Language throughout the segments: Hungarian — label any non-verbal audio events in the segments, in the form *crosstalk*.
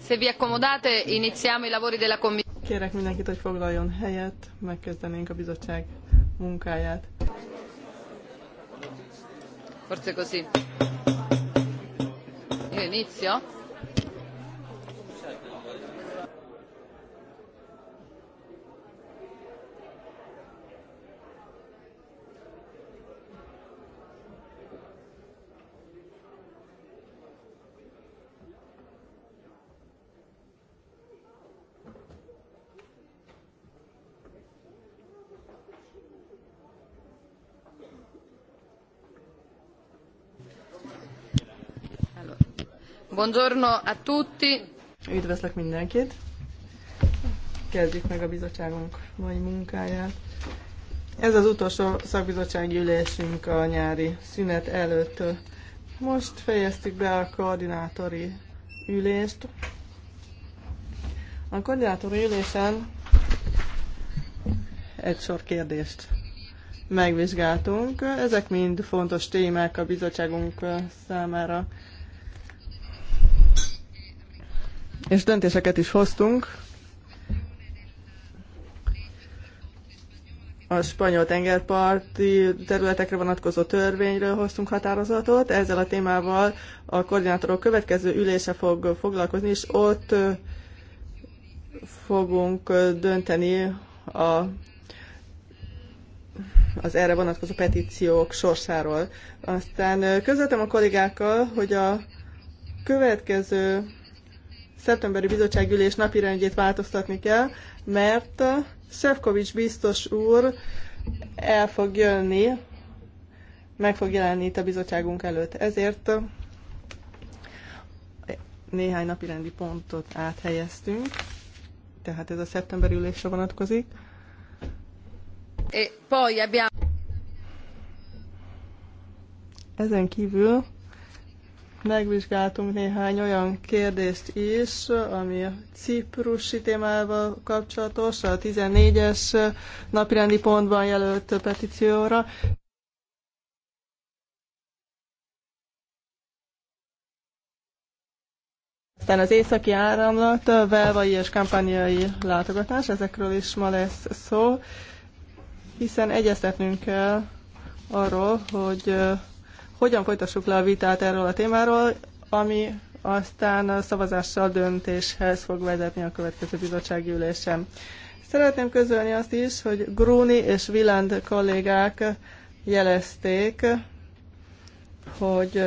Se vi accomodate, iniziamo i lavori della commissione. Kérek mindenkit, hogy foglaljon helyet, megkezdenénk a bizottság munkáját. Forse così. Io inizio. Buongiorno a tutti. Üdvözlök mindenkit. Kezdjük meg a bizottságunk mai munkáját. Ez az utolsó szakbizottsági ülésünk a nyári szünet előtt. Most fejeztük be a koordinátori ülést. A koordinátori ülésen egy sor kérdést megvizsgáltunk. Ezek mind fontos témák a bizottságunk számára. és döntéseket is hoztunk. A spanyol tengerparti területekre vonatkozó törvényről hoztunk határozatot. Ezzel a témával a koordinátorok következő ülése fog foglalkozni, és ott fogunk dönteni a az erre vonatkozó petíciók sorsáról. Aztán közöltem a kollégákkal, hogy a következő szeptemberi bizottságülés napirendjét változtatni kell, mert Szefkovics biztos úr el fog jönni, meg fog jelenni itt a bizottságunk előtt. Ezért néhány napirendi pontot áthelyeztünk, tehát ez a szeptemberi ülésre vonatkozik. E Ezen kívül megvizsgáltunk néhány olyan kérdést is, ami a ciprusi témával kapcsolatos, a 14-es napirendi pontban jelölt petícióra. Aztán az északi áramlat, velvai és kampányai látogatás, ezekről is ma lesz szó, hiszen egyeztetnünk kell arról, hogy hogyan folytassuk le a vitát erről a témáról, ami aztán a szavazással döntéshez fog vezetni a következő bizottsági ülésen. Szeretném közölni azt is, hogy Gruni és Viland kollégák jelezték, hogy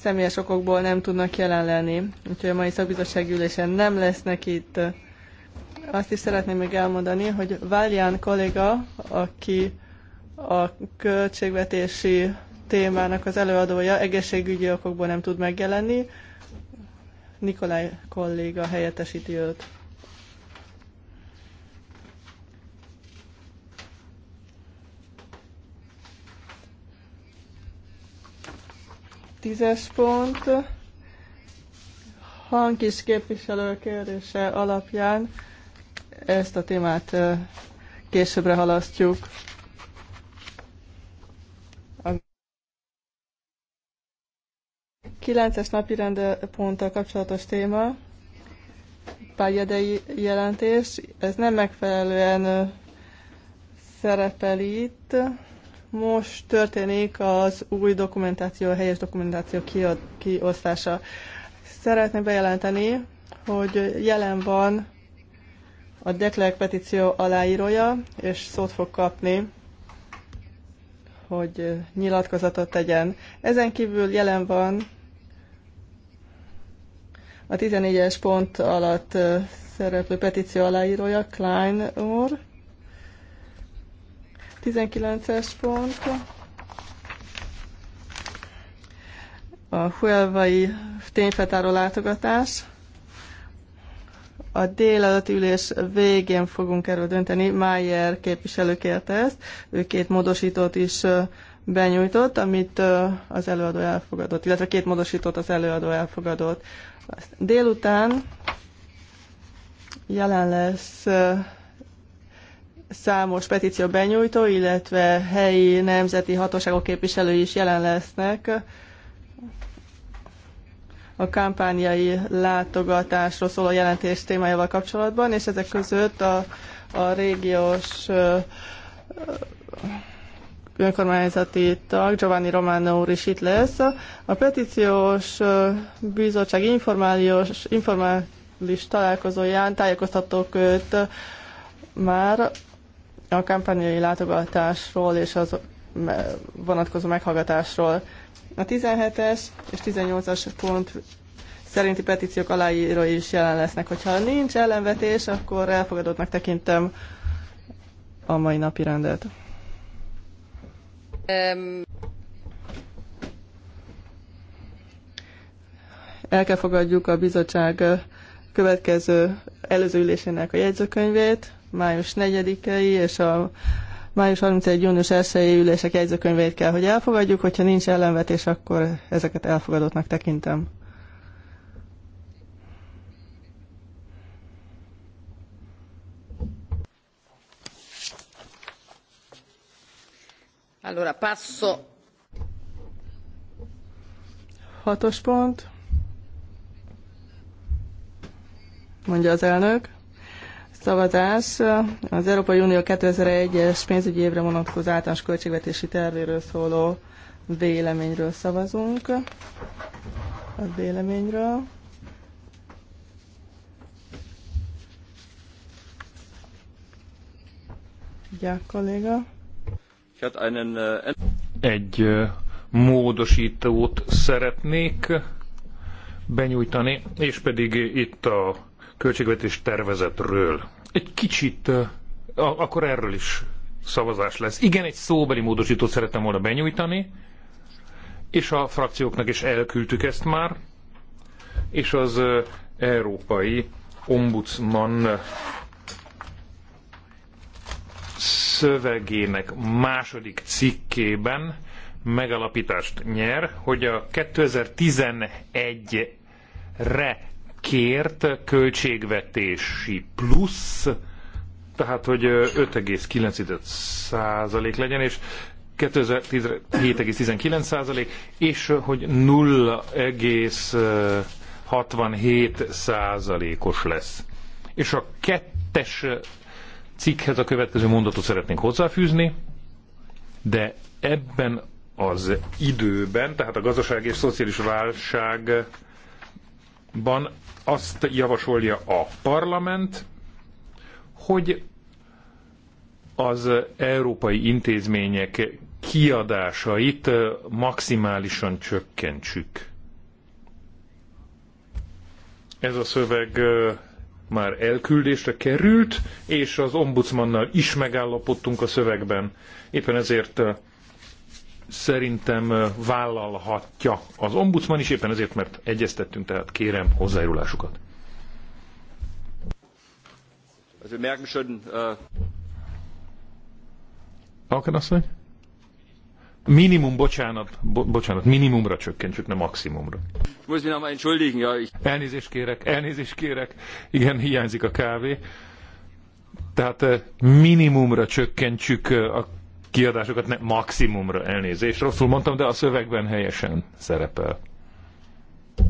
személyes okokból nem tudnak jelen lenni, úgyhogy a mai szakbizottsági ülésen nem lesznek itt. Azt is szeretném még elmondani, hogy Válján kolléga, aki a költségvetési témának az előadója egészségügyi okokból nem tud megjelenni. Nikolaj kolléga helyettesíti őt. Tízes pont. Hankis képviselő kérdése alapján ezt a témát későbbre halasztjuk. Kilences napi ponttal kapcsolatos téma, pályadei jelentés, ez nem megfelelően szerepel itt. Most történik az új dokumentáció, a helyes dokumentáció kiosztása. Szeretném bejelenteni, hogy jelen van a Declerk petíció aláírója, és szót fog kapni, hogy nyilatkozatot tegyen. Ezen kívül jelen van a 14-es pont alatt szereplő petíció aláírója Klein úr. 19-es pont. A huelvai tényfeltáró látogatás. A délelőtt ülés végén fogunk erről dönteni. Mayer képviselő kérte ezt. Ő két módosítót is benyújtott, amit az előadó elfogadott, illetve két módosítót az előadó elfogadott. Délután jelen lesz számos petíció benyújtó, illetve helyi nemzeti hatóságok képviselői is jelen lesznek a kampányai látogatásról szóló jelentés témájával kapcsolatban, és ezek között a, a régiós önkormányzati tag, Giovanni Romano úr is itt lesz. A petíciós bizottság informális, informális találkozóján tájékoztatók őt már a kampányai látogatásról és az vonatkozó meghallgatásról. A 17-es és 18-as pont szerinti petíciók aláírói is jelen lesznek. Hogyha nincs ellenvetés, akkor elfogadottnak tekintem a mai napi rendet. El kell fogadjuk a bizottság következő előző ülésének a jegyzőkönyvét, május 4-i és a május 31. június 1 ülések jegyzőkönyvét kell, hogy elfogadjuk, hogyha nincs ellenvetés, akkor ezeket elfogadottnak tekintem. Allora passo. Hatos pont. Mondja az elnök. Szavazás az Európai Unió 2001-es pénzügyi évre vonatkozó általános költségvetési tervéről szóló véleményről szavazunk. A véleményről. Gyák kolléga. Äh, egy módosítót szeretnék benyújtani, és pedig itt a költségvetés tervezetről. Egy kicsit, akkor erről is szavazás lesz. Igen, egy szóbeli módosítót szerettem volna benyújtani, és a frakcióknak is elküldtük ezt már, és az Európai Ombudsman szövegének második cikkében megalapítást nyer, hogy a 2011-re kért költségvetési plusz, tehát hogy 5,9 százalék legyen, és 2017,19 százalék, és hogy 0,67 százalékos lesz. És a kettes cikkhez a következő mondatot szeretnénk hozzáfűzni, de ebben az időben, tehát a gazdaság és szociális válságban azt javasolja a parlament, hogy az európai intézmények kiadásait maximálisan csökkentsük. Ez a szöveg már elküldésre került, és az ombudsmannal is megállapodtunk a szövegben. Éppen ezért szerintem vállalhatja az ombudsman is, éppen ezért, mert egyeztettünk, tehát kérem hozzájárulásukat. Also wir merken schon, äh Alkenasszony? Minimum, bocsánat, bo- bocsánat, minimumra csak nem maximumra. Elnézést kérek, elnézést kérek, igen, hiányzik a kávé. Tehát eh, minimumra csökkentsük eh, a kiadásokat, nem maximumra elnézést. Rosszul mondtam, de a szövegben helyesen szerepel.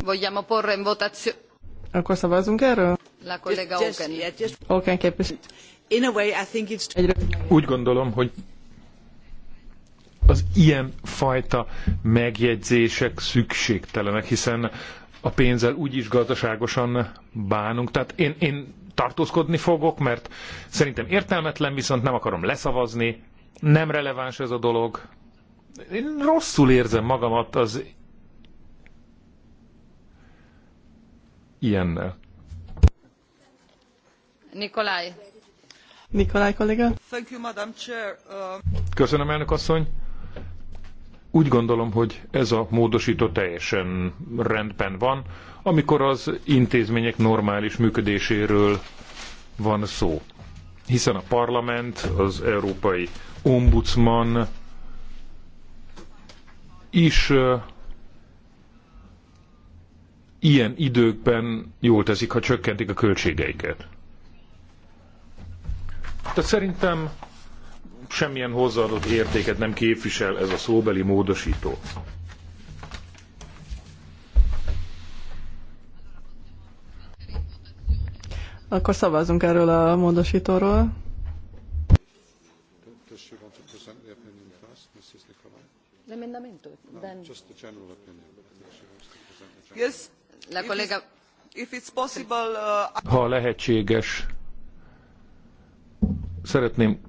Vogliamo porre in votazione. Akkor szavazunk erről? La collega Oken. Oken képviselő. Úgy gondolom, hogy az ilyen fajta megjegyzések szükségtelenek, hiszen a pénzzel úgyis gazdaságosan bánunk. Tehát én, én tartózkodni fogok, mert szerintem értelmetlen, viszont nem akarom leszavazni, nem releváns ez a dolog. Én rosszul érzem magamat az ilyennel. Nikolaj. Nikolaj kolléga. Thank you, Madam Chair. Uh... Köszönöm, elnök asszony úgy gondolom, hogy ez a módosító teljesen rendben van, amikor az intézmények normális működéséről van szó. Hiszen a parlament, az európai ombudsman is ilyen időkben jól teszik, ha csökkentik a költségeiket. Tehát szerintem semmilyen hozzáadott értéket nem képvisel ez a szóbeli módosító. Akkor szavazzunk erről a módosítóról. Uh, ha lehetséges, szeretném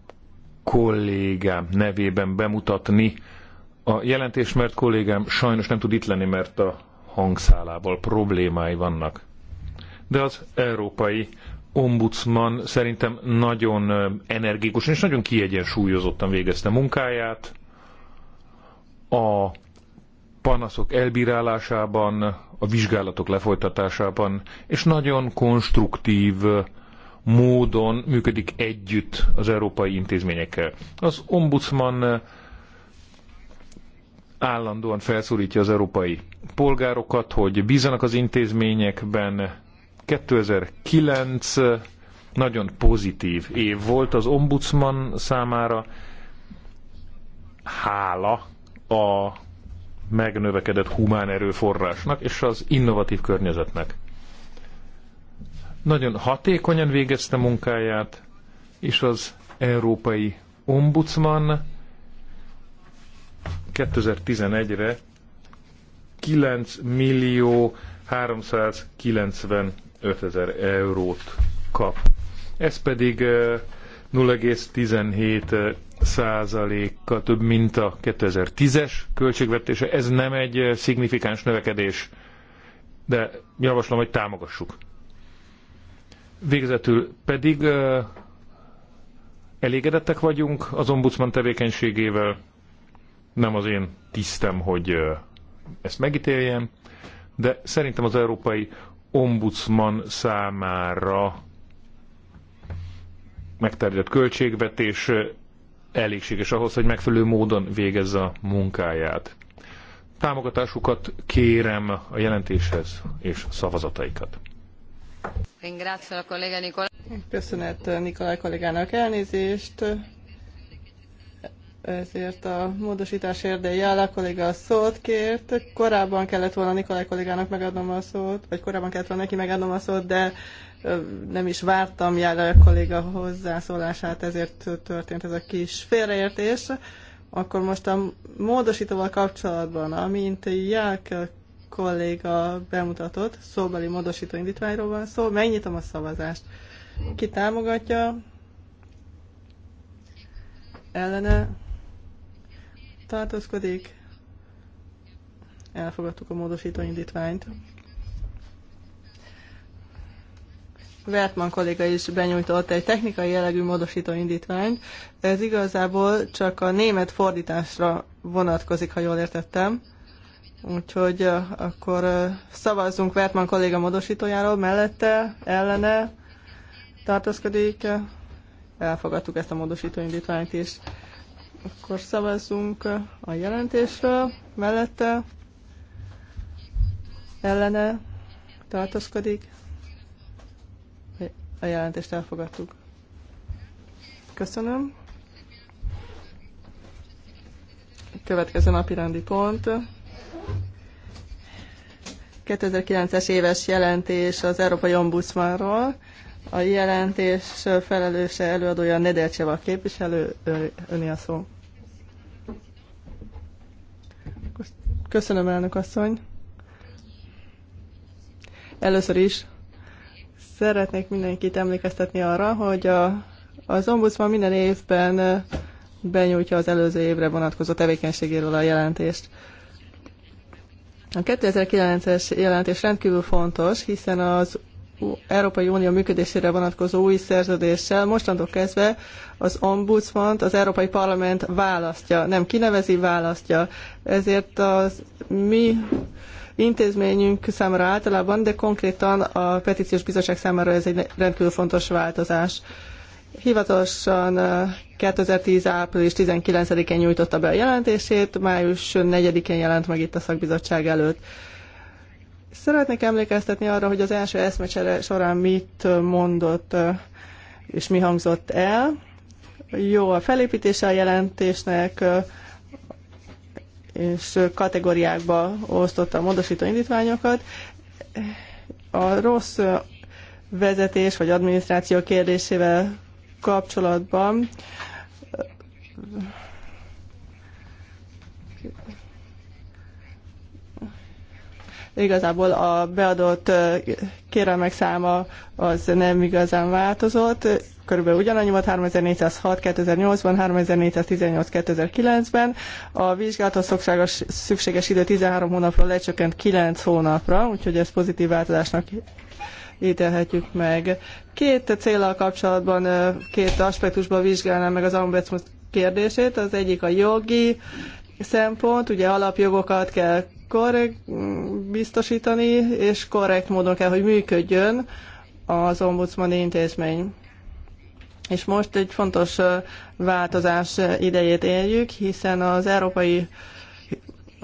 kollégám nevében bemutatni a jelentést, mert kollégám sajnos nem tud itt lenni, mert a hangszálával problémái vannak. De az európai ombudsman szerintem nagyon energikus és nagyon kiegyensúlyozottan végezte munkáját. A panaszok elbírálásában, a vizsgálatok lefolytatásában, és nagyon konstruktív módon működik együtt az európai intézményekkel. Az ombudsman eh, állandóan felszólítja az európai polgárokat, hogy bízzanak az intézményekben. 2009 eh, nagyon pozitív év volt az ombudsman számára. Hála a megnövekedett humán erőforrásnak és az innovatív környezetnek. Nagyon hatékonyan végezte munkáját, és az Európai Ombudsman 2011-re 9 millió 395 ezer eurót kap. Ez pedig 0,17 százalékkal több, mint a 2010-es költségvetése. Ez nem egy szignifikáns növekedés, de javaslom, hogy támogassuk. Végezetül pedig elégedettek vagyunk az ombudsman tevékenységével. Nem az én tisztem, hogy ezt megítéljem, de szerintem az európai ombudsman számára megterjedt költségvetés elégséges ahhoz, hogy megfelelő módon végezze a munkáját. Támogatásukat kérem a jelentéshez és szavazataikat. Köszönet eh, Nikolaj kollégának elnézést. Ezért a módosítás érdeje áll, a kolléga a szót kért. Korábban kellett volna Nikolaj kollégának megadnom a szót, vagy korábban kellett volna neki megadnom a szót, de nem is vártam jár a kolléga hozzászólását, ezért történt ez a kis félreértés. Akkor most a módosítóval kapcsolatban, amint Ják kolléga bemutatott, szóbeli módosító indítványról van szó. Megnyitom a szavazást. Ki támogatja? Ellene tartózkodik? Elfogadtuk a módosító indítványt. Vertman kolléga is benyújtott egy technikai jellegű módosító indítványt. Ez igazából csak a német fordításra vonatkozik, ha jól értettem. Úgyhogy akkor szavazzunk Vertman kolléga módosítójáról, mellette, ellene tartózkodik. Elfogadtuk ezt a módosító indítványt is. Akkor szavazzunk a jelentésről, mellette, ellene tartózkodik. A jelentést elfogadtuk. Köszönöm. Következő napi rendi pont. 2009-es éves jelentés az Európai Ombudsmanról. A jelentés felelőse előadója Nedelcseva képviselő, öni a szó. Köszönöm, elnök asszony. Először is szeretnék mindenkit emlékeztetni arra, hogy a, az ombudsman minden évben benyújtja az előző évre vonatkozó tevékenységéről a jelentést. A 2009-es jelentés rendkívül fontos, hiszen az Európai Unió működésére vonatkozó új szerződéssel mostantól kezdve az ombudsmant az Európai Parlament választja, nem kinevezi, választja. Ezért az mi intézményünk számára általában, de konkrétan a petíciós bizottság számára ez egy rendkívül fontos változás. Hivatalosan 2010. április 19-én nyújtotta be a jelentését, május 4-én jelent meg itt a szakbizottság előtt. Szeretnék emlékeztetni arra, hogy az első eszmecsere során mit mondott és mi hangzott el. Jó a felépítése a jelentésnek, és kategóriákba osztotta a módosító indítványokat. A rossz vezetés vagy adminisztráció kérdésével kapcsolatban igazából a beadott kérelmek száma az nem igazán változott. Körülbelül ugyanannyi volt 3406 2008-ban, 3418 2009-ben. A vizsgálatos szokságos, szükséges idő 13 hónapról lecsökkent 9 hónapra, úgyhogy ez pozitív változásnak ítélhetjük meg. Két célral kapcsolatban, két aspektusban vizsgálnám meg az ombudsman kérdését. Az egyik a jogi szempont, ugye alapjogokat kell korrekt biztosítani, és korrekt módon kell, hogy működjön az ombudsmani intézmény. És most egy fontos változás idejét éljük, hiszen az európai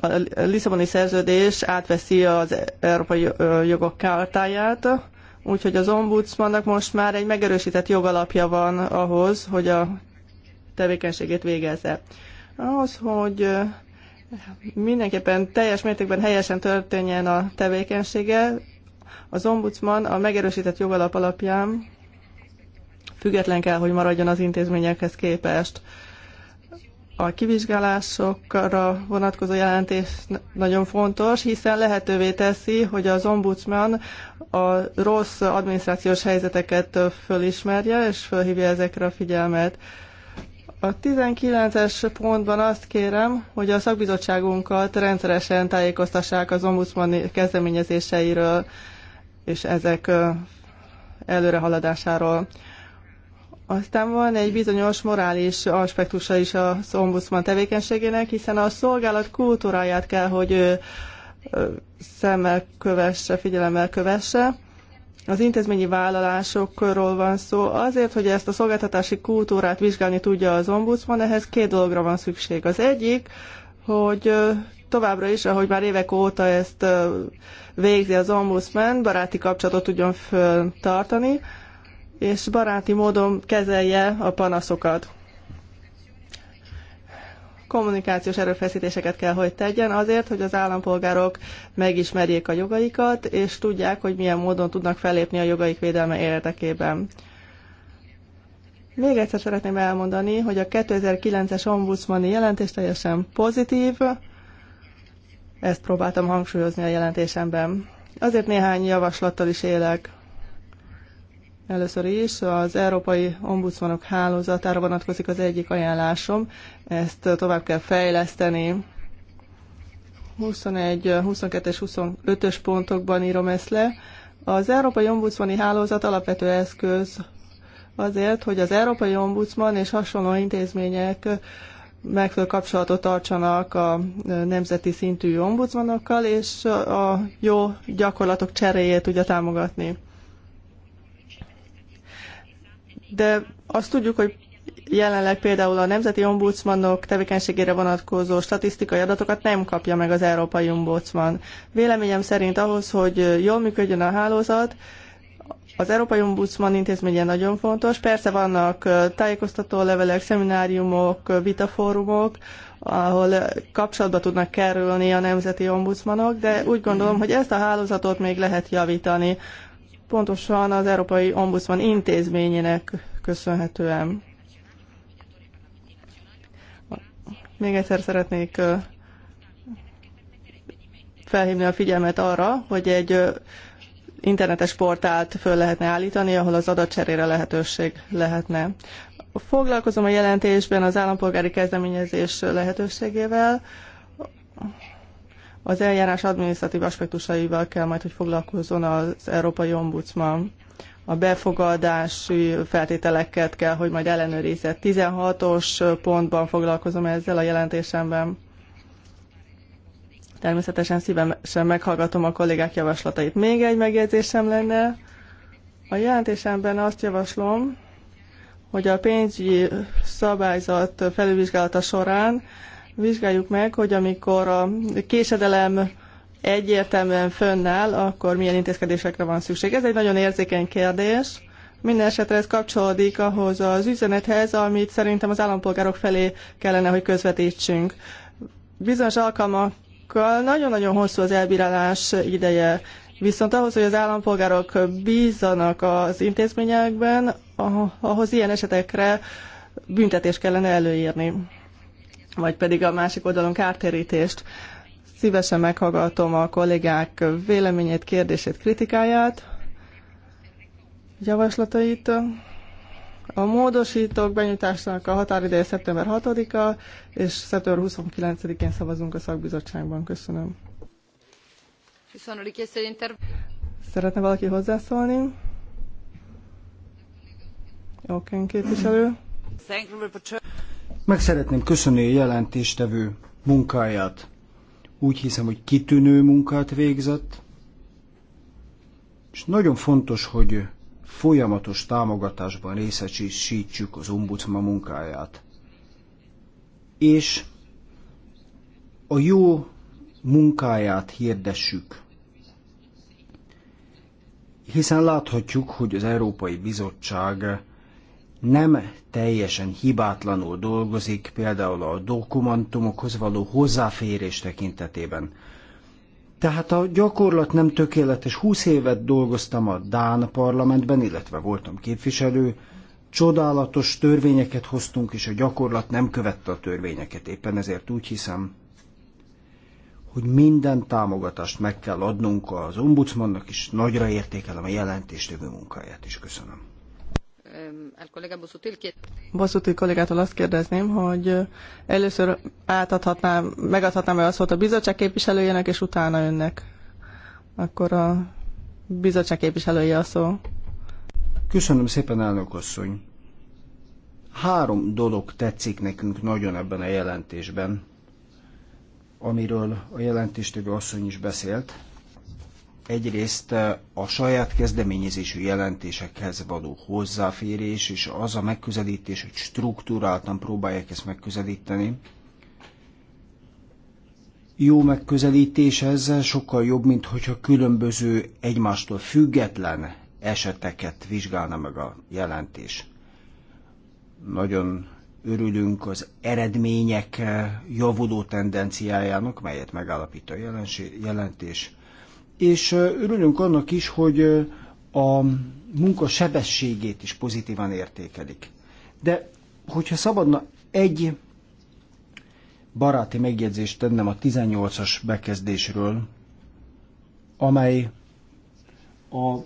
a Lisszaboni szerződés átveszi az európai jogok kártáját, Úgyhogy az ombudsmannak most már egy megerősített jogalapja van ahhoz, hogy a tevékenységét végezze. Ahhoz, hogy mindenképpen teljes mértékben helyesen történjen a tevékenysége, az ombudsman a megerősített jogalap alapján független kell, hogy maradjon az intézményekhez képest a kivizsgálásokra vonatkozó jelentés nagyon fontos, hiszen lehetővé teszi, hogy az ombudsman a rossz adminisztrációs helyzeteket fölismerje, és fölhívja ezekre a figyelmet. A 19-es pontban azt kérem, hogy a szakbizottságunkat rendszeresen tájékoztassák az ombudsman kezdeményezéseiről és ezek előrehaladásáról. Aztán van egy bizonyos morális aspektusa is az ombudsman tevékenységének, hiszen a szolgálat kultúráját kell, hogy szemmel kövesse, figyelemmel kövesse. Az intézményi vállalásokról van szó. Azért, hogy ezt a szolgáltatási kultúrát vizsgálni tudja az ombudsman, ehhez két dologra van szükség. Az egyik, hogy továbbra is, ahogy már évek óta ezt végzi az ombudsman, baráti kapcsolatot tudjon föltartani, tartani és baráti módon kezelje a panaszokat. Kommunikációs erőfeszítéseket kell, hogy tegyen azért, hogy az állampolgárok megismerjék a jogaikat, és tudják, hogy milyen módon tudnak fellépni a jogaik védelme érdekében. Még egyszer szeretném elmondani, hogy a 2009-es ombudsmani jelentés teljesen pozitív, ezt próbáltam hangsúlyozni a jelentésemben. Azért néhány javaslattal is élek. Először is az Európai Ombudsmanok Hálózatára vonatkozik az egyik ajánlásom, ezt tovább kell fejleszteni. 21, 22 és 25-ös pontokban írom ezt le. Az Európai Ombudsmani Hálózat alapvető eszköz azért, hogy az Európai Ombudsman és hasonló intézmények megfelelő kapcsolatot tartsanak a nemzeti szintű ombudsmanokkal, és a jó gyakorlatok cseréjét tudja támogatni de azt tudjuk, hogy jelenleg például a nemzeti ombudsmanok tevékenységére vonatkozó statisztikai adatokat nem kapja meg az Európai Ombudsman. Véleményem szerint ahhoz, hogy jól működjön a hálózat, az Európai Ombudsman intézménye nagyon fontos. Persze vannak tájékoztató levelek, szemináriumok, vitafórumok, ahol kapcsolatba tudnak kerülni a nemzeti ombudsmanok, de úgy gondolom, hogy ezt a hálózatot még lehet javítani pontosan az Európai Ombudsman intézményének köszönhetően. Még egyszer szeretnék felhívni a figyelmet arra, hogy egy internetes portált föl lehetne állítani, ahol az adatcserére lehetőség lehetne. Foglalkozom a jelentésben az állampolgári kezdeményezés lehetőségével. Az eljárás adminisztratív aspektusaival kell majd, hogy foglalkozzon az Európai Ombudsman. A befogadási feltételeket kell, hogy majd ellenőrizze. 16-os pontban foglalkozom ezzel a jelentésemben. Természetesen szívesen meghallgatom a kollégák javaslatait. Még egy megjegyzésem lenne. A jelentésemben azt javaslom, hogy a pénzügyi szabályzat felülvizsgálata során vizsgáljuk meg, hogy amikor a késedelem egyértelműen fönnáll, akkor milyen intézkedésekre van szükség. Ez egy nagyon érzékeny kérdés. Minden esetre ez kapcsolódik ahhoz az üzenethez, amit szerintem az állampolgárok felé kellene, hogy közvetítsünk. Bizonyos alkalmakkal nagyon-nagyon hosszú az elbírálás ideje. Viszont ahhoz, hogy az állampolgárok bízzanak az intézményekben, ah, ahhoz ilyen esetekre büntetést kellene előírni vagy pedig a másik oldalon kártérítést. Szívesen meghallgatom a kollégák véleményét, kérdését, kritikáját, javaslatait. A módosítók benyújtásának a határideje szeptember 6-a, és szeptember 29-én szavazunk a szakbizottságban. Köszönöm. Szeretne valaki hozzászólni? Oké, képviselő. Meg szeretném köszönni a jelentéstevő munkáját. Úgy hiszem, hogy kitűnő munkát végzett, és nagyon fontos, hogy folyamatos támogatásban részesítsük az ombudsman munkáját. És a jó munkáját hirdessük. Hiszen láthatjuk, hogy az Európai Bizottság nem teljesen hibátlanul dolgozik, például a dokumentumokhoz való hozzáférés tekintetében. Tehát a gyakorlat nem tökéletes. 20 évet dolgoztam a Dán parlamentben, illetve voltam képviselő. Csodálatos törvényeket hoztunk, és a gyakorlat nem követte a törvényeket. Éppen ezért úgy hiszem, hogy minden támogatást meg kell adnunk az ombudsmannak, és nagyra értékelem a jelentéstövő munkáját is. Köszönöm. Bosszutil kollégától azt kérdezném, hogy először átadhatnám, megadhatnám el a szót a bizottság képviselőjének, és utána önnek. Akkor a bizottság képviselője a szó. Köszönöm szépen, elnök asszony. Három dolog tetszik nekünk nagyon ebben a jelentésben, amiről a jelentéstevő asszony is beszélt egyrészt a saját kezdeményezésű jelentésekhez való hozzáférés, és az a megközelítés, hogy struktúráltan próbálják ezt megközelíteni. Jó megközelítés ez, sokkal jobb, mint hogyha különböző egymástól független eseteket vizsgálna meg a jelentés. Nagyon örülünk az eredmények javuló tendenciájának, melyet megállapít a jelentés és örülünk annak is, hogy a munka sebességét is pozitívan értékelik. De hogyha szabadna egy baráti megjegyzést tennem a 18-as bekezdésről, amely a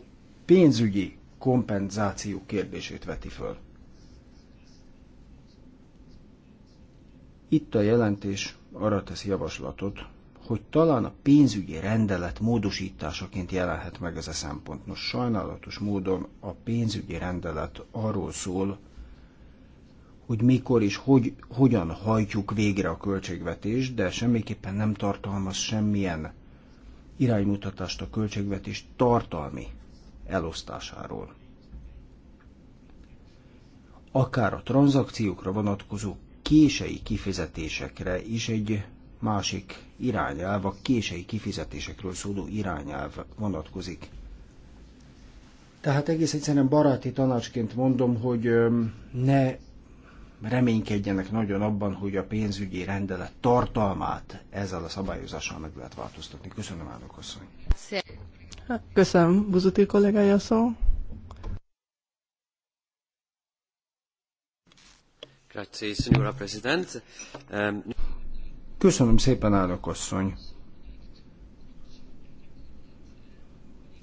pénzügyi kompenzáció kérdését veti föl. Itt a jelentés arra teszi javaslatot, hogy talán a pénzügyi rendelet módosításaként jelenhet meg ez a szempont. Nos, sajnálatos módon a pénzügyi rendelet arról szól, hogy mikor és hogy, hogyan hajtjuk végre a költségvetést, de semmiképpen nem tartalmaz semmilyen iránymutatást a költségvetés tartalmi elosztásáról. Akár a tranzakciókra vonatkozó kései kifizetésekre is egy másik irányelv, a kései kifizetésekről szóló irányelv vonatkozik. Tehát egész egyszerűen baráti tanácsként mondom, hogy ne reménykedjenek nagyon abban, hogy a pénzügyi rendelet tartalmát ezzel a szabályozással meg lehet változtatni. Köszönöm, elnök asszony. Hát, köszönöm, Buzuti kollégája szó. Grazie, signora Presidente. Um... Köszönöm szépen, állok asszony.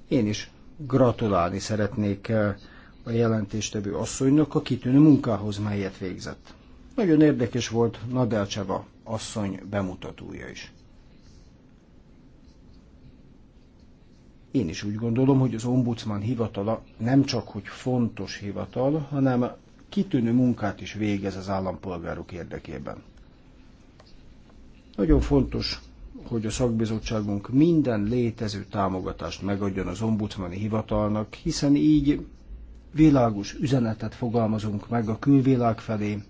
Én is gratulálni szeretnék eh, a jelentéstevő asszonynak a kitűnő munkához, melyet végzett. Nagyon érdekes volt Cseva asszony bemutatója is. Én is úgy gondolom, hogy az ombudsman hivatala nem csak hogy fontos hivatal, hanem kitűnő munkát is végez az állampolgárok érdekében. Nagyon fontos, hogy a szakbizottságunk minden létező támogatást megadjon az ombudsmani hivatalnak, hiszen így világos üzenetet fogalmazunk meg a külvilág felé,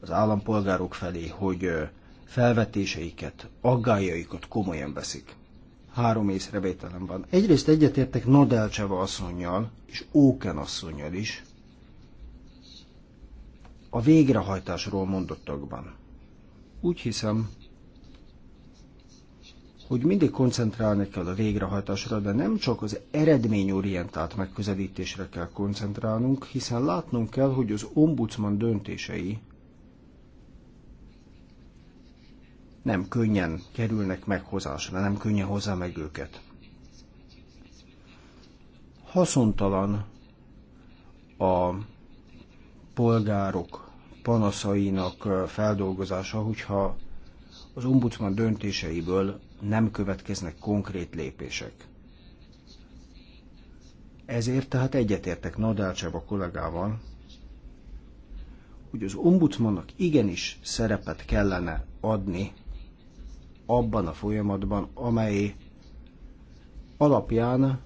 az állampolgárok felé, hogy felvetéseiket, aggájaikat komolyan veszik. Három észrevételem van. Egyrészt egyetértek Nadelcseva asszonynal és Óken asszonynal is a végrehajtásról mondottakban. Úgy hiszem, hogy mindig koncentrálni kell a végrehajtásra, de nem csak az eredményorientált megközelítésre kell koncentrálnunk, hiszen látnunk kell, hogy az ombudsman döntései nem könnyen kerülnek meghozásra, nem könnyen hozzá meg őket. Haszontalan a polgárok panaszainak feldolgozása, hogyha az ombudsman döntéseiből nem következnek konkrét lépések. Ezért tehát egyetértek Nadácsába kollégával, hogy az ombudsmannak igenis szerepet kellene adni abban a folyamatban, amely alapján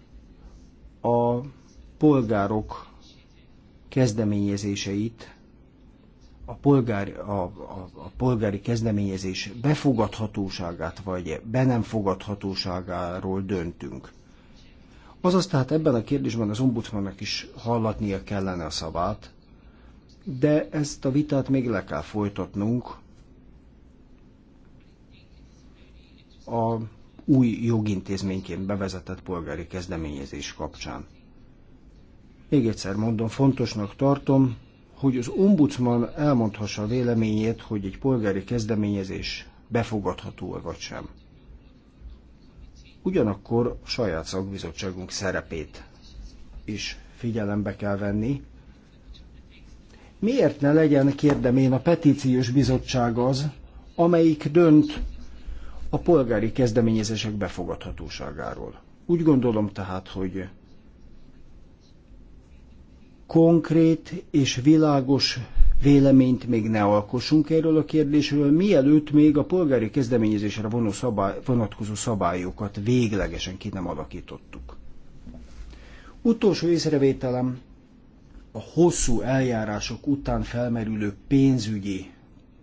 a polgárok kezdeményezéseit a, polgár, a, a, a polgári kezdeményezés befogadhatóságát vagy be nem fogadhatóságáról döntünk. Azaz tehát ebben a kérdésben az ombudsmannak is hallatnia kellene a szavát, de ezt a vitát még le kell folytatnunk a új jogintézményként bevezetett polgári kezdeményezés kapcsán. Még egyszer mondom, fontosnak tartom, hogy az ombudsman elmondhassa a véleményét, hogy egy polgári kezdeményezés befogadható-e vagy sem. Ugyanakkor a saját szakbizottságunk szerepét is figyelembe kell venni. Miért ne legyen, kérdem én, a petíciós bizottság az, amelyik dönt a polgári kezdeményezések befogadhatóságáról? Úgy gondolom tehát, hogy konkrét és világos véleményt még ne alkossunk erről a kérdésről, mielőtt még a polgári kezdeményezésre szabály, vonatkozó szabályokat véglegesen ki nem alakítottuk. Utolsó észrevételem a hosszú eljárások után felmerülő pénzügyi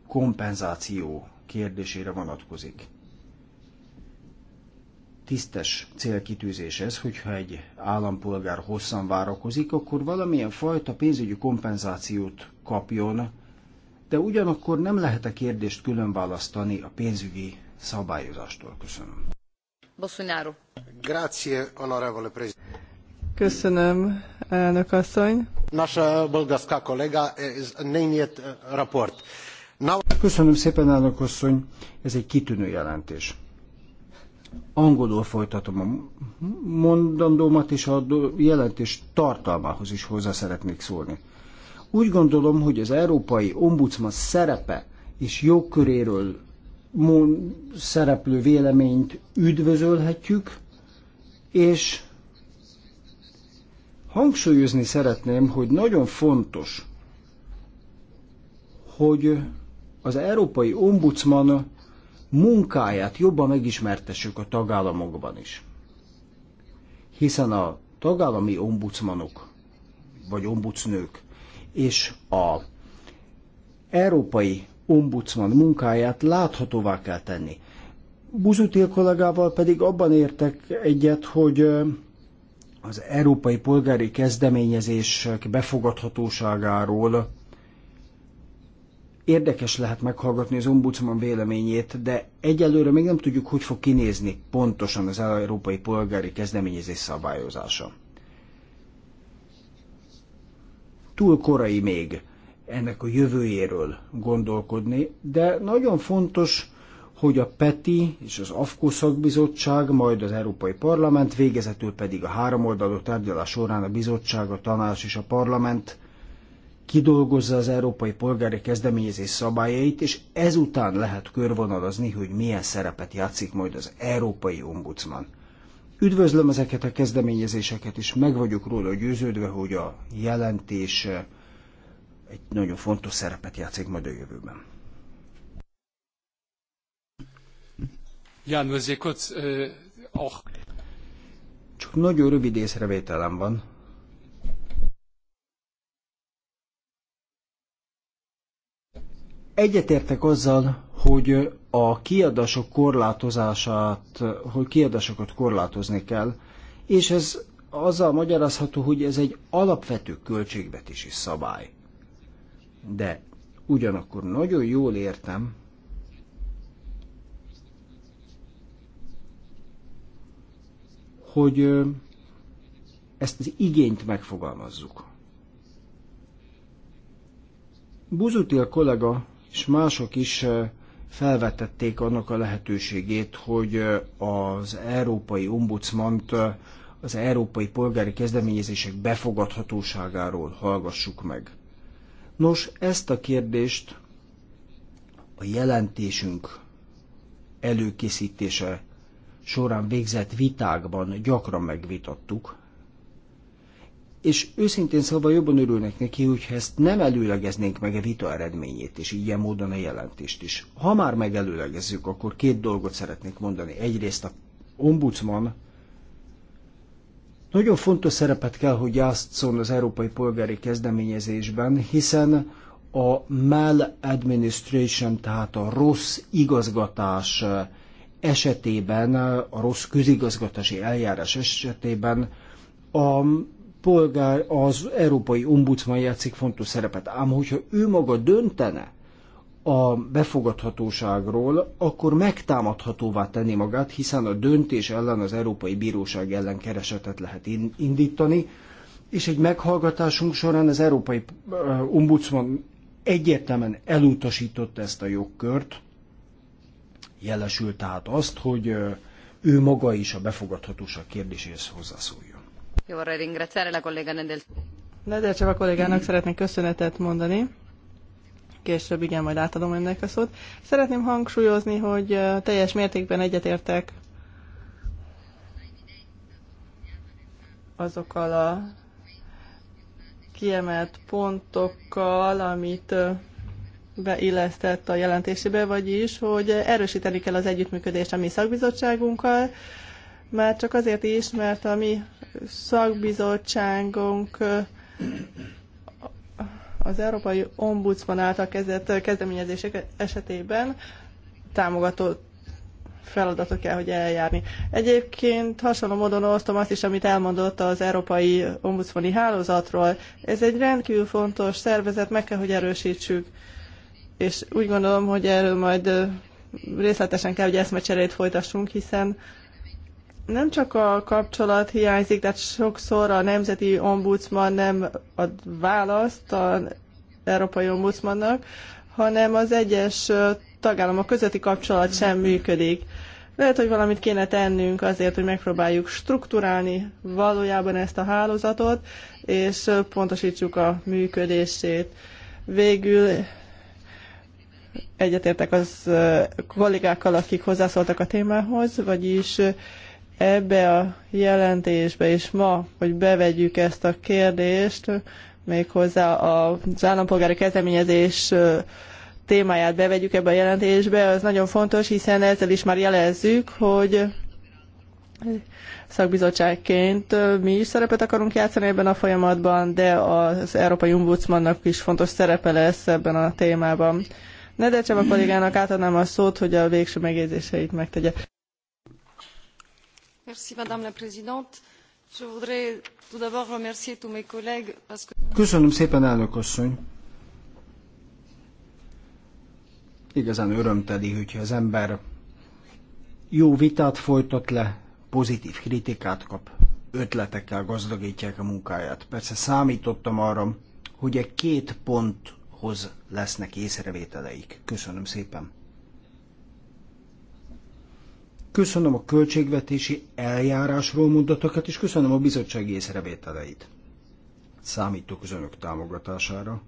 kompenzáció kérdésére vonatkozik tisztes célkitűzés ez, hogyha egy állampolgár hosszan várakozik, akkor valamilyen fajta pénzügyi kompenzációt kapjon, de ugyanakkor nem lehet a kérdést külön választani a pénzügyi szabályozástól. Köszönöm. Bolsonaro. Grazie, onorevole president. Köszönöm, elnök asszony. Naša bolgaszka kollega nényét eh, raport. Köszönöm szépen, elnök asszony. Ez egy kitűnő jelentés Angolul folytatom a mondandómat, és a jelentés tartalmához is hozzá szeretnék szólni. Úgy gondolom, hogy az európai ombudsman szerepe és jogköréről szereplő véleményt üdvözölhetjük, és hangsúlyozni szeretném, hogy nagyon fontos, hogy az európai ombudsman munkáját jobban megismertessük a tagállamokban is. Hiszen a tagállami ombudsmanok, vagy ombudsnők, és a európai ombudsman munkáját láthatóvá kell tenni. Buzutil kollégával pedig abban értek egyet, hogy az európai polgári kezdeményezések befogadhatóságáról Érdekes lehet meghallgatni az ombudsman véleményét, de egyelőre még nem tudjuk, hogy fog kinézni pontosan az európai polgári kezdeményezés szabályozása. Túl korai még ennek a jövőjéről gondolkodni, de nagyon fontos, hogy a PETI és az AFKO szakbizottság, majd az Európai Parlament, végezetül pedig a háromoldalú tárgyalás során a bizottság, a tanács és a parlament kidolgozza az európai polgári kezdeményezés szabályait, és ezután lehet körvonalazni, hogy milyen szerepet játszik majd az európai ombudsman. Üdvözlöm ezeket a kezdeményezéseket, és meg vagyok róla győződve, hogy a jelentés eh, egy nagyon fontos szerepet játszik majd a jövőben. Jan, eh, Csak nagyon rövid észrevételem van Egyetértek azzal, hogy a kiadások korlátozását, hogy kiadásokat korlátozni kell, és ez azzal magyarázható, hogy ez egy alapvető költségvetési szabály. De ugyanakkor nagyon jól értem, hogy ezt az igényt megfogalmazzuk. Buzutil kollega és mások is felvetették annak a lehetőségét, hogy az Európai Ombudsmant az európai polgári kezdeményezések befogadhatóságáról hallgassuk meg. Nos, ezt a kérdést a jelentésünk előkészítése során végzett vitákban gyakran megvitattuk, és őszintén szólva jobban örülnek neki, hogyha ezt nem előlegeznénk meg a vita eredményét, és ilyen módon a jelentést is. Ha már megelőlegezzük, akkor két dolgot szeretnék mondani. Egyrészt a ombudsman nagyon fontos szerepet kell, hogy játszon az európai polgári kezdeményezésben, hiszen a maladministration, tehát a rossz igazgatás eh, esetében, eh, a rossz közigazgatási eljárás esetében a polgár, az európai ombudsman játszik fontos szerepet. Ám hogyha ő maga döntene a befogadhatóságról, akkor megtámadhatóvá tenni magát, hiszen a döntés ellen az Európai Bíróság ellen keresetet lehet indítani, és egy meghallgatásunk során az Európai eh, Ombudsman egyértelműen elutasította ezt a jogkört, jelesült tehát azt, hogy eh, ő maga is a befogadhatóság kérdéséhez hozzászóljon. Jó, Nedel Csaba kollégának szeretnék köszönetet mondani. Később igen, majd átadom önnek a szót. Szeretném hangsúlyozni, hogy teljes mértékben egyetértek azokkal a kiemelt pontokkal, amit beillesztett a jelentésébe, vagyis, hogy erősíteni kell az együttműködést a mi szakbizottságunkkal, már csak azért is, mert a mi szakbizottságunk az Európai Ombudsman által kezdett kezdeményezések esetében támogató feladatok kell, hogy eljárni. Egyébként hasonló módon osztom azt is, amit elmondott az Európai Ombudsmani Hálózatról. Ez egy rendkívül fontos szervezet, meg kell, hogy erősítsük. És úgy gondolom, hogy erről majd részletesen kell, hogy eszmecserét folytassunk, hiszen nem csak a kapcsolat hiányzik, de hát sokszor a nemzeti ombudsman nem ad választ az európai ombudsmannak, hanem az egyes tagállamok közötti kapcsolat sem működik. Lehet, hogy valamit kéne tennünk azért, hogy megpróbáljuk strukturálni valójában ezt a hálózatot, és pontosítsuk a működését. Végül egyetértek az kollégákkal, akik hozzászóltak a témához, vagyis ebbe a jelentésbe is ma, hogy bevegyük ezt a kérdést, méghozzá az állampolgári kezdeményezés témáját bevegyük ebbe a jelentésbe, az nagyon fontos, hiszen ezzel is már jelezzük, hogy szakbizottságként mi is szerepet akarunk játszani ebben a folyamatban, de az Európai Ombudsmannak is fontos szerepe lesz ebben a témában. Nedelcseva kollégának átadnám a szót, hogy a végső megjegyzéseit megtegye. Köszönöm szépen, elnök asszony! Igazán örömteli, hogyha az ember jó vitát folytat le, pozitív kritikát kap, ötletekkel gazdagítják a munkáját. Persze számítottam arra, hogy egy két ponthoz lesznek észrevételeik. Köszönöm szépen! Köszönöm a költségvetési eljárásról mondatokat, és köszönöm a bizottsági észrevételeit. Számítok az önök támogatására,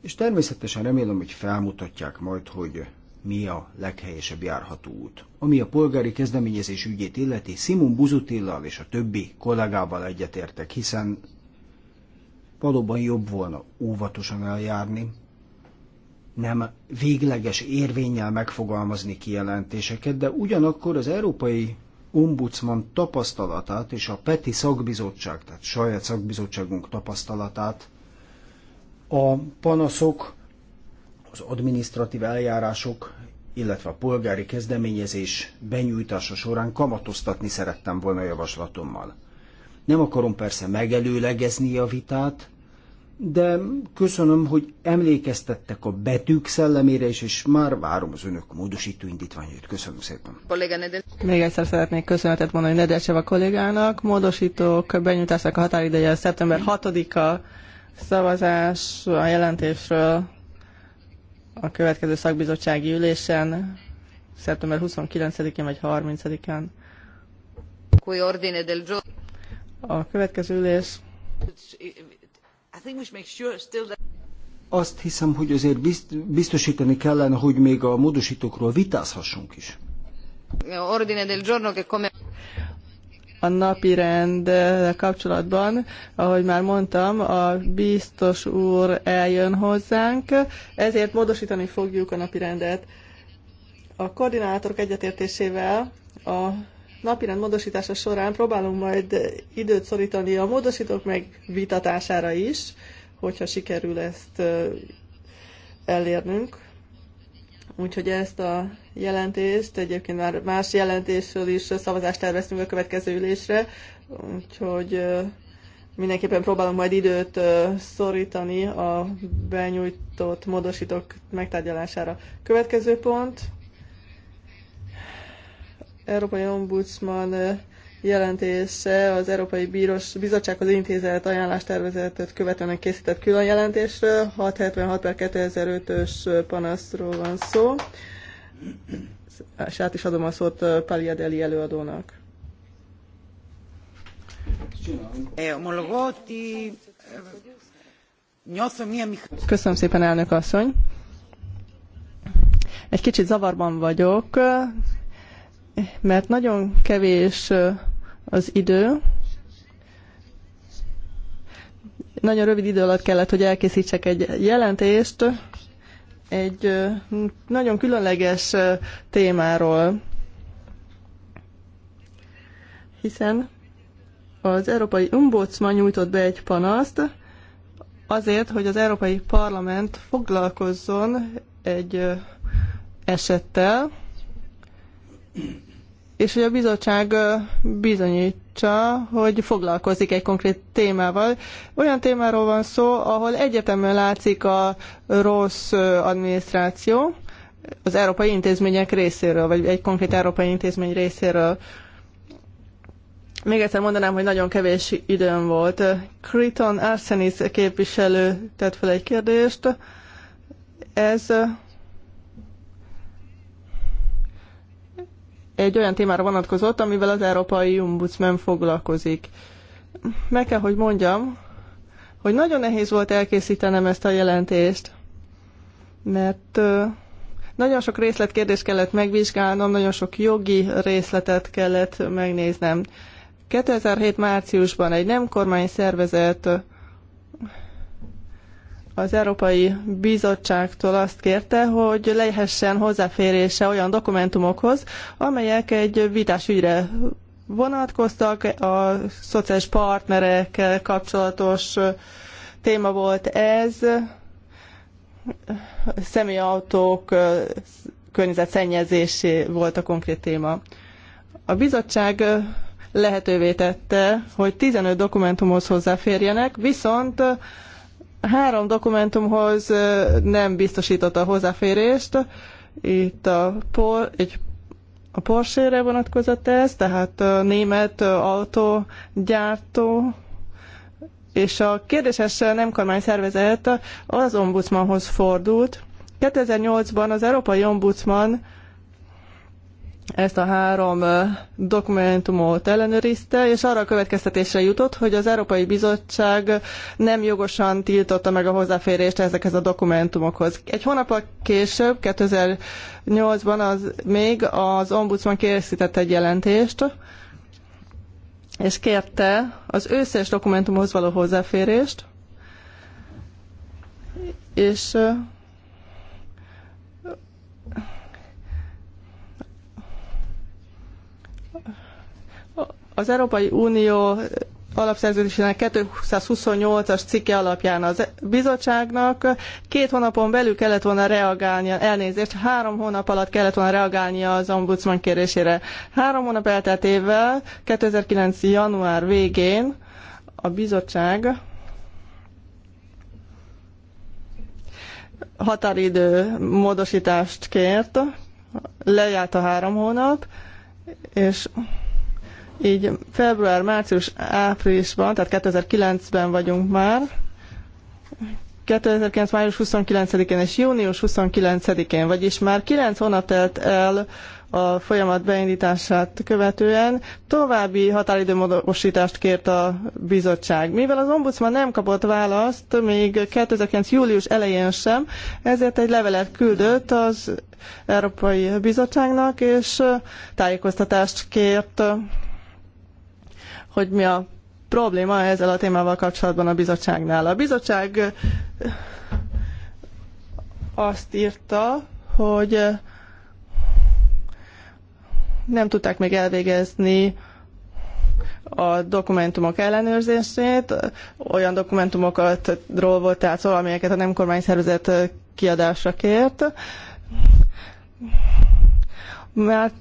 és természetesen remélem, hogy felmutatják majd, hogy mi a leghelyesebb járható út. Ami a polgári kezdeményezés ügyét illeti, Simon Buzutillal és a többi kollégával egyetértek, hiszen valóban jobb volna óvatosan eljárni, nem végleges érvényel megfogalmazni kijelentéseket, de ugyanakkor az Európai Ombudsman tapasztalatát és a PETI szakbizottság, tehát saját szakbizottságunk tapasztalatát a panaszok, az administratív eljárások, illetve a polgári kezdeményezés benyújtása során kamatoztatni szerettem volna javaslatommal. Nem akarom persze megelőlegezni a vitát, de köszönöm, hogy emlékeztettek a betűk szellemére is, és már várom az önök módosító indítványait. Köszönöm szépen. Még egyszer szeretnék köszönetet mondani Nedelcseva kollégának. Módosítók benyújtásnak a határideje szeptember 6-a szavazás a jelentésről a következő szakbizottsági ülésen szeptember 29-én vagy 30-án. A következő ülés azt hiszem, hogy azért biztosítani kellene, hogy még a módosítókról vitázhassunk is. A napi rend eh, kapcsolatban, ahogy már mondtam, a biztos úr eljön hozzánk, ezért módosítani fogjuk a napi rendet. A koordinátorok egyetértésével a napirend módosítása során próbálunk majd időt szorítani a módosítók megvitatására is, hogyha sikerül ezt elérnünk. Úgyhogy ezt a jelentést, egyébként már más jelentésről is szavazást terveztünk a következő ülésre, úgyhogy mindenképpen próbálunk majd időt szorítani a benyújtott módosítók megtárgyalására. Következő pont, Európai Ombudsman jelentése az Európai Bíros Bizottsághoz intézett tervezetet követően készített külön jelentésről. 676 per 2005-ös panaszról van szó. És át is adom a szót Paliadeli előadónak. Eh, eh, Köszönöm szépen, elnök asszony. Egy kicsit zavarban vagyok mert nagyon kevés az idő, nagyon rövid idő alatt kellett, hogy elkészítsek egy jelentést egy nagyon különleges témáról, hiszen az Európai Ombudsman nyújtott be egy panaszt azért, hogy az Európai Parlament foglalkozzon egy esettel, és hogy a bizottság bizonyítsa, hogy foglalkozik egy konkrét témával. Olyan témáról van szó, ahol egyetemen látszik a rossz adminisztráció az európai intézmények részéről, vagy egy konkrét európai intézmény részéről. Még egyszer mondanám, hogy nagyon kevés időm volt. Kriton Arsenis képviselő tett fel egy kérdést. Ez egy olyan témára vonatkozott, amivel az Európai Ombudsman foglalkozik. Meg kell, hogy mondjam, hogy nagyon nehéz volt elkészítenem ezt a jelentést, mert nagyon sok részletkérdést kellett megvizsgálnom, nagyon sok jogi részletet kellett megnéznem. 2007 márciusban egy nem kormány szervezet az Európai Bizottságtól azt kérte, hogy lehessen hozzáférése olyan dokumentumokhoz, amelyek egy vitás ügyre vonatkoztak, a szociális partnerekkel kapcsolatos téma volt ez, személyautók környezetszennyezésé volt a konkrét téma. A bizottság lehetővé tette, hogy 15 dokumentumhoz hozzáférjenek, viszont Három dokumentumhoz nem biztosította a hozzáférést. Itt a, por, egy, a Porsche-re vonatkozott ez, tehát a német autógyártó és a kérdéses nem kormány szervezet az ombudsmanhoz fordult. 2008-ban az Európai Ombudsman ezt a három dokumentumot ellenőrizte, és arra a következtetésre jutott, hogy az Európai Bizottság nem jogosan tiltotta meg a hozzáférést ezekhez a dokumentumokhoz. Egy hónappal később, 2008-ban az, még az ombudsman készített egy jelentést, és kérte az összes dokumentumhoz való hozzáférést, és Az Európai Unió alapszerződésének 228-as cikke alapján az bizottságnak két hónapon belül kellett volna reagálnia, elnézést, három hónap alatt kellett volna reagálnia az ombudsman kérésére. Három hónap elteltével, 2009. január végén a bizottság határidő módosítást kért, lejárt a három hónap, és így február, március, áprilisban, tehát 2009-ben vagyunk már, 2009. május 29-én és június 29-én, vagyis már 9 hónap telt el a folyamat beindítását követően további határidőmódosítást kért a bizottság. Mivel az ombudsman nem kapott választ még 2009. július elején sem, ezért egy levelet küldött az Európai Bizottságnak, és tájékoztatást kért hogy mi a probléma ezzel a témával kapcsolatban a bizottságnál. A bizottság azt írta, hogy nem tudták még elvégezni a dokumentumok ellenőrzését, olyan dokumentumokat ról volt tehát szó, amelyeket a nem szervezet kiadásra kért. Mert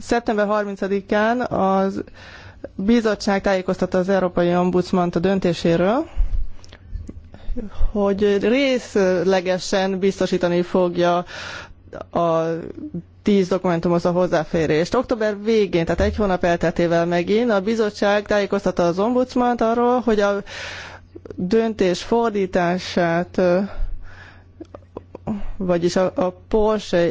szeptember 30-án az bizottság tájékoztatta az Európai Ombudsmant a döntéséről, hogy részlegesen biztosítani fogja a tíz dokumentumhoz a hozzáférést. Október végén, tehát egy hónap elteltével megint a bizottság tájékoztatta az ombudsmant arról, hogy a döntés fordítását, vagyis a, a Porsche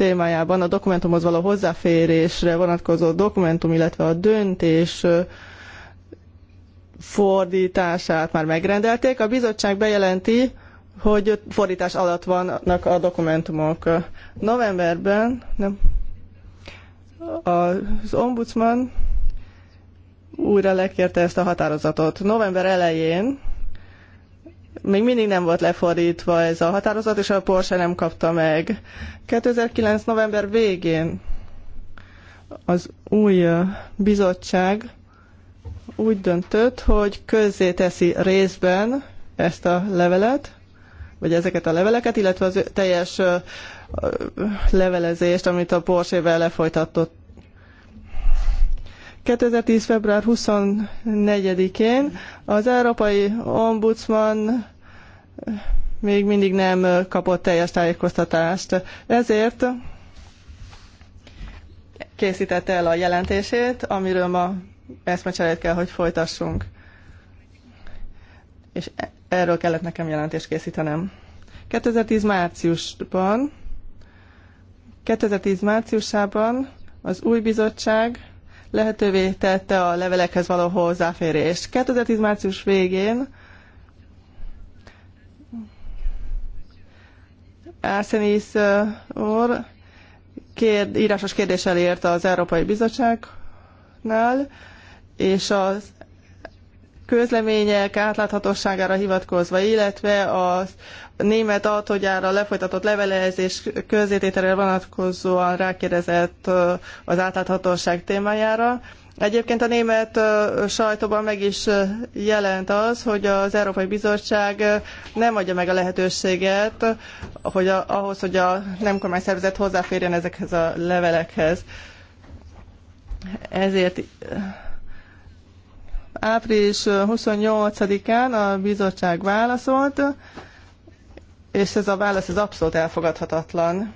témájában a dokumentumhoz való hozzáférésre vonatkozó dokumentum, illetve a döntés fordítását már megrendelték. A bizottság bejelenti, hogy fordítás alatt vannak a dokumentumok. Novemberben nem, az ombudsman újra lekérte ezt a határozatot. November elején még mindig nem volt lefordítva ez a határozat, és a Porsche nem kapta meg. 2009. november végén az új bizottság úgy döntött, hogy közzé teszi részben ezt a levelet, vagy ezeket a leveleket, illetve az teljes levelezést, amit a Porsche-vel lefolytatott 2010. február 24-én az Európai Ombudsman eh, még mindig nem eh, kapott teljes tájékoztatást. Ezért készítette el a jelentését, amiről ma eszmecserét kell, hogy folytassunk. És e- erről kellett nekem jelentést készítenem. 2010 márciusban 2010 márciusában az új bizottság lehetővé tette a levelekhez való hozzáférést. 2010 március végén Arsenis uh, úr kérd, írásos kérdéssel ért az Európai Bizottságnál, és az közlemények átláthatóságára hivatkozva, illetve a német autógyára lefolytatott levelezés közzétételre vonatkozóan rákérdezett az átláthatóság témájára. Egyébként a német sajtóban meg is jelent az, hogy az Európai Bizottság nem adja meg a lehetőséget hogy a, ahhoz, hogy a nem szervezet hozzáférjen ezekhez a levelekhez. Ezért Április 28-án a bizottság válaszolt, és ez a válasz az abszolút elfogadhatatlan.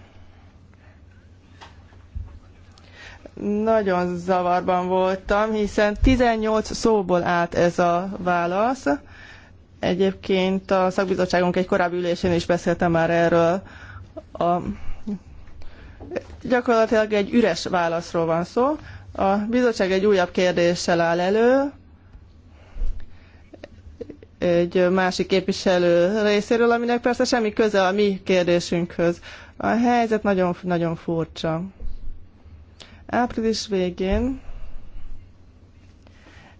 Nagyon zavarban voltam, hiszen 18 szóból állt ez a válasz. Egyébként a szakbizottságunk egy korábbi ülésén is beszéltem már erről. A, gyakorlatilag egy üres válaszról van szó. A bizottság egy újabb kérdéssel áll elő, egy másik képviselő részéről, aminek persze semmi köze a mi kérdésünkhöz. A helyzet nagyon, nagyon furcsa. Április végén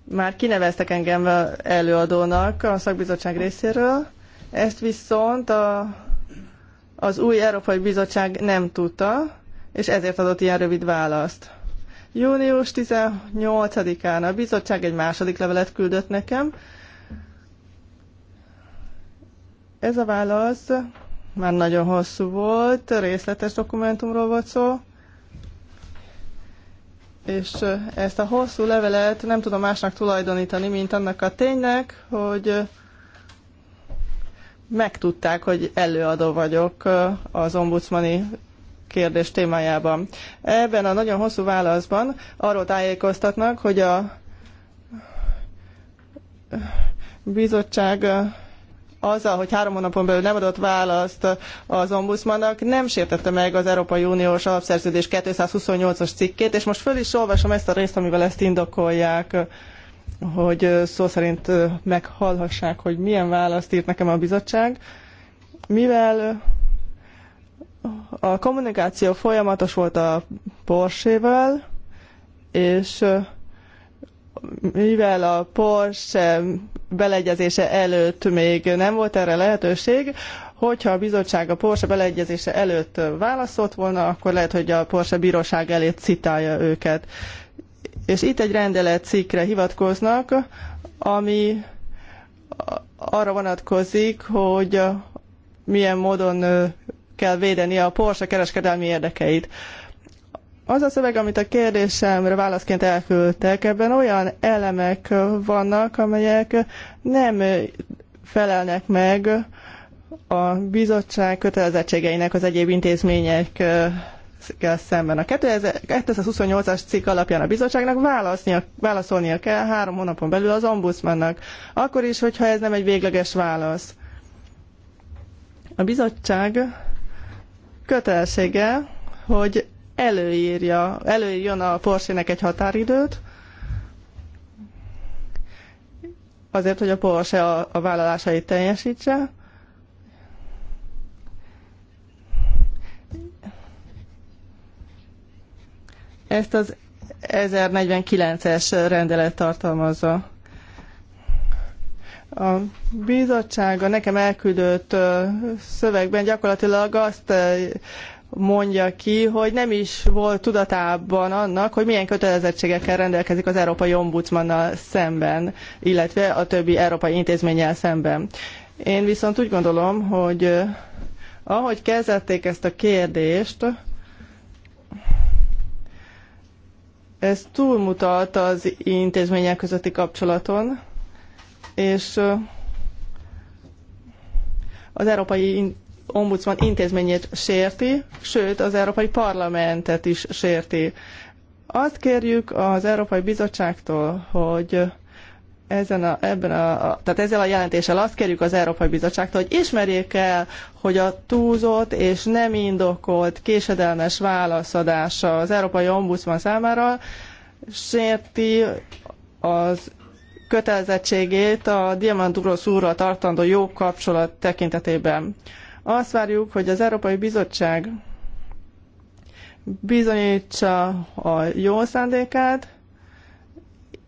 már kineveztek engem előadónak a szakbizottság részéről, ezt viszont a, az új Európai Bizottság nem tudta, és ezért adott ilyen rövid választ. Június 18-án a bizottság egy második levelet küldött nekem, ez a válasz már nagyon hosszú volt, részletes dokumentumról volt szó, és ezt a hosszú levelet nem tudom másnak tulajdonítani, mint annak a ténynek, hogy megtudták, hogy előadó vagyok az ombudsmani kérdés témájában. Ebben a nagyon hosszú válaszban arról tájékoztatnak, hogy a bizottság azzal, hogy három hónapon belül nem adott választ az ombudsmannak, nem sértette meg az Európai Uniós Alapszerződés 228-as cikkét, és most föl is olvasom ezt a részt, amivel ezt indokolják hogy szó szerint meghallhassák, hogy milyen választ írt nekem a bizottság. Mivel a kommunikáció folyamatos volt a Porsével, és mivel a Porsche beleegyezése előtt még nem volt erre lehetőség, hogyha a bizottság a Porsche beleegyezése előtt válaszolt volna, akkor lehet, hogy a Porsche bíróság elé citálja őket. És itt egy rendelet cikkre hivatkoznak, ami arra vonatkozik, hogy milyen módon kell védeni a Porsche kereskedelmi érdekeit. Az a szöveg, amit a kérdésemre válaszként elküldtek, ebben olyan elemek vannak, amelyek nem felelnek meg a bizottság kötelezettségeinek az egyéb intézmények szemben. A 2028-as cikk alapján a bizottságnak válasznia, válaszolnia kell három hónapon belül az ombudsmannak, akkor is, hogyha ez nem egy végleges válasz. A bizottság kötelessége, hogy előírja, előírjon a Porsche-nek egy határidőt, azért, hogy a Porsche a, a vállalásait teljesítse. Ezt az 1049-es rendelet tartalmazza. A bizottsága nekem elküldött szövegben gyakorlatilag azt mondja ki, hogy nem is volt tudatában annak, hogy milyen kötelezettségekkel rendelkezik az Európai Ombudsmannal szemben, illetve a többi európai intézménnyel szemben. Én viszont úgy gondolom, hogy eh, ahogy kezelték ezt a kérdést, ez túlmutat az intézmények közötti kapcsolaton, és eh, az európai ombudsman intézményét sérti, sőt az Európai Parlamentet is sérti. Azt kérjük az Európai Bizottságtól, hogy ezen a, ebben a, tehát ezzel a jelentéssel azt kérjük az Európai Bizottságtól, hogy ismerjék el, hogy a túlzott és nem indokolt késedelmes válaszadása az Európai Ombudsman számára sérti az kötelezettségét a Diamanduro úrral tartandó jó kapcsolat tekintetében. Azt várjuk, hogy az Európai Bizottság bizonyítsa a jó szándékát,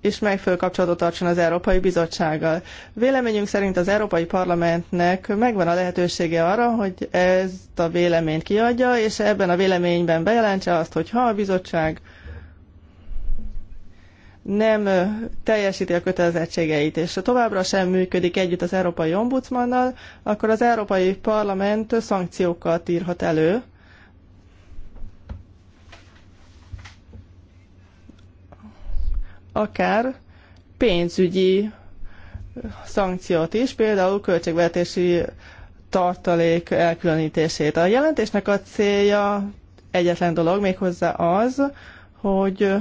és megfelelő kapcsolatot tartson az Európai Bizottsággal. Véleményünk szerint az Európai Parlamentnek megvan a lehetősége arra, hogy ezt a véleményt kiadja, és ebben a véleményben bejelentse azt, hogy ha a bizottság nem teljesíti a kötelezettségeit, és továbbra sem működik együtt az Európai Ombudsmannal, akkor az Európai Parlament szankciókat írhat elő. Akár pénzügyi szankciót is, például költségvetési tartalék elkülönítését. A jelentésnek a célja egyetlen dolog, méghozzá az, hogy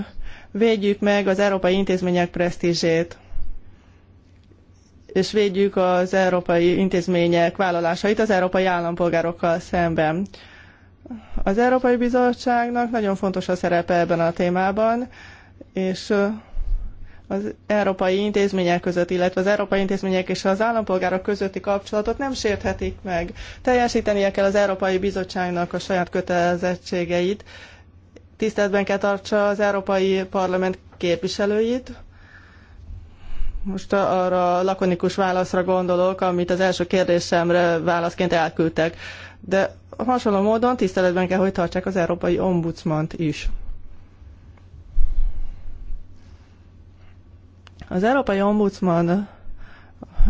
védjük meg az európai intézmények presztízsét, és védjük az európai intézmények vállalásait az európai állampolgárokkal szemben. Az Európai Bizottságnak nagyon fontos a szerepe ebben a témában, és az európai intézmények között, illetve az európai intézmények és az állampolgárok közötti kapcsolatot nem sérthetik meg. Teljesítenie kell az Európai Bizottságnak a saját kötelezettségeit, tiszteletben kell tartsa az Európai Parlament képviselőit. Most arra a lakonikus válaszra gondolok, amit az első kérdésemre válaszként elküldtek. De hasonló módon tiszteletben kell, hogy tartsák az Európai Ombudsmant is. Az Európai Ombudsman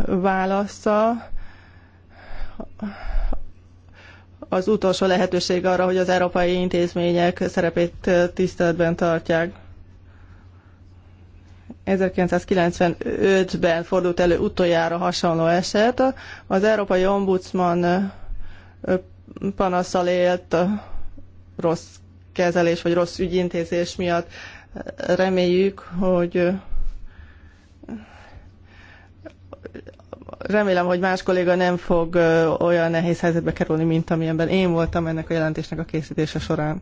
válasza az utolsó lehetőség arra, hogy az európai intézmények szerepét tiszteletben tartják. 1995-ben fordult elő utoljára hasonló eset. Az Európai Ombudsman panaszal élt rossz kezelés vagy rossz ügyintézés miatt. Reméljük, hogy remélem, hogy más kolléga nem fog olyan nehéz helyzetbe kerülni, mint amilyenben én voltam ennek a jelentésnek a készítése során.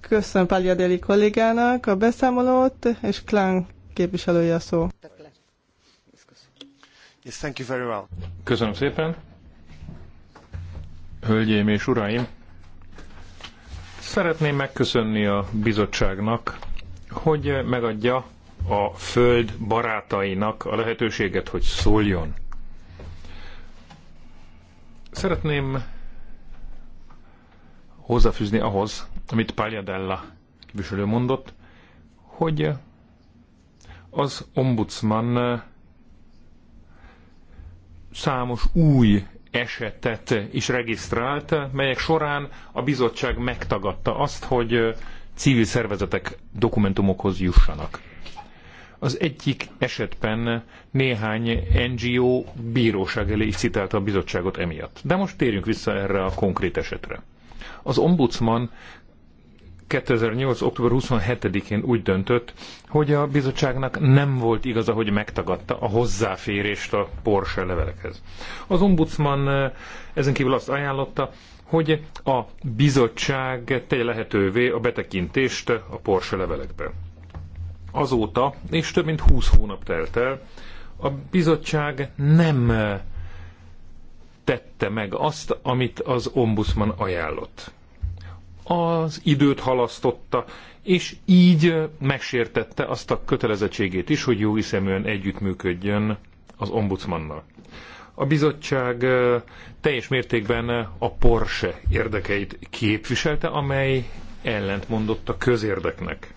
Köszönöm Pagliadeli kollégának a beszámolót, és Klán képviselője a szó. Köszönöm szépen. Hölgyeim és uraim, szeretném megköszönni a bizottságnak, hogy megadja a föld barátainak a lehetőséget, hogy szóljon. Szeretném hozzáfűzni ahhoz, amit Pagliadella képviselő mondott, hogy az ombudsman számos új esetet is regisztrált, melyek során a bizottság megtagadta azt, hogy civil szervezetek dokumentumokhoz jussanak. Az egyik esetben néhány NGO bíróság elé is citálta a bizottságot emiatt. De most térjünk vissza erre a konkrét esetre. Az ombudsman 2008. október 27-én úgy döntött, hogy a bizottságnak nem volt igaza, hogy megtagadta a hozzáférést a Porsche levelekhez. Az ombudsman eh, ezen kívül azt ajánlotta, hogy a bizottság tegye lehetővé a betekintést a Porsche levelekbe azóta, és több mint 20 hónap telt el, a bizottság nem eh, tette meg azt, amit az ombudsman ajánlott. Az időt halasztotta, és így eh, megsértette azt a kötelezettségét is, hogy jó hiszeműen együttműködjön az ombudsmannal. A bizottság eh, teljes mértékben a Porsche érdekeit képviselte, amely ellentmondott a közérdeknek.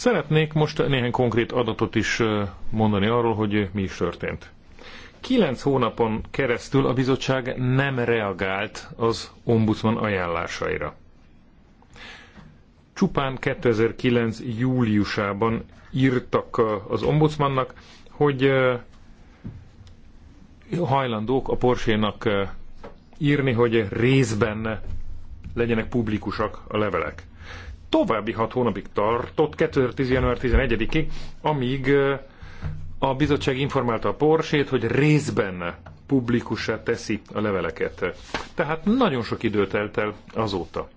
Szeretnék most néhány konkrét adatot is mondani arról, hogy mi is történt. Kilenc hónapon keresztül a bizottság nem reagált az ombudsman ajánlásaira. Csupán 2009. júliusában írtak az ombudsmannak, hogy hajlandók a Porsénak írni, hogy részben legyenek publikusak a levelek további hat hónapig tartott, 2010. január 11-ig, amíg eh, a bizottság informálta a Porsét, hogy részben publikussá teszi a leveleket. Tehát nagyon sok idő telt el azóta.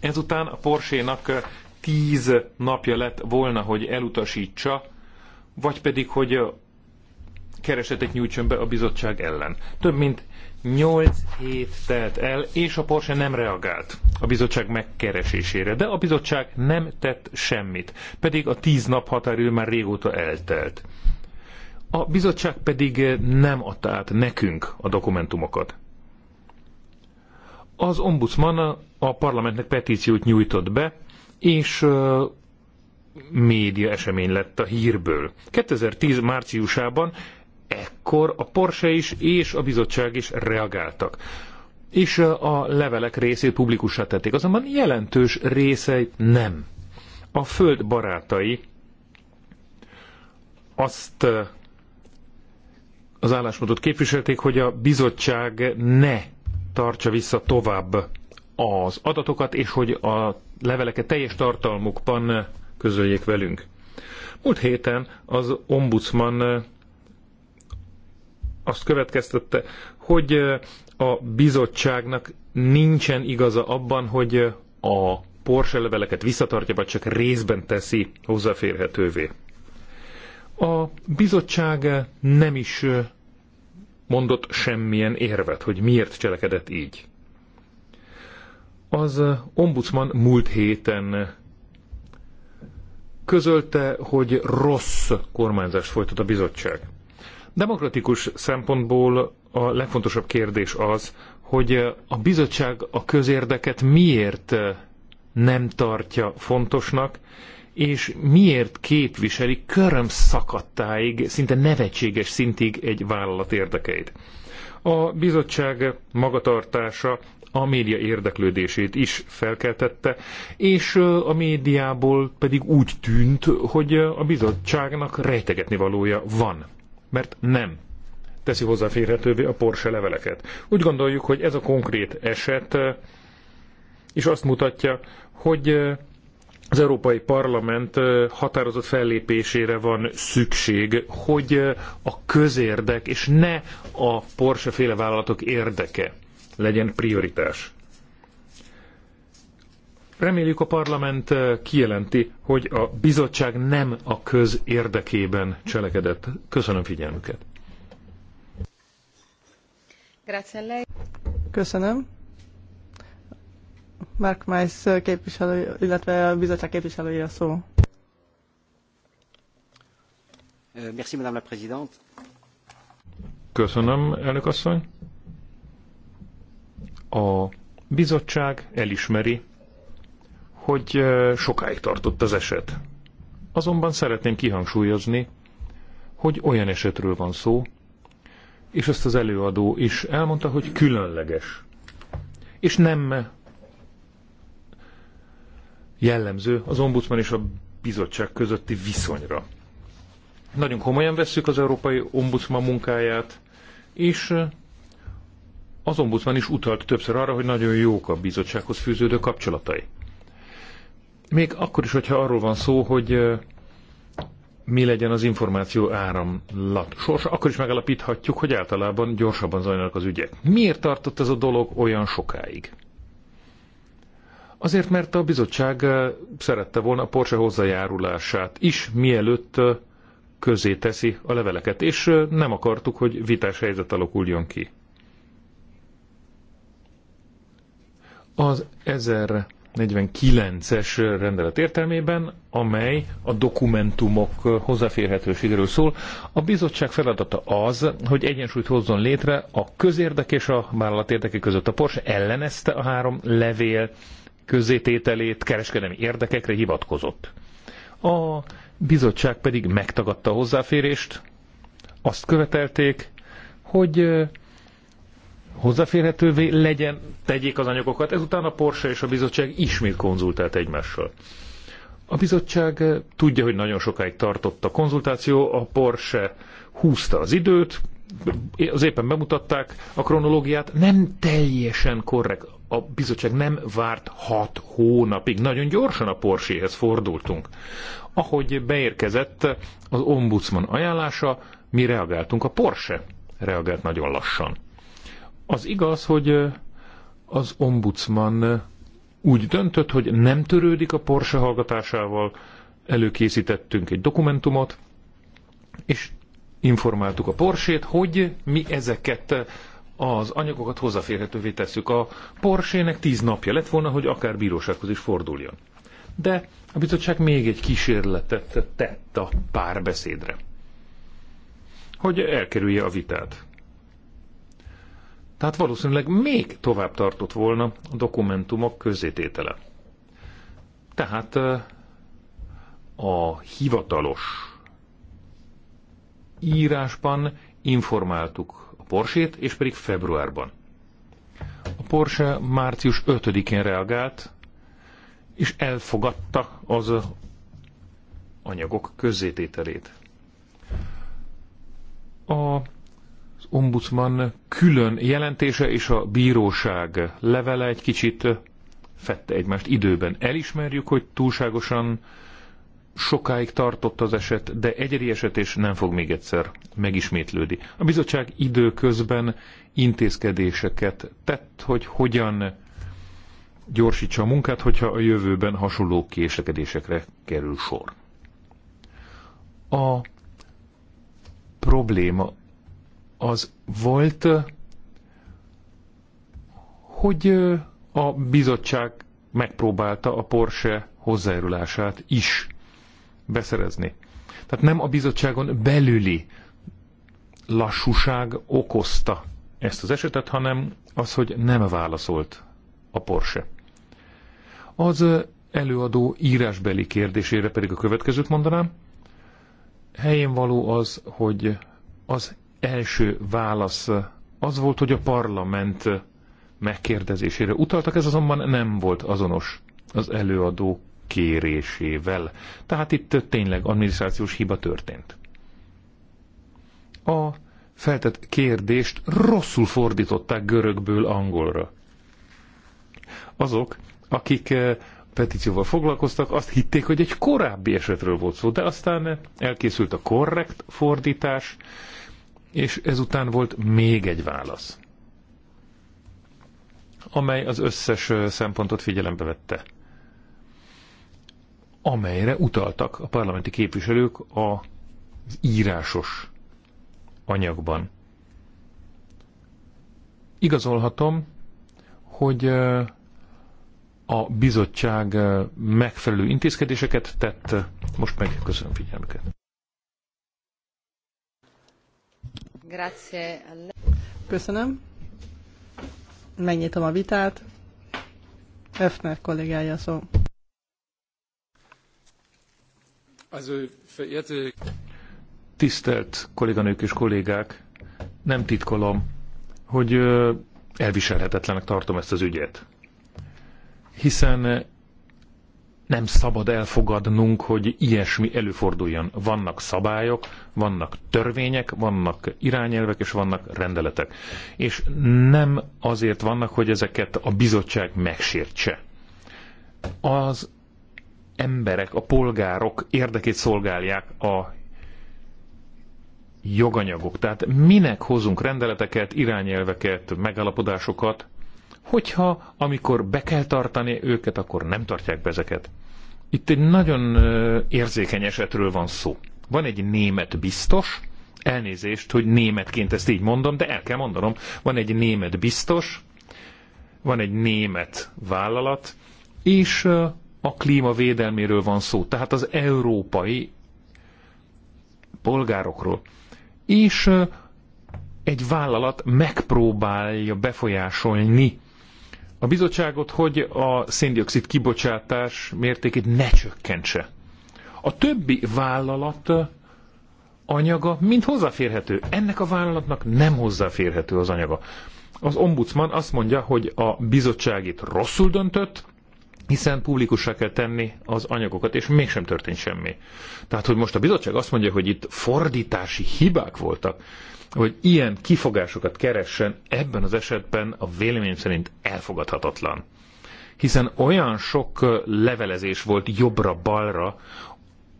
Ezután a Porsénak eh, tíz napja lett volna, hogy elutasítsa, vagy pedig, hogy eh, keresetet nyújtson be a bizottság ellen. Több mint 8 hét telt el, és a Porsche nem reagált a bizottság megkeresésére, de a bizottság nem tett semmit, pedig a 10 nap határidő már régóta eltelt. A bizottság pedig nem adta át nekünk a dokumentumokat. Az ombudsman a parlamentnek petíciót nyújtott be, és média esemény lett a hírből. 2010 márciusában ekkor a Porsche is és a bizottság is reagáltak és a levelek részét publikussá tették. Azonban jelentős része nem. A föld barátai azt az álláspontot képviselték, hogy a bizottság ne tartsa vissza tovább az adatokat, és hogy a leveleket teljes tartalmukban közöljék velünk. Múlt héten az ombudsman azt következtette, hogy a bizottságnak nincsen igaza abban, hogy a Porsche leveleket visszatartja, vagy csak részben teszi hozzáférhetővé. A bizottság nem is mondott semmilyen érvet, hogy miért cselekedett így. Az ombudsman múlt héten közölte, hogy rossz kormányzást folytat a bizottság. Demokratikus szempontból a legfontosabb kérdés az, hogy a bizottság a közérdeket miért nem tartja fontosnak, és miért képviseli köröm szakadtáig, szinte nevetséges szintig egy vállalat érdekeit. A bizottság magatartása a média érdeklődését is felkeltette, és a médiából pedig úgy tűnt, hogy a bizottságnak rejtegetni valója van mert nem teszi hozzáférhetővé a Porsche leveleket. Úgy gondoljuk, hogy ez a konkrét eset eh, is azt mutatja, hogy eh, az Európai Parlament eh, határozott fellépésére van szükség, hogy a közérdek és ne a Porsche féle vállalatok érdeke legyen prioritás. Reméljük a parlament eh, kijelenti, hogy a bizottság nem a köz érdekében cselekedett. Köszönöm figyelmüket. Köszönöm. Mark Mice képviselő, illetve a bizottság képviselője a szó. Euh, merci, Madame la Présidente. Köszönöm, elnök asszony. A bizottság elismeri, hogy sokáig tartott az eset. Azonban szeretném kihangsúlyozni, hogy olyan esetről van szó, és ezt az előadó is elmondta, hogy különleges. És nem jellemző az ombudsman és a bizottság közötti viszonyra. Nagyon komolyan vesszük az Európai Ombudsman munkáját, és az ombudsman is utalt többször arra, hogy nagyon jók a bizottsághoz fűződő kapcsolatai. Még akkor is, hogyha arról van szó, hogy mi legyen az információ áramlat sorsa, akkor is megalapíthatjuk, hogy általában gyorsabban zajlanak az ügyek. Miért tartott ez a dolog olyan sokáig? Azért, mert a bizottság szerette volna a Porsche hozzájárulását is, mielőtt közé teszi a leveleket, és nem akartuk, hogy vitás helyzet alakuljon ki. Az 1000 49-es rendelet értelmében, amely a dokumentumok hozzáférhetőségéről szól. A bizottság feladata az, hogy egyensúlyt hozzon létre a közérdek és a vállalat érdeke között. A Porsche ellenezte a három levél közétételét, kereskedelmi érdekekre hivatkozott. A bizottság pedig megtagadta a hozzáférést, azt követelték, hogy hozzáférhetővé legyen, tegyék az anyagokat, ezután a Porsche és a bizottság ismét konzultált egymással. A bizottság eh, tudja, hogy nagyon sokáig tartott a konzultáció, a Porsche húzta az időt, az éppen bemutatták a kronológiát, nem teljesen korrekt. A bizottság nem várt hat hónapig, nagyon gyorsan a Porséhez fordultunk. Ahogy beérkezett az ombudsman ajánlása, mi reagáltunk. A Porsche reagált nagyon lassan. Az igaz, hogy az ombudsman úgy döntött, hogy nem törődik a Porsche hallgatásával, előkészítettünk egy dokumentumot, és informáltuk a Porsét, hogy mi ezeket az anyagokat hozzáférhetővé tesszük. A Porsének tíz napja lett volna, hogy akár bírósághoz is forduljon. De a bizottság még egy kísérletet tett a párbeszédre, hogy elkerülje a vitát. Tehát valószínűleg még tovább tartott volna a dokumentumok közzététele. Tehát eh, a hivatalos írásban informáltuk a Porsét, és pedig februárban. A Porsche március 5-én reagált, és elfogadta az anyagok közzétételét. A ombudsman külön jelentése és a bíróság levele egy kicsit fette egymást időben. Elismerjük, hogy túlságosan sokáig tartott az eset, de egyedi eset és nem fog még egyszer megismétlődni. A bizottság időközben intézkedéseket tett, hogy hogyan gyorsítsa a munkát, hogyha a jövőben hasonló késlekedésekre kerül sor. A probléma az volt, hogy a bizottság megpróbálta a Porsche hozzájárulását is beszerezni. Tehát nem a bizottságon belüli lassúság okozta ezt az esetet, hanem az, hogy nem válaszolt a Porsche. Az előadó írásbeli kérdésére pedig a következőt mondanám. Helyén való az, hogy az első válasz az volt, hogy a parlament megkérdezésére utaltak, ez azonban nem volt azonos az előadó kérésével. Tehát itt tényleg adminisztrációs hiba történt. A feltett kérdést rosszul fordították görögből angolra. Azok, akik eh, petícióval foglalkoztak, azt hitték, hogy egy korábbi esetről volt szó, de aztán elkészült a korrekt fordítás, és ezután volt még egy válasz, amely az összes szempontot figyelembe vette, amelyre utaltak a parlamenti képviselők az írásos anyagban. Igazolhatom, hogy a bizottság megfelelő intézkedéseket tett. Most megköszönöm figyelmüket. Köszönöm. Megnyitom a vitát. Öfner kollégája szó. Tisztelt kolléganők és kollégák, nem titkolom, hogy elviselhetetlenek tartom ezt az ügyet. Hiszen nem szabad elfogadnunk, hogy ilyesmi előforduljon. Vannak szabályok, vannak törvények, vannak irányelvek és vannak rendeletek. És nem azért vannak, hogy ezeket a bizottság megsértse. Az emberek, a polgárok érdekét szolgálják a joganyagok. Tehát minek hozunk rendeleteket, irányelveket, megállapodásokat, hogyha amikor be kell tartani őket, akkor nem tartják be ezeket. Itt egy nagyon érzékeny esetről van szó. Van egy német biztos, elnézést, hogy németként ezt így mondom, de el kell mondanom, van egy német biztos, van egy német vállalat, és a klímavédelméről van szó, tehát az európai polgárokról. És egy vállalat megpróbálja befolyásolni a bizottságot, hogy a széndiokszid kibocsátás mértékét ne csökkentse. A többi vállalat anyaga mind hozzáférhető. Ennek a vállalatnak nem hozzáférhető az anyaga. Az ombudsman azt mondja, hogy a bizottság itt rosszul döntött, hiszen publikussá kell tenni az anyagokat, és mégsem történt semmi. Tehát, hogy most a bizottság azt mondja, hogy itt fordítási hibák voltak, hogy ilyen kifogásokat keressen ebben az esetben a vélemény szerint elfogadhatatlan. Hiszen olyan sok levelezés volt jobbra-balra,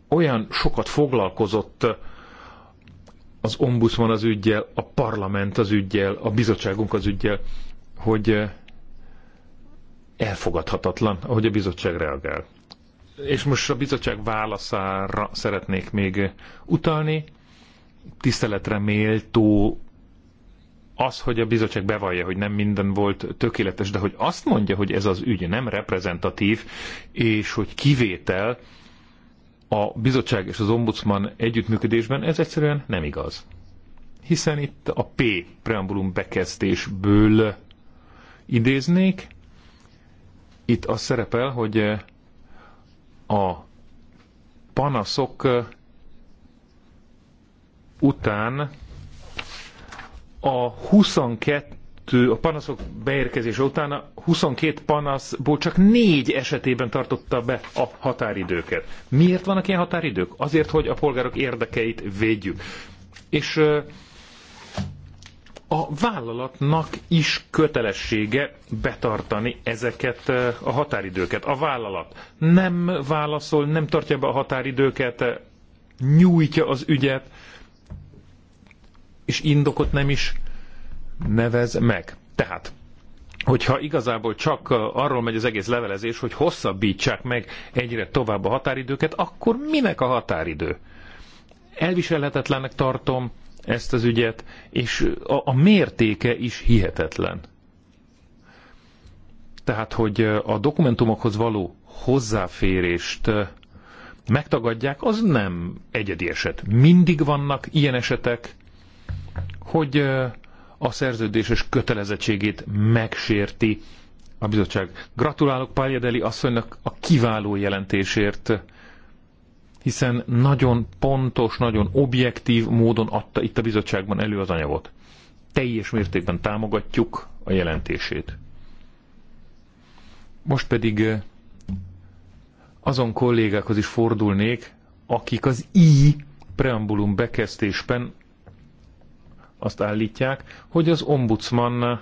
olyan sokat foglalkozott az ombudsman az ügyjel, a parlament az ügyjel, a bizottságunk az ügyjel, hogy elfogadhatatlan, ahogy a bizottság reagál. És most a bizottság válaszára szeretnék még utalni tiszteletre méltó az, hogy a bizottság bevallja, hogy nem minden volt tökéletes, de hogy azt mondja, hogy ez az ügy nem reprezentatív, és hogy kivétel a bizottság és az ombudsman együttműködésben, ez egyszerűen nem igaz. Hiszen itt a P preambulum bekezdésből idéznék, itt az szerepel, hogy a panaszok után a 22, a panaszok beérkezése után a 22 panaszból csak négy esetében tartotta be a határidőket. Miért vannak ilyen határidők? Azért, hogy a polgárok érdekeit védjük. És a vállalatnak is kötelessége betartani ezeket a határidőket. A vállalat nem válaszol, nem tartja be a határidőket, nyújtja az ügyet, és indokot nem is nevez meg. Tehát, hogyha igazából csak arról megy az egész levelezés, hogy hosszabbítsák meg egyre tovább a határidőket, akkor minek a határidő? Elviselhetetlennek tartom ezt az ügyet, és a, a mértéke is hihetetlen. Tehát, hogy a dokumentumokhoz való hozzáférést megtagadják, az nem egyedi eset. Mindig vannak ilyen esetek, hogy a szerződéses kötelezettségét megsérti a bizottság. Gratulálok Pályadeli asszonynak a kiváló jelentésért, hiszen nagyon pontos, nagyon objektív módon adta itt a bizottságban elő az anyagot. Teljes mértékben támogatjuk a jelentését. Most pedig azon kollégákhoz is fordulnék, akik az I preambulum bekezdésben azt állítják, hogy az ombudsman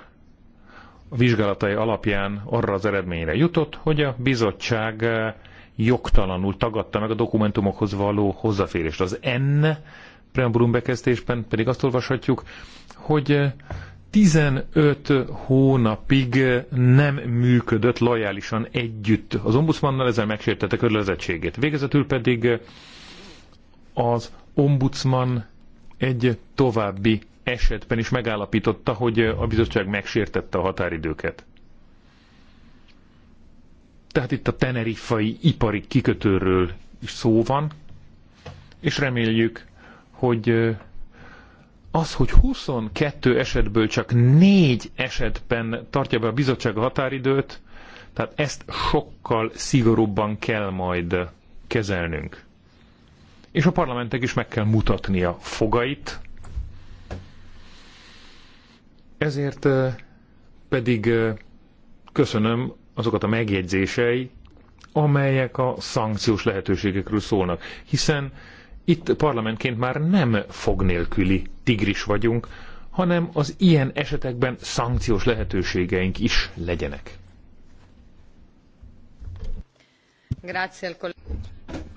vizsgálatai alapján arra az eredményre jutott, hogy a bizottság eh, jogtalanul tagadta meg a dokumentumokhoz való hozzáférést. Az N preambulum bekezdésben pedig azt olvashatjuk, hogy 15 eh, hónapig eh, nem működött lojálisan együtt az ombudsmannal, ezzel megsértette kötelezettségét. Végezetül pedig az ombudsman egy további esetben is megállapította, hogy a bizottság megsértette a határidőket. Tehát itt a tenerifai ipari kikötőről is szó van, és reméljük, hogy az, hogy 22 esetből csak 4 esetben tartja be a bizottság a határidőt, tehát ezt sokkal szigorúbban kell majd kezelnünk. És a parlamentek is meg kell mutatnia fogait, ezért pedig köszönöm azokat a megjegyzései, amelyek a szankciós lehetőségekről szólnak, hiszen itt parlamentként már nem fog nélküli tigris vagyunk, hanem az ilyen esetekben szankciós lehetőségeink is legyenek.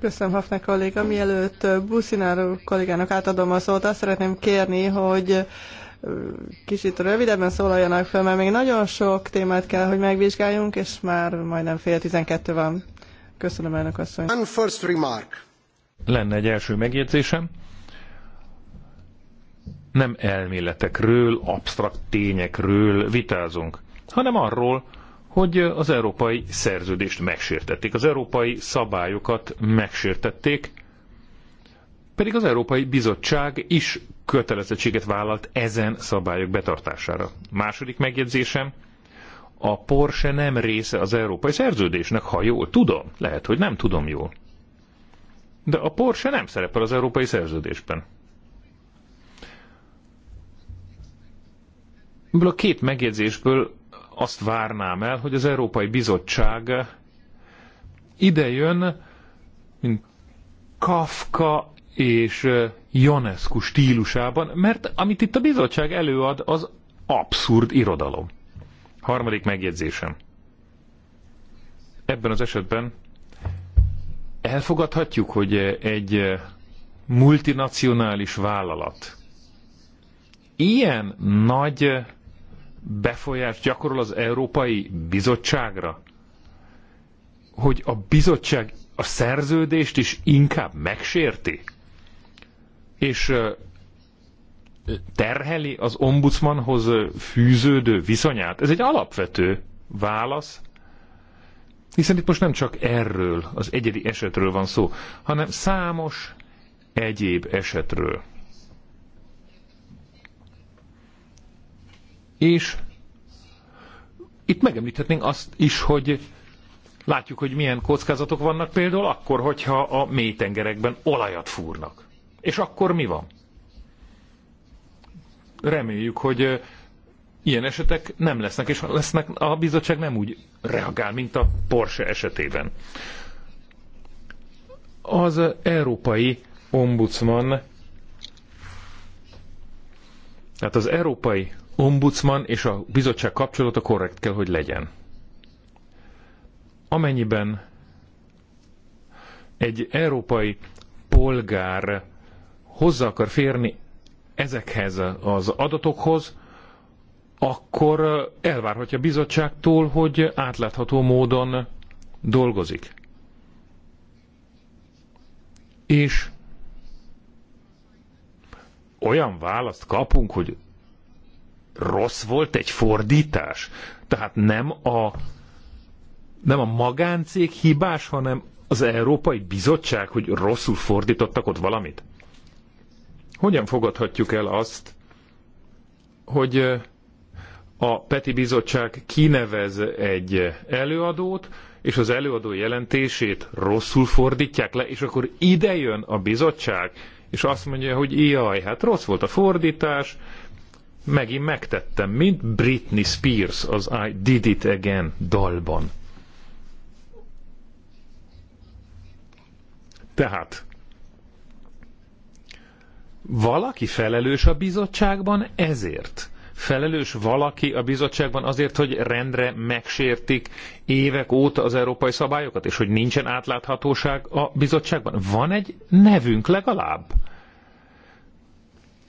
Köszönöm, Hafner kolléga. Mielőtt Buszináró kollégának átadom a szót, azt szeretném kérni, hogy kicsit rövidebben szólaljanak fel, mert még nagyon sok témát kell, hogy megvizsgáljunk, és már majdnem fél tizenkettő van. Köszönöm, elnök asszony. first remark. Lenne egy első megjegyzésem. Nem elméletekről, absztrakt tényekről vitázunk, hanem arról, hogy az európai szerződést megsértették, az európai szabályokat megsértették, pedig az Európai Bizottság is kötelezettséget vállalt ezen szabályok betartására. Második megjegyzésem, a Porsche nem része az európai szerződésnek, ha jól tudom. Lehet, hogy nem tudom jól. De a Porsche nem szerepel az európai szerződésben. Ebből a két megjegyzésből azt várnám el, hogy az Európai Bizottság idejön, mint Kafka és Ionescu stílusában, mert amit itt a bizottság előad, az abszurd irodalom. Harmadik megjegyzésem. Ebben az esetben elfogadhatjuk, hogy egy multinacionális vállalat ilyen nagy befolyást gyakorol az Európai Bizottságra, hogy a bizottság a szerződést is inkább megsérti? és terheli az ombudsmanhoz fűződő viszonyát? Ez egy alapvető válasz, hiszen itt most nem csak erről, az egyedi esetről van szó, hanem számos egyéb esetről. És itt megemlíthetnénk azt is, hogy látjuk, hogy milyen kockázatok vannak például akkor, hogyha a mélytengerekben olajat fúrnak. És akkor mi van? Reméljük, hogy ilyen esetek nem lesznek, és lesznek, a bizottság nem úgy reagál, mint a Porsche esetében. Az európai ombudsman, tehát az európai ombudsman és a bizottság kapcsolata korrekt kell, hogy legyen. Amennyiben egy európai polgár hozzá akar férni ezekhez az adatokhoz, akkor elvárhatja a bizottságtól, hogy átlátható módon dolgozik. És olyan választ kapunk, hogy rossz volt egy fordítás. Tehát nem a, nem a magáncég hibás, hanem az Európai Bizottság, hogy rosszul fordítottak ott valamit. Hogyan fogadhatjuk el azt, hogy a Peti Bizottság kinevez egy előadót, és az előadó jelentését rosszul fordítják le, és akkor ide jön a bizottság, és azt mondja, hogy jaj, hát rossz volt a fordítás, megint megtettem, mint Britney Spears az I Did It Again dalban. Tehát valaki felelős a bizottságban ezért? Felelős valaki a bizottságban azért, hogy rendre megsértik évek óta az európai szabályokat, és hogy nincsen átláthatóság a bizottságban? Van egy nevünk legalább?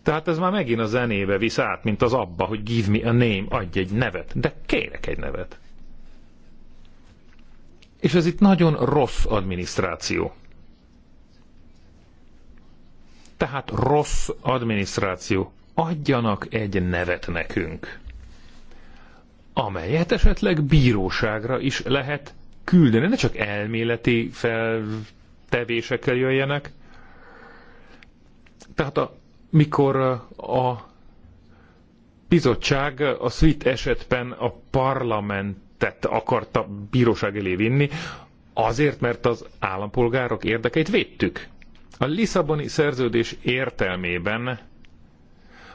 Tehát ez már megint a zenébe visz át, mint az abba, hogy give me a name, adj egy nevet. De kérek egy nevet. És ez itt nagyon rossz adminisztráció. Tehát rossz adminisztráció. Adjanak egy nevet nekünk, amelyet esetleg bíróságra is lehet küldeni. Ne csak elméleti feltevésekkel jöjjenek. Tehát a, mikor a bizottság a SWIT esetben a parlamentet akarta bíróság elé vinni, azért, mert az állampolgárok érdekeit védtük. A Lisszaboni szerződés értelmében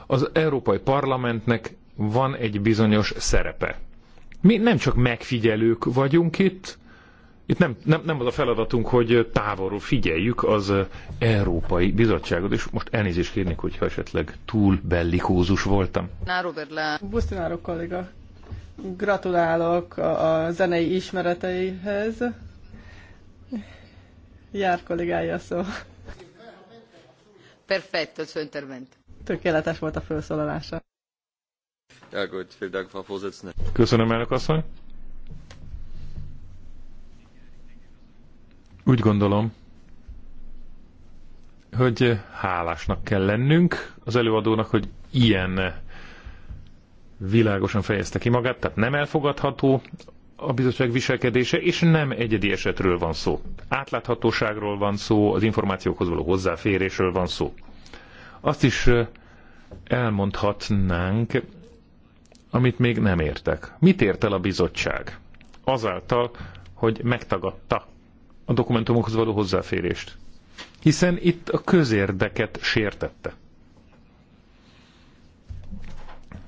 az Európai Parlamentnek van egy bizonyos szerepe. Mi nem csak megfigyelők vagyunk itt, itt nem, nem, nem az a feladatunk, hogy távolról figyeljük az Európai Bizottságot, és most elnézést kérnék, hogyha esetleg túl bellikózus voltam. Busztináró kolléga, gratulálok a zenei ismereteihez. Jár kollégája szó. Szóval. Perfetto il suo intervento. Tökéletes volt a felszólalása. Ja, gut, vielen Dank, Frau Vorsitzende. Köszönöm, elnök asszony. Úgy gondolom, hogy hálásnak kell lennünk az előadónak, hogy ilyen világosan fejezte ki magát, tehát nem elfogadható a bizottság viselkedése, és nem egyedi esetről van szó. Átláthatóságról van szó, az információkhoz való hozzáférésről van szó. Azt is elmondhatnánk, amit még nem értek. Mit ért el a bizottság? Azáltal, hogy megtagadta a dokumentumokhoz való hozzáférést. Hiszen itt a közérdeket sértette.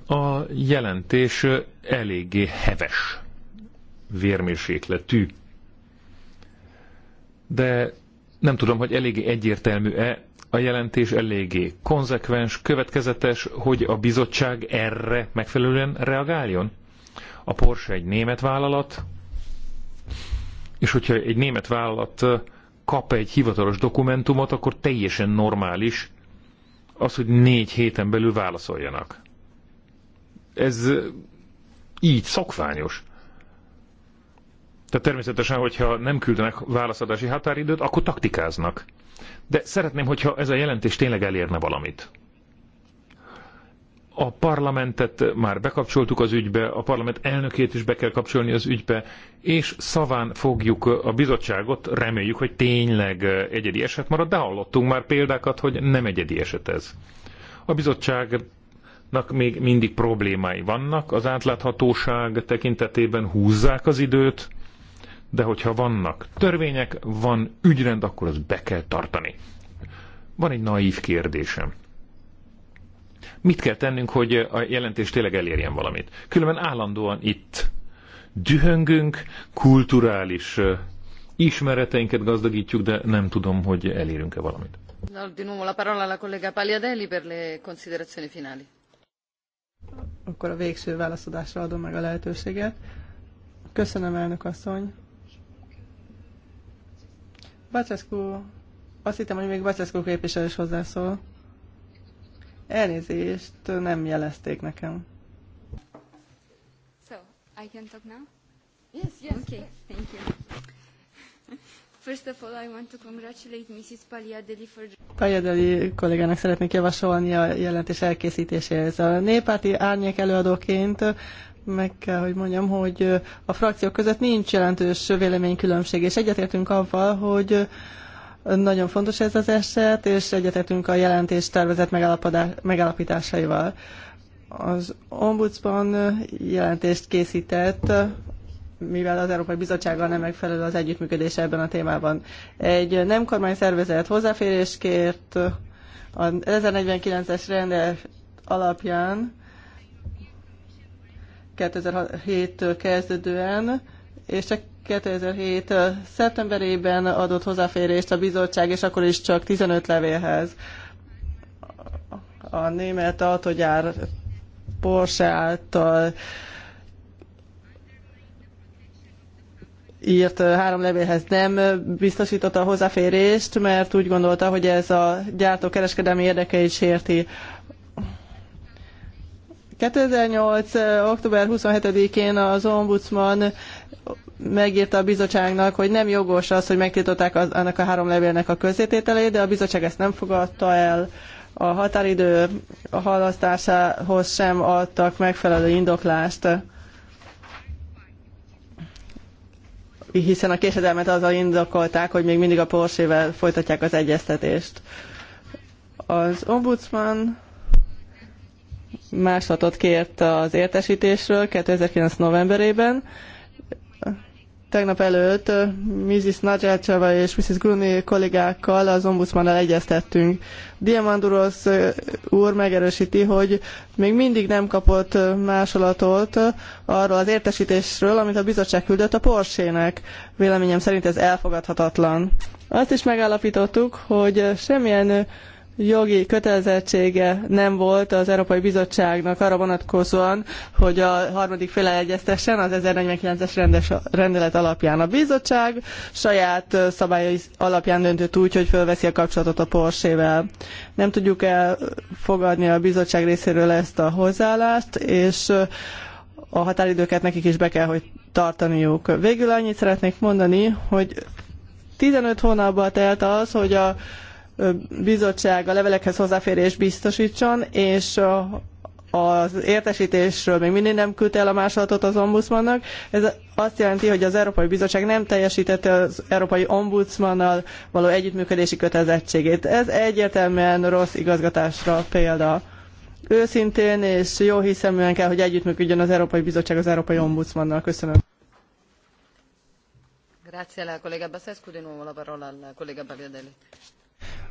A jelentés eléggé heves vérmérsékletű. De nem tudom, hogy eléggé egyértelmű-e, a jelentés eléggé konzekvens, következetes, hogy a bizottság erre megfelelően reagáljon. A Porsche egy német vállalat, és hogyha egy német vállalat kap egy hivatalos dokumentumot, akkor teljesen normális az, hogy négy héten belül válaszoljanak. Ez így szokványos. Tehát természetesen, hogyha nem küldenek válaszadási határidőt, akkor taktikáznak. De szeretném, hogyha ez a jelentés tényleg elérne valamit. A parlamentet már bekapcsoltuk az ügybe, a parlament elnökét is be kell kapcsolni az ügybe, és szaván fogjuk a bizottságot, reméljük, hogy tényleg egyedi eset marad, de hallottunk már példákat, hogy nem egyedi eset ez. A bizottság még mindig problémái vannak, az átláthatóság tekintetében húzzák az időt, de hogyha vannak törvények, van ügyrend, akkor az be kell tartani. Van egy naív kérdésem. Mit kell tennünk, hogy a jelentés tényleg elérjen valamit? Különben állandóan itt dühöngünk, kulturális ismereteinket gazdagítjuk, de nem tudom, hogy elérünk-e valamit. Akkor a végső válaszadásra adom meg a lehetőséget. Köszönöm, elnök asszony. Bacescu, azt hittem, hogy még Bacescu képviselő is hozzászól. Elnézést, nem jelezték nekem. So, I can talk now? Yes, yes. Okay, thank you. *laughs* First of all, I want to congratulate Mrs. Pagliadeli for... Pagliadeli kollégának szeretnék javasolni a jelentés elkészítéséhez. A néppárti árnyék előadóként meg kell, hogy mondjam, hogy a frakciók között nincs jelentős véleménykülönbség, és egyetértünk avval, hogy nagyon fontos ez az eset, és egyetértünk a jelentés tervezett megállapításaival. Az ombudsman jelentést készített, mivel az Európai Bizottsággal nem megfelelő az együttműködés ebben a témában. Egy nem kormány szervezet hozzáférés kért a 1049-es rendelet alapján 2007-től kezdődően, és csak 2007. szeptemberében adott hozzáférést a bizottság, és akkor is csak 15 levélhez. A német autogyár Porsche által írt három levélhez nem biztosította a hozzáférést, mert úgy gondolta, hogy ez a gyártó kereskedelmi érdekeit sérti. 2008. október 27-én az ombudsman megírta a bizottságnak, hogy nem jogos az, hogy megtiltották az, annak a három levélnek a közétételét, de a bizottság ezt nem fogadta el. A határidő halasztásához sem adtak megfelelő indoklást. hiszen a késedelmet azzal indokolták, hogy még mindig a Porsével folytatják az egyeztetést. Az ombudsman másolatot kért az értesítésről 2009. novemberében. Tegnap előtt Mrs. Nagyácsava és Mrs. Gruni kollégákkal az ombudsmannal egyeztettünk. Diamandurosz úr megerősíti, hogy még mindig nem kapott másolatot arról az értesítésről, amit a bizottság küldött a Porsének. Véleményem szerint ez elfogadhatatlan. Azt is megállapítottuk, hogy semmilyen jogi kötelezettsége nem volt az Európai Bizottságnak arra vonatkozóan, hogy a harmadik fele egyeztessen az 1049-es rendelet alapján. A bizottság saját szabályai alapján döntött úgy, hogy fölveszi a kapcsolatot a Porsével. Nem tudjuk elfogadni a bizottság részéről ezt a hozzáállást, és a határidőket nekik is be kell, hogy tartaniuk. Végül annyit szeretnék mondani, hogy 15 hónapba telt az, hogy a bizottság a levelekhez hozzáférés biztosítson, és az értesítésről még mindig nem küldte el a másolatot az ombudsmannak. Ez azt jelenti, hogy az Európai Bizottság nem teljesítette az Európai Ombudsmannal való együttműködési kötelezettségét. Ez egyértelműen rossz igazgatásra példa. Őszintén és jó hiszeműen kell, hogy együttműködjön az Európai Bizottság az Európai Ombudsmannal. Köszönöm. Grazie collega Bassescu, di nuovo la parola al collega Paliadeli.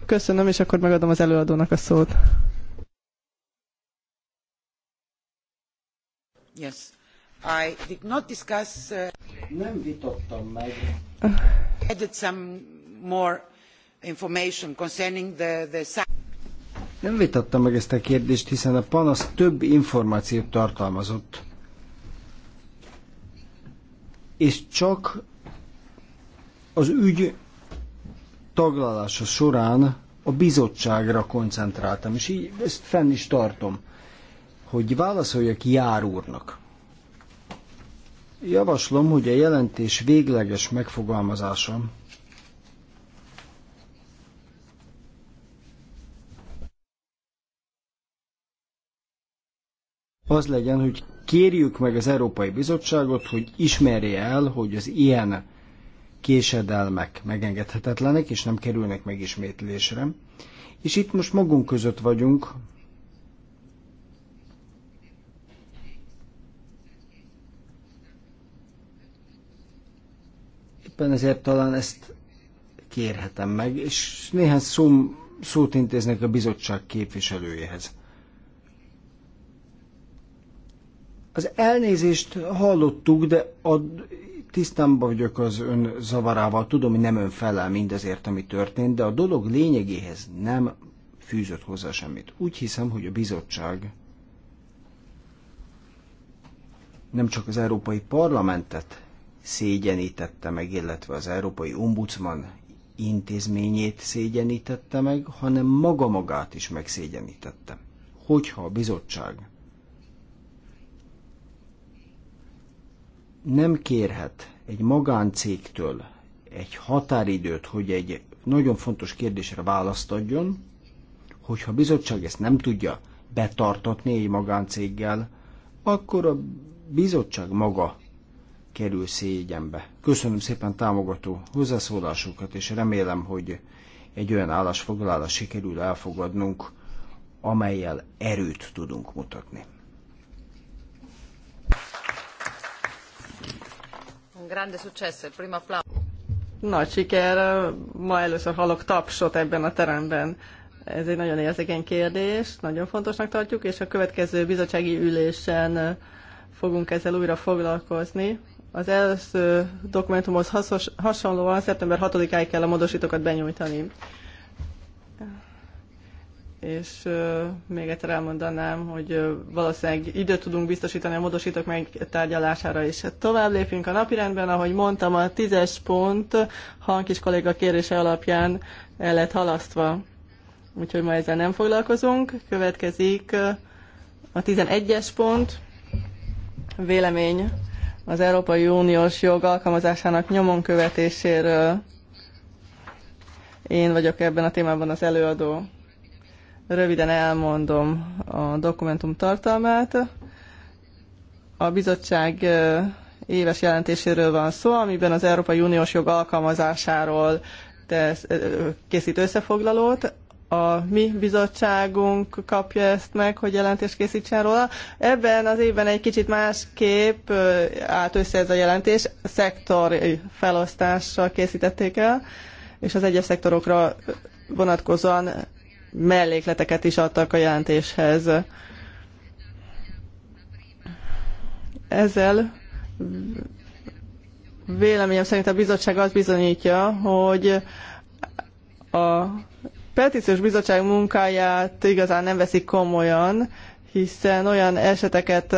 Köszönöm, és akkor megadom az előadónak a szót. Yes. I did not discuss, uh, nem vitattam meg. Added some more information concerning the, the... Nem vitattam meg ezt a kérdést, hiszen a panasz több információt tartalmazott. És csak az ügy taglalása során a bizottságra koncentráltam, és így ezt fenn is tartom, hogy válaszoljak Jár úrnak. Javaslom, hogy a jelentés végleges megfogalmazása az legyen, hogy kérjük meg az Európai Bizottságot, hogy ismerje el, hogy az ilyen késedelmek megengedhetetlenek, és nem kerülnek megismétlésre. És itt most magunk között vagyunk, éppen ezért talán ezt kérhetem meg, és néhány szó, szót intéznek a bizottság képviselőjéhez. Az elnézést hallottuk, de a tisztában vagyok az ön zavarával, tudom, hogy nem ön felel mindezért, ami történt, de a dolog lényegéhez nem fűzött hozzá semmit. Úgy hiszem, hogy a bizottság nem csak az Európai Parlamentet szégyenítette meg, illetve az Európai Ombudsman intézményét szégyenítette meg, hanem maga magát is megszégyenítette. Hogyha a bizottság nem kérhet egy magáncégtől egy határidőt, hogy egy nagyon fontos kérdésre választ adjon, hogyha a bizottság ezt nem tudja betartatni egy magáncéggel, akkor a bizottság maga kerül szégyenbe. Köszönöm szépen támogató hozzászólásukat, és remélem, hogy egy olyan állásfoglalás sikerül elfogadnunk, amelyel erőt tudunk mutatni. grande successo, il primo applauso. Nagy siker, ma először hallok tapsot ebben a teremben. Ez egy nagyon érzékeny kérdés, nagyon fontosnak tartjuk, és a következő bizottsági ülésen fogunk ezzel újra foglalkozni. Az első dokumentumhoz hasonlóan szeptember 6-áig kell a módosítókat benyújtani és még egyszer elmondanám, hogy valószínűleg időt tudunk biztosítani a módosítók tárgyalására is. Hát tovább lépünk a napirendben, ahogy mondtam, a tízes pont Hankis kolléga kérése alapján el lett halasztva. Úgyhogy ma ezzel nem foglalkozunk. Következik a 11-es pont, vélemény az Európai Uniós jog alkalmazásának nyomon követéséről. Én vagyok ebben a témában az előadó. Röviden elmondom a dokumentum tartalmát. A bizottság éves jelentéséről van szó, amiben az Európai Uniós jog alkalmazásáról tesz, készít összefoglalót. A mi bizottságunk kapja ezt meg, hogy jelentést készítsen róla. Ebben az évben egy kicsit másképp állt össze ez a jelentés. Szektor felosztással készítették el, és az egyes szektorokra vonatkozóan mellékleteket is adtak a jelentéshez. Ezzel véleményem szerint a bizottság azt bizonyítja, hogy a petíciós bizottság munkáját igazán nem veszik komolyan, hiszen olyan eseteket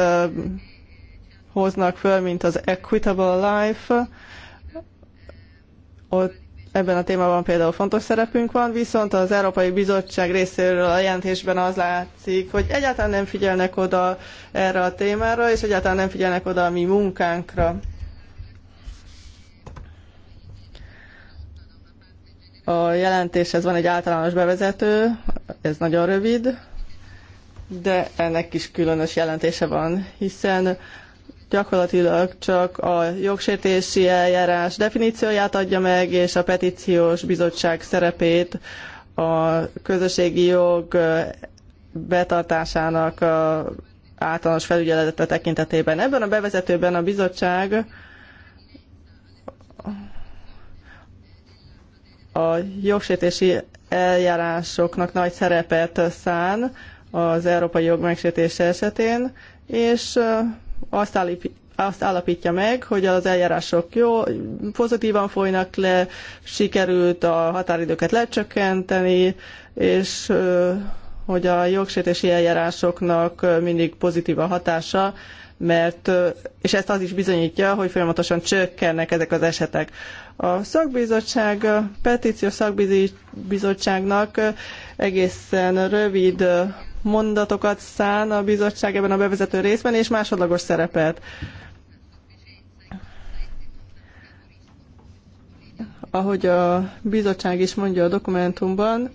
hoznak föl, mint az Equitable Life, ott Ebben a témában például fontos szerepünk van, viszont az Európai Bizottság részéről a jelentésben az látszik, hogy egyáltalán nem figyelnek oda erre a témára, és egyáltalán nem figyelnek oda a mi munkánkra. A jelentéshez van egy általános bevezető, ez nagyon rövid, de ennek is különös jelentése van, hiszen gyakorlatilag csak a jogsértési eljárás definícióját adja meg, és a petíciós bizottság szerepét a közösségi jog betartásának a általános felügyelete tekintetében. Ebben a bevezetőben a bizottság a jogsértési eljárásoknak nagy szerepet szán az európai jog megsértése esetén, és azt, állít, azt állapítja meg, hogy az eljárások jó, pozitívan folynak le, sikerült a határidőket lecsökkenteni, és hogy a jogsértési eljárásoknak mindig pozitív a hatása, mert, és ezt az is bizonyítja, hogy folyamatosan csökkennek ezek az esetek. A szakbizottság, petíció szakbizottságnak egészen rövid mondatokat szán a bizottság ebben a bevezető részben, és másodlagos szerepet. Ahogy a bizottság is mondja a dokumentumban,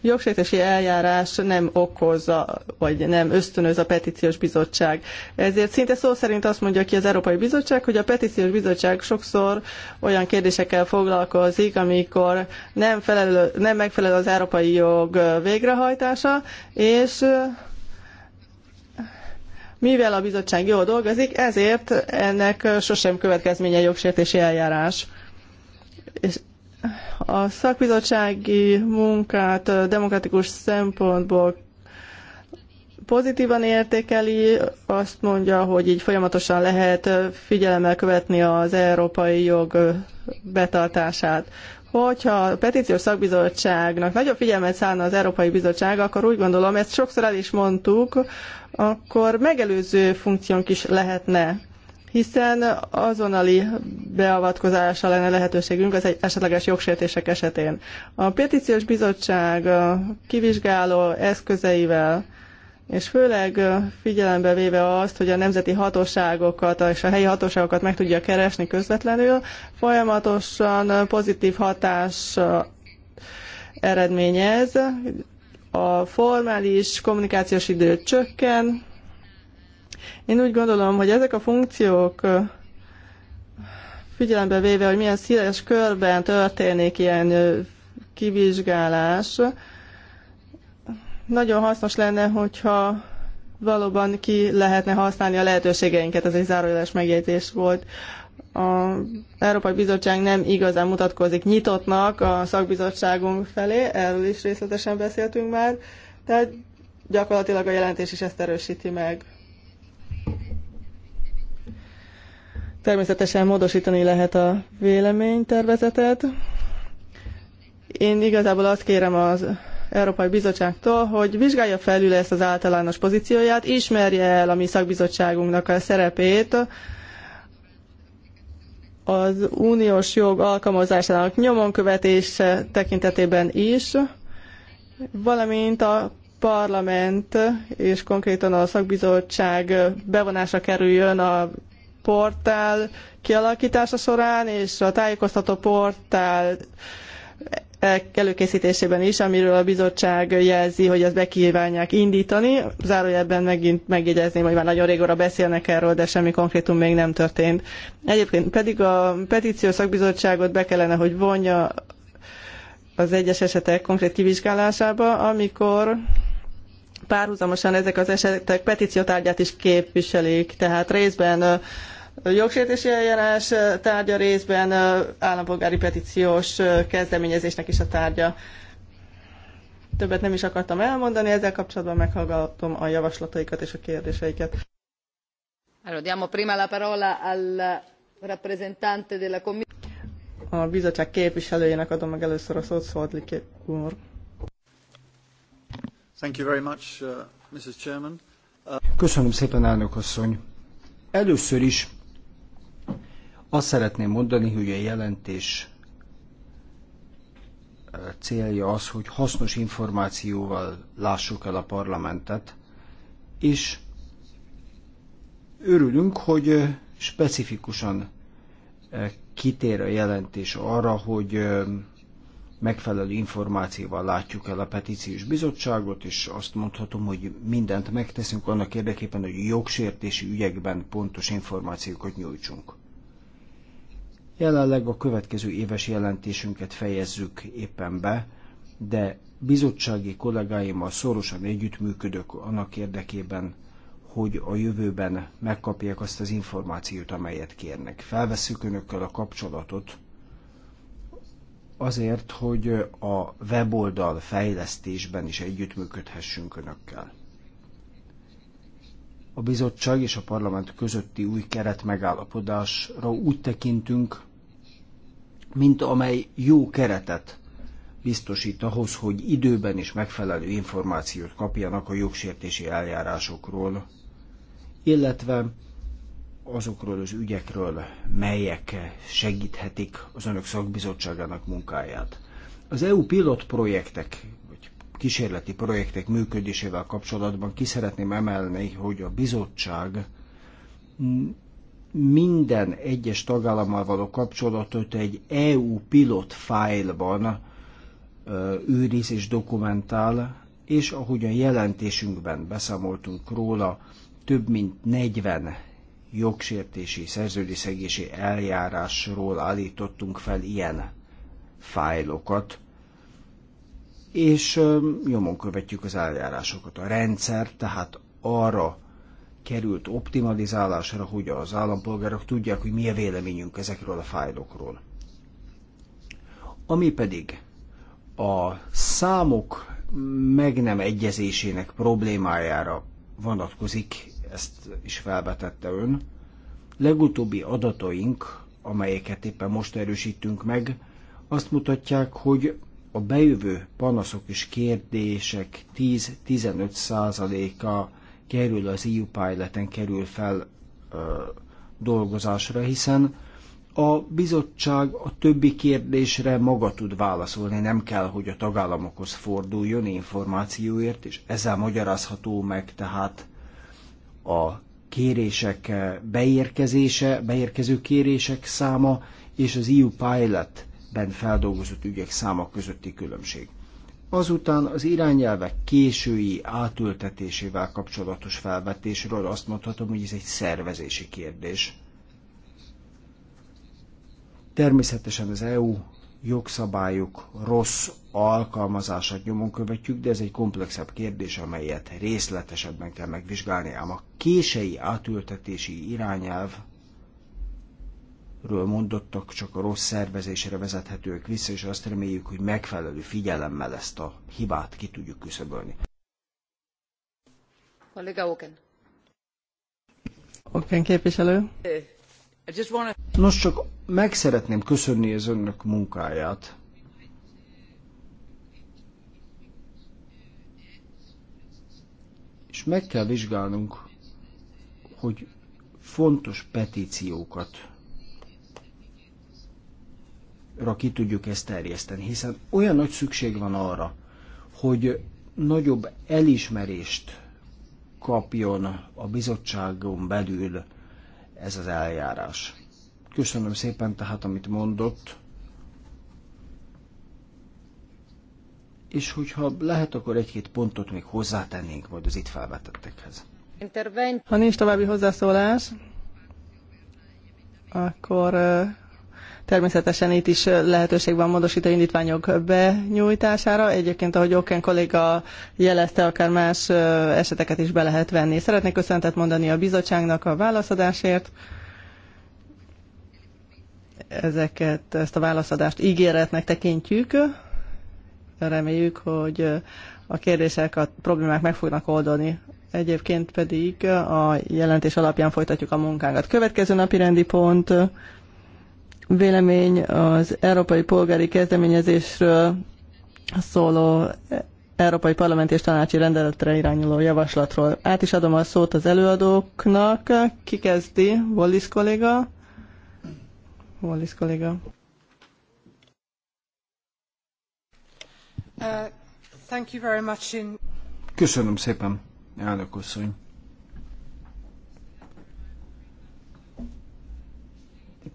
jogsértési eljárás nem okozza, vagy nem ösztönöz a petíciós bizottság. Ezért szinte szó szerint azt mondja ki az Európai Bizottság, hogy a petíciós bizottság sokszor olyan kérdésekkel foglalkozik, amikor nem, felelő, nem megfelelő az európai jog végrehajtása, és mivel a bizottság jól dolgozik, ezért ennek sosem következménye jogsértési eljárás. És a szakbizottsági munkát demokratikus szempontból pozitívan értékeli, azt mondja, hogy így folyamatosan lehet figyelemmel követni az európai jog betartását. Hogyha a petíciós szakbizottságnak nagyobb figyelmet szállna az Európai Bizottság, akkor úgy gondolom, ezt sokszor el is mondtuk, akkor megelőző funkciónk is lehetne hiszen azonnali beavatkozása lenne lehetőségünk az esetleges jogsértések esetén. A petíciós bizottság kivizsgáló eszközeivel és főleg figyelembe véve azt, hogy a nemzeti hatóságokat és a helyi hatóságokat meg tudja keresni közvetlenül, folyamatosan pozitív hatás eredményez, a formális kommunikációs idő csökken, én úgy gondolom, hogy ezek a funkciók figyelembe véve, hogy milyen széles körben történik ilyen kivizsgálás, nagyon hasznos lenne, hogyha valóban ki lehetne használni a lehetőségeinket, ez egy zárójeles megjegyzés volt. A Európai Bizottság nem igazán mutatkozik nyitottnak a szakbizottságunk felé, erről is részletesen beszéltünk már, tehát gyakorlatilag a jelentés is ezt erősíti meg. Természetesen módosítani lehet a véleménytervezetet. Én igazából azt kérem az Európai Bizottságtól, hogy vizsgálja felül ezt az általános pozícióját, ismerje el a mi szakbizottságunknak a szerepét, az uniós jog alkalmazásának nyomon követése tekintetében is, valamint a parlament és konkrétan a szakbizottság bevonása kerüljön a portál kialakítása során és a tájékoztató portál e előkészítésében is, amiről a bizottság jelzi, hogy ezt bekívánják indítani. Zárójelben megint megjegyezném, hogy már nagyon régóra beszélnek erről, de semmi konkrétum még nem történt. Egyébként pedig a petíció szakbizottságot be kellene, hogy vonja az egyes esetek konkrét kivizsgálásába, amikor párhuzamosan ezek az esetek petíciótárgyát is képviselik, tehát részben jogsértési eljárás tárgya, részben állampolgári petíciós kezdeményezésnek is a tárgya. Többet nem is akartam elmondani, ezzel kapcsolatban meghallgatom a javaslataikat és a kérdéseiket. Allora, diamo prima la parola al rappresentante della Commissione. A bizottság képviselőjének adom meg először a szót, Szoldlik úr. Thank you very much, uh, Mrs. Chairman. Uh... Köszönöm szépen, elnök asszony. Először is azt szeretném mondani, hogy a jelentés uh, célja az, hogy hasznos információval lássuk el a parlamentet, és örülünk, hogy uh, specifikusan uh, kitér a jelentés arra, hogy um, megfelelő információval látjuk el a petíciós bizottságot, és azt mondhatom, hogy mindent megteszünk annak érdekében, hogy jogsértési ügyekben pontos információkat nyújtsunk. Jelenleg a következő éves jelentésünket fejezzük éppen be, de bizottsági kollégáimmal szorosan együttműködök annak érdekében, hogy a jövőben megkapják azt az információt, amelyet kérnek. Felvesszük önökkel a kapcsolatot, azért, hogy a weboldal fejlesztésben is együttműködhessünk önökkel. A bizottság és a parlament közötti új keret megállapodásra úgy tekintünk, mint amely jó keretet biztosít ahhoz, hogy időben és megfelelő információt kapjanak a jogsértési eljárásokról, illetve azokról az ügyekről, melyek segíthetik az önök szakbizottságának munkáját. Az EU pilot projektek, vagy kísérleti projektek működésével kapcsolatban ki szeretném emelni, hogy a bizottság minden egyes tagállammal való kapcsolatot egy EU pilot fájlban őriz és dokumentál, és ahogy a jelentésünkben beszámoltunk róla, több mint 40 jogsértési, szerződésszegési eljárásról állítottunk fel ilyen fájlokat, és nyomon követjük az eljárásokat. A rendszer tehát arra került optimalizálásra, hogy az állampolgárok tudják, hogy mi a véleményünk ezekről a fájlokról. Ami pedig a számok meg nem egyezésének problémájára vonatkozik, ezt is felvetette ön. Legutóbbi adataink, amelyeket éppen most erősítünk meg, azt mutatják, hogy a bejövő panaszok és kérdések 10-15 százaléka kerül az EU pályleten kerül fel ö, dolgozásra, hiszen a bizottság a többi kérdésre maga tud válaszolni, nem kell, hogy a tagállamokhoz forduljon információért, és ezzel magyarázható meg tehát a kérések beérkezése, beérkező kérések száma és az EU Pilot-ben feldolgozott ügyek száma közötti különbség. Azután az irányelvek késői átültetésével kapcsolatos felvetésről azt mondhatom, hogy ez egy szervezési kérdés. Természetesen az EU jogszabályok rossz alkalmazását nyomon követjük, de ez egy komplexebb kérdés, amelyet részletesebben kell megvizsgálni, ám a kései átültetési irányelv ről mondottak, csak a rossz szervezésre vezethetők vissza, és azt reméljük, hogy megfelelő figyelemmel ezt a hibát ki tudjuk küszöbölni. Kollega Oken. Oken képviselő. Nos, csak meg szeretném köszönni az önök munkáját. És meg kell vizsgálnunk, hogy fontos petíciókat ra ki tudjuk ezt terjeszteni, hiszen olyan nagy szükség van arra, hogy nagyobb elismerést kapjon a bizottságon belül ez az eljárás. Köszönöm szépen tehát, amit mondott. És hogyha lehet, akkor egy-két pontot még hozzátennénk majd az itt felvetettekhez. Ha nincs további hozzászólás, akkor Természetesen itt is lehetőség van módosító indítványok benyújtására. Egyébként, ahogy Oken kolléga jelezte, akár más eseteket is be lehet venni. Szeretnék köszöntet mondani a bizottságnak a válaszadásért. Ezeket, ezt a válaszadást ígéretnek tekintjük. Reméljük, hogy a kérdések, a problémák meg fognak oldani. Egyébként pedig a jelentés alapján folytatjuk a munkánkat. Következő napi rendi pont vélemény az Európai Polgári Kezdeményezésről szóló Európai Parlament és Tanácsi Rendeletre irányuló javaslatról. Át is adom a szót az előadóknak. Ki kezdi? Wallis kolléga? Wallis kolléga. Uh, thank you very much Köszönöm szépen, elnök asszony.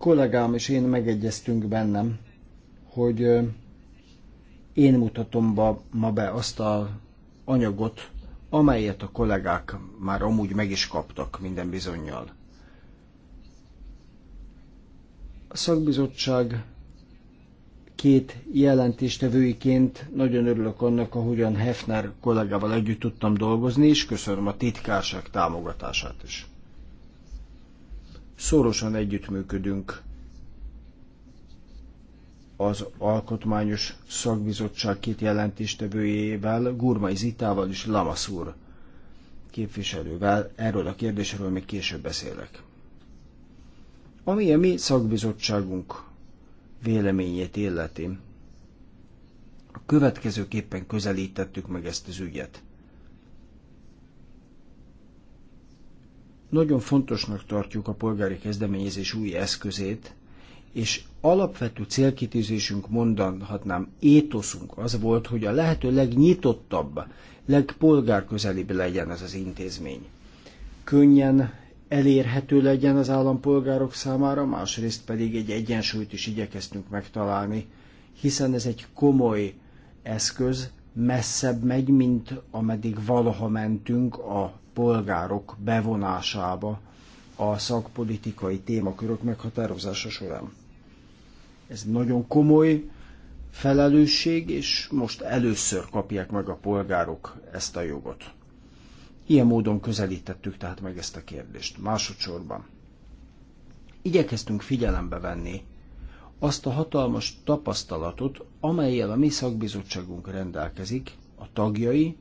kollégám és én megegyeztünk bennem, hogy én mutatom be ma be azt a anyagot, amelyet a kollégák már amúgy meg is kaptak minden bizonyal. A szakbizottság két jelentéstevőiként nagyon örülök annak, ahogyan Hefner kollégával együtt tudtam dolgozni, és köszönöm a titkárság támogatását is. Szorosan együttműködünk az Alkotmányos Szakbizottság két jelentéstevőjével, Gurmai Zitával és Lamaszúr képviselővel. Erről a kérdésről még később beszélek. Ami a mi szakbizottságunk véleményét illeti, következőképpen közelítettük meg ezt az ügyet. Nagyon fontosnak tartjuk a polgári kezdeményezés új eszközét, és alapvető célkitűzésünk mondanhatnám, étoszunk az volt, hogy a lehető legnyitottabb, legpolgárközelibb legyen ez az intézmény. Könnyen elérhető legyen az állampolgárok számára, másrészt pedig egy egyensúlyt is igyekeztünk megtalálni, hiszen ez egy komoly eszköz, messzebb megy, mint ameddig valaha mentünk a polgárok bevonásába a szakpolitikai témakörök meghatározása során. Ez nagyon komoly felelősség, és most először kapják meg a polgárok ezt a jogot. Ilyen módon közelítettük tehát meg ezt a kérdést. Másodszorban igyekeztünk figyelembe venni azt a hatalmas tapasztalatot, amelyel a mi szakbizottságunk rendelkezik, a tagjai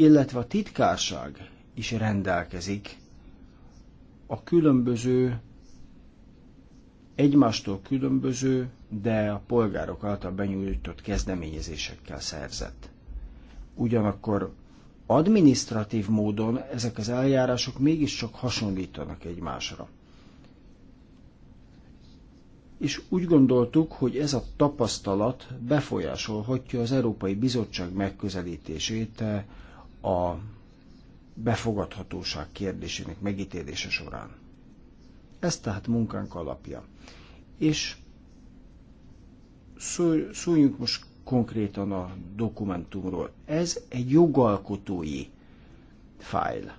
illetve a titkárság is rendelkezik a különböző, egymástól különböző, de a polgárok által benyújtott kezdeményezésekkel szerzett. Ugyanakkor adminisztratív módon ezek az eljárások mégiscsak hasonlítanak egymásra. És úgy gondoltuk, hogy ez a tapasztalat befolyásolhatja az Európai Bizottság megközelítését eh, a befogadhatóság kérdésének megítélése során. Ez tehát munkánk alapja. És szóljunk most konkrétan a dokumentumról. Ez egy jogalkotói fájl.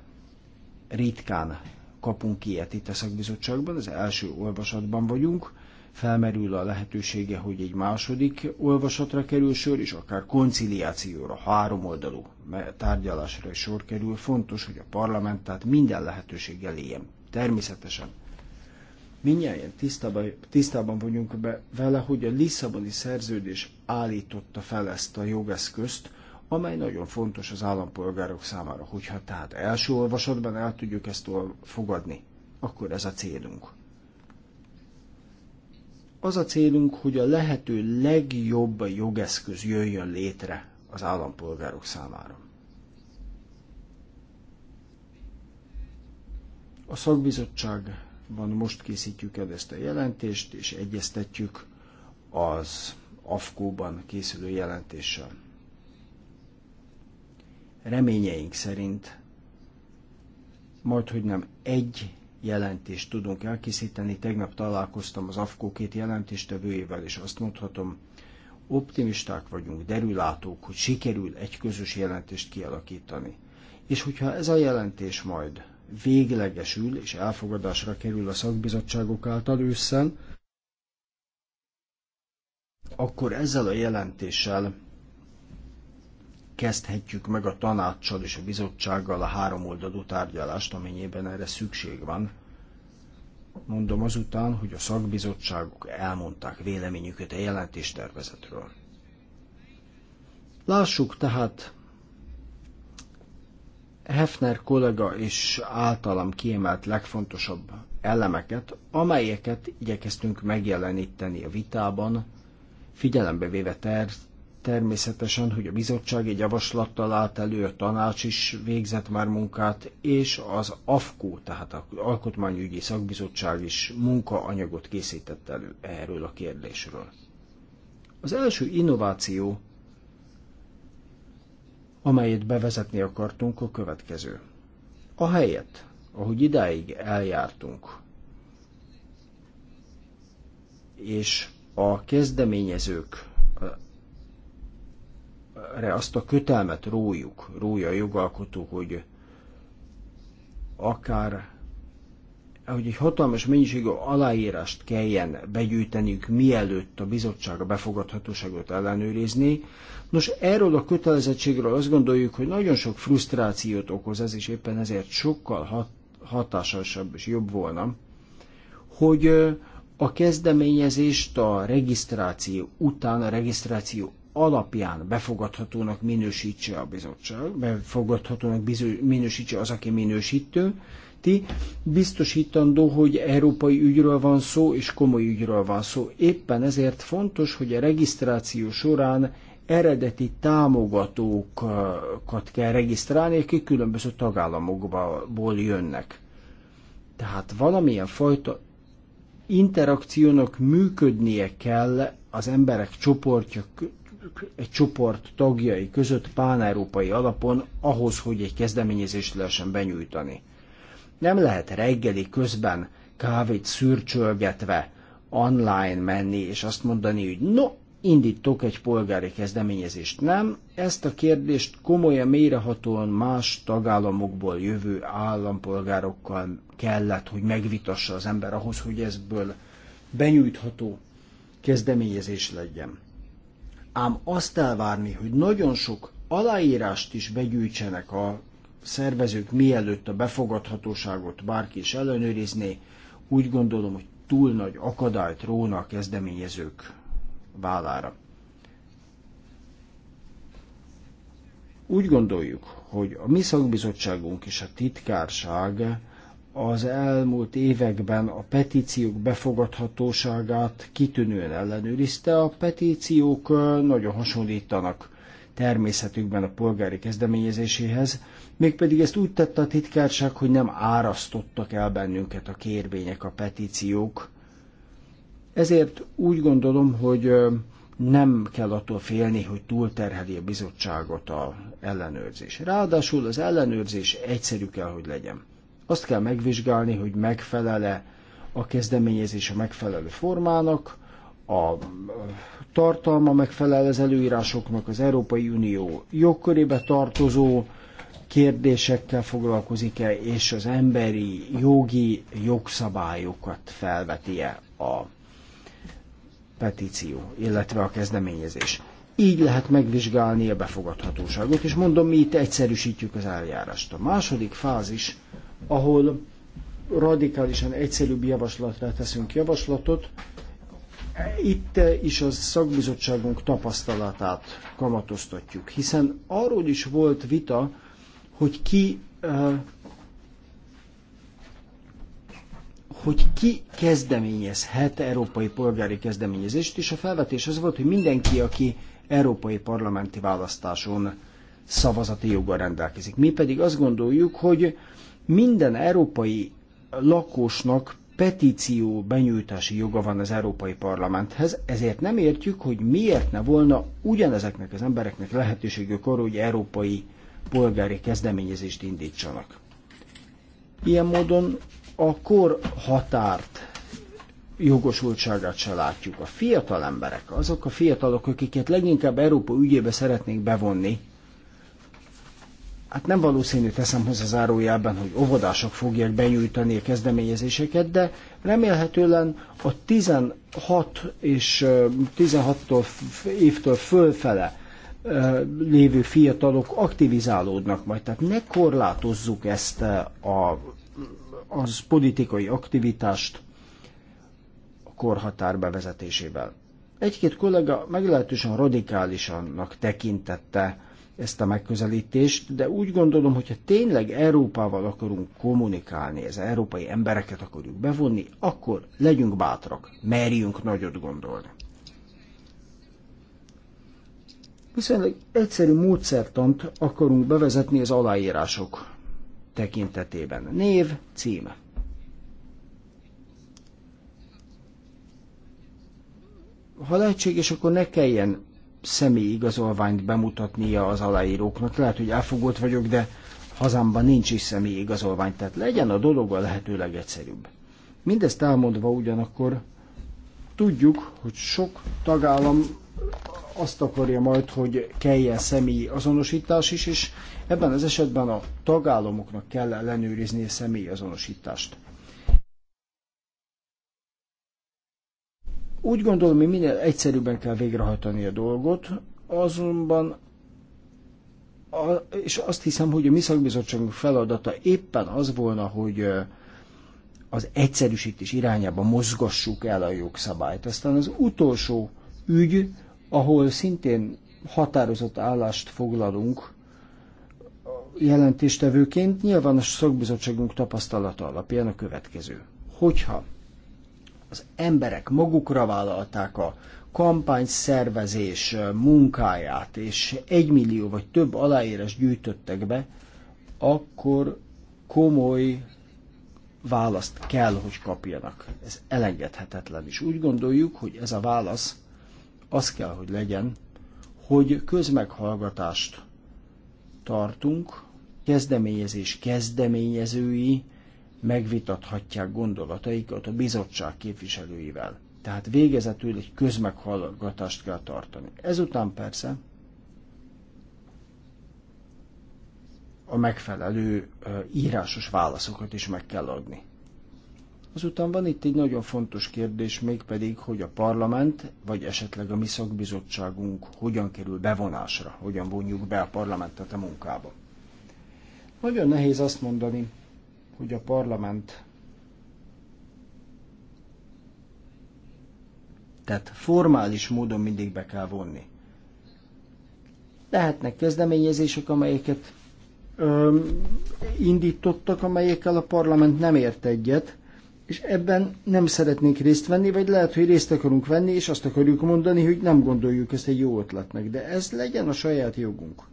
Ritkán kapunk ilyet itt a szakbizottságban, az első olvasatban vagyunk, felmerül a lehetősége, hogy egy második olvasatra kerül sor, és akár konciliációra, háromoldalú tárgyalásra is sor kerül. Fontos, hogy a parlament tehát minden lehetőséggel éljen. Természetesen Mindjárt tisztában, tisztában vagyunk be vele, hogy a Lisszaboni szerződés állította fel ezt a jogeszközt, amely nagyon fontos az állampolgárok számára. Hogyha tehát első olvasatban el tudjuk ezt fogadni, akkor ez a célunk. Az a célunk, hogy a lehető legjobb jogeszköz jöjjön létre az állampolgárok számára. A szakbizottságban most készítjük el ezt a jelentést, és egyeztetjük az AFKO-ban készülő jelentéssel. Reményeink szerint majd, hogy nem egy jelentést tudunk elkészíteni. Tegnap találkoztam az AFKO két jelentéstevőjével, és azt mondhatom, optimisták vagyunk, derülátók, hogy sikerül egy közös jelentést kialakítani. És hogyha ez a jelentés majd véglegesül és elfogadásra kerül a szakbizottságok által ősszel, akkor ezzel a jelentéssel kezdhetjük meg a tanácssal és a bizottsággal a háromoldalú tárgyalást, amennyiben erre szükség van. Mondom azután, hogy a szakbizottságok elmondták véleményüket a jelentéstervezetről. Lássuk tehát Hefner kollega és általam kiemelt legfontosabb elemeket, amelyeket igyekeztünk megjeleníteni a vitában, figyelembe véve ter- természetesen, hogy a bizottság egy javaslattal állt elő, a tanács is végzett már munkát, és az AFKO, tehát az Alkotmányügyi Szakbizottság is munkaanyagot készített elő erről a kérdésről. Az első innováció, amelyet bevezetni akartunk, a következő. A helyet, ahogy idáig eljártunk, és a kezdeményezők erre azt a kötelmet rójuk, rója a jogalkotó, hogy akár hogy egy hatalmas mennyiségű aláírást kelljen begyűjteniük, mielőtt a bizottság a befogadhatóságot ellenőrizni. Nos, erről a kötelezettségről azt gondoljuk, hogy nagyon sok frusztrációt okoz ez, és éppen ezért sokkal hat, hatásosabb és jobb volna, hogy a kezdeményezést a regisztráció után, a regisztráció alapján befogadhatónak minősítse a bizottság, befogadhatónak bizony, minősítse az, aki minősítő, ti biztosítandó, hogy európai ügyről van szó, és komoly ügyről van szó. Éppen ezért fontos, hogy a regisztráció során eredeti támogatókat kell regisztrálni, akik különböző tagállamokból jönnek. Tehát valamilyen fajta interakciónak működnie kell az emberek csoportja egy csoport tagjai között páneurópai alapon ahhoz, hogy egy kezdeményezést lehessen benyújtani. Nem lehet reggeli közben kávét szürcsölgetve online menni, és azt mondani, hogy no, indítok egy polgári kezdeményezést. Nem, ezt a kérdést komolyan mélyrehatóan más tagállamokból jövő állampolgárokkal kellett, hogy megvitassa az ember ahhoz, hogy ezből benyújtható kezdeményezés legyen ám azt elvárni, hogy nagyon sok aláírást is begyűjtsenek a szervezők, mielőtt a befogadhatóságot bárki is ellenőrizné, úgy gondolom, hogy túl nagy akadályt róna a kezdeményezők vállára. Úgy gondoljuk, hogy a mi szakbizottságunk és a titkárság az elmúlt években a petíciók befogadhatóságát kitűnően ellenőrizte. A petíciók nagyon hasonlítanak természetükben a polgári kezdeményezéséhez, mégpedig ezt úgy tette a titkárság, hogy nem árasztottak el bennünket a kérvények, a petíciók. Ezért úgy gondolom, hogy nem kell attól félni, hogy túlterheli a bizottságot a ellenőrzés. Ráadásul az ellenőrzés egyszerű kell, hogy legyen. Azt kell megvizsgálni, hogy megfelele a kezdeményezés a megfelelő formának, a tartalma megfelel az előírásoknak, az Európai Unió jogkörébe tartozó kérdésekkel foglalkozik-e, és az emberi jogi jogszabályokat felveti-e a petíció, illetve a kezdeményezés. Így lehet megvizsgálni a befogadhatóságot, és mondom, mi itt egyszerűsítjük az eljárást. A második fázis ahol radikálisan egyszerűbb javaslatra teszünk javaslatot. Itt is a szakbizottságunk tapasztalatát kamatoztatjuk, hiszen arról is volt vita, hogy ki hogy ki kezdeményezhet európai polgári kezdeményezést, és a felvetés az volt, hogy mindenki, aki európai parlamenti választáson szavazati joggal rendelkezik. Mi pedig azt gondoljuk, hogy minden európai lakosnak petíció benyújtási joga van az Európai Parlamenthez, ezért nem értjük, hogy miért ne volna ugyanezeknek az embereknek lehetőségük arra, hogy európai polgári kezdeményezést indítsanak. Ilyen módon a kor határt jogosultságát se látjuk. A fiatal emberek, azok a fiatalok, akiket leginkább Európa ügyébe szeretnénk bevonni, hát nem valószínű teszem hozzá zárójában, hogy óvodások fogják benyújtani a kezdeményezéseket, de remélhetően a 16 és 16 évtől fölfele lévő fiatalok aktivizálódnak majd. Tehát ne korlátozzuk ezt a, az politikai aktivitást a korhatár bevezetésével. Egy-két kollega meglehetősen radikálisannak tekintette ezt a megközelítést, de úgy gondolom, hogyha tényleg Európával akarunk kommunikálni, az európai embereket akarjuk bevonni, akkor legyünk bátrak, merjünk nagyot gondolni. Viszonylag egyszerű módszertant akarunk bevezetni az aláírások tekintetében. Név, cím. Ha lehetséges, akkor ne kelljen igazolványt bemutatnia az aláíróknak. Lehet, hogy elfogott vagyok, de hazámban nincs is igazolvány, tehát legyen a dolog a lehető egyszerűbb. Mindezt elmondva ugyanakkor tudjuk, hogy sok tagállam azt akarja majd, hogy kelljen személyi azonosítás is, és ebben az esetben a tagállamoknak kell ellenőrizni a személyi azonosítást. Úgy gondolom, hogy minél egyszerűbben kell végrehajtani a dolgot, azonban a, és azt hiszem, hogy a mi szakbizottságunk feladata éppen az volna, hogy az egyszerűsítés irányába mozgassuk el a jogszabályt. Aztán az utolsó ügy, ahol szintén határozott állást foglalunk jelentéstevőként, a szakbizottságunk tapasztalata alapján a következő. Hogyha az emberek magukra vállalták a kampányszervezés munkáját, és egy millió vagy több aláírás gyűjtöttek be, akkor komoly választ kell, hogy kapjanak. Ez elengedhetetlen is. Úgy gondoljuk, hogy ez a válasz az kell, hogy legyen, hogy közmeghallgatást tartunk, kezdeményezés kezdeményezői, megvitathatják gondolataikat a bizottság képviselőivel. Tehát végezetül egy közmeghallgatást kell tartani. Ezután persze a megfelelő írásos válaszokat is meg kell adni. Azután van itt egy nagyon fontos kérdés, mégpedig, hogy a parlament, vagy esetleg a mi szakbizottságunk hogyan kerül bevonásra, hogyan vonjuk be a parlamentet a munkába. Nagyon nehéz azt mondani, hogy a parlament tehát formális módon mindig be kell vonni. Lehetnek kezdeményezések, amelyeket ö, indítottak, amelyekkel a parlament nem ért egyet, és ebben nem szeretnénk részt venni, vagy lehet, hogy részt akarunk venni, és azt akarjuk mondani, hogy nem gondoljuk ezt egy jó ötletnek, de ez legyen a saját jogunk.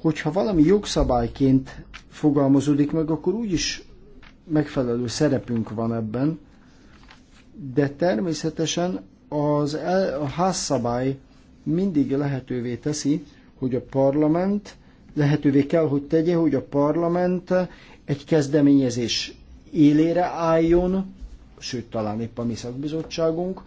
hogyha valami jogszabályként fogalmazódik meg, akkor úgyis megfelelő szerepünk van ebben, de természetesen az el, a házszabály mindig lehetővé teszi, hogy a parlament lehetővé kell, hogy tegye, hogy a parlament egy kezdeményezés élére álljon, sőt, talán épp a mi szakbizottságunk,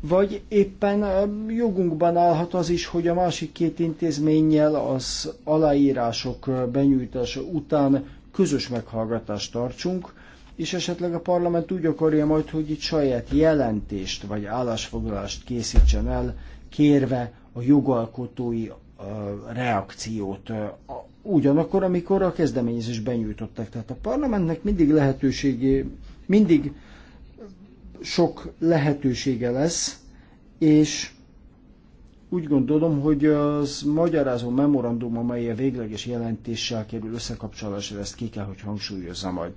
vagy éppen jogunkban állhat az is, hogy a másik két intézménnyel az aláírások benyújtása után közös meghallgatást tartsunk, és esetleg a parlament úgy akarja majd, hogy itt saját jelentést vagy állásfoglalást készítsen el, kérve a jogalkotói reakciót. Ugyanakkor, amikor a kezdeményezés benyújtották. Tehát a parlamentnek mindig lehetőségé, mindig sok lehetősége lesz, és úgy gondolom, hogy az magyarázó memorandum, amely a végleges jelentéssel kerül összekapcsolásra, ezt ki kell, hogy hangsúlyozza majd.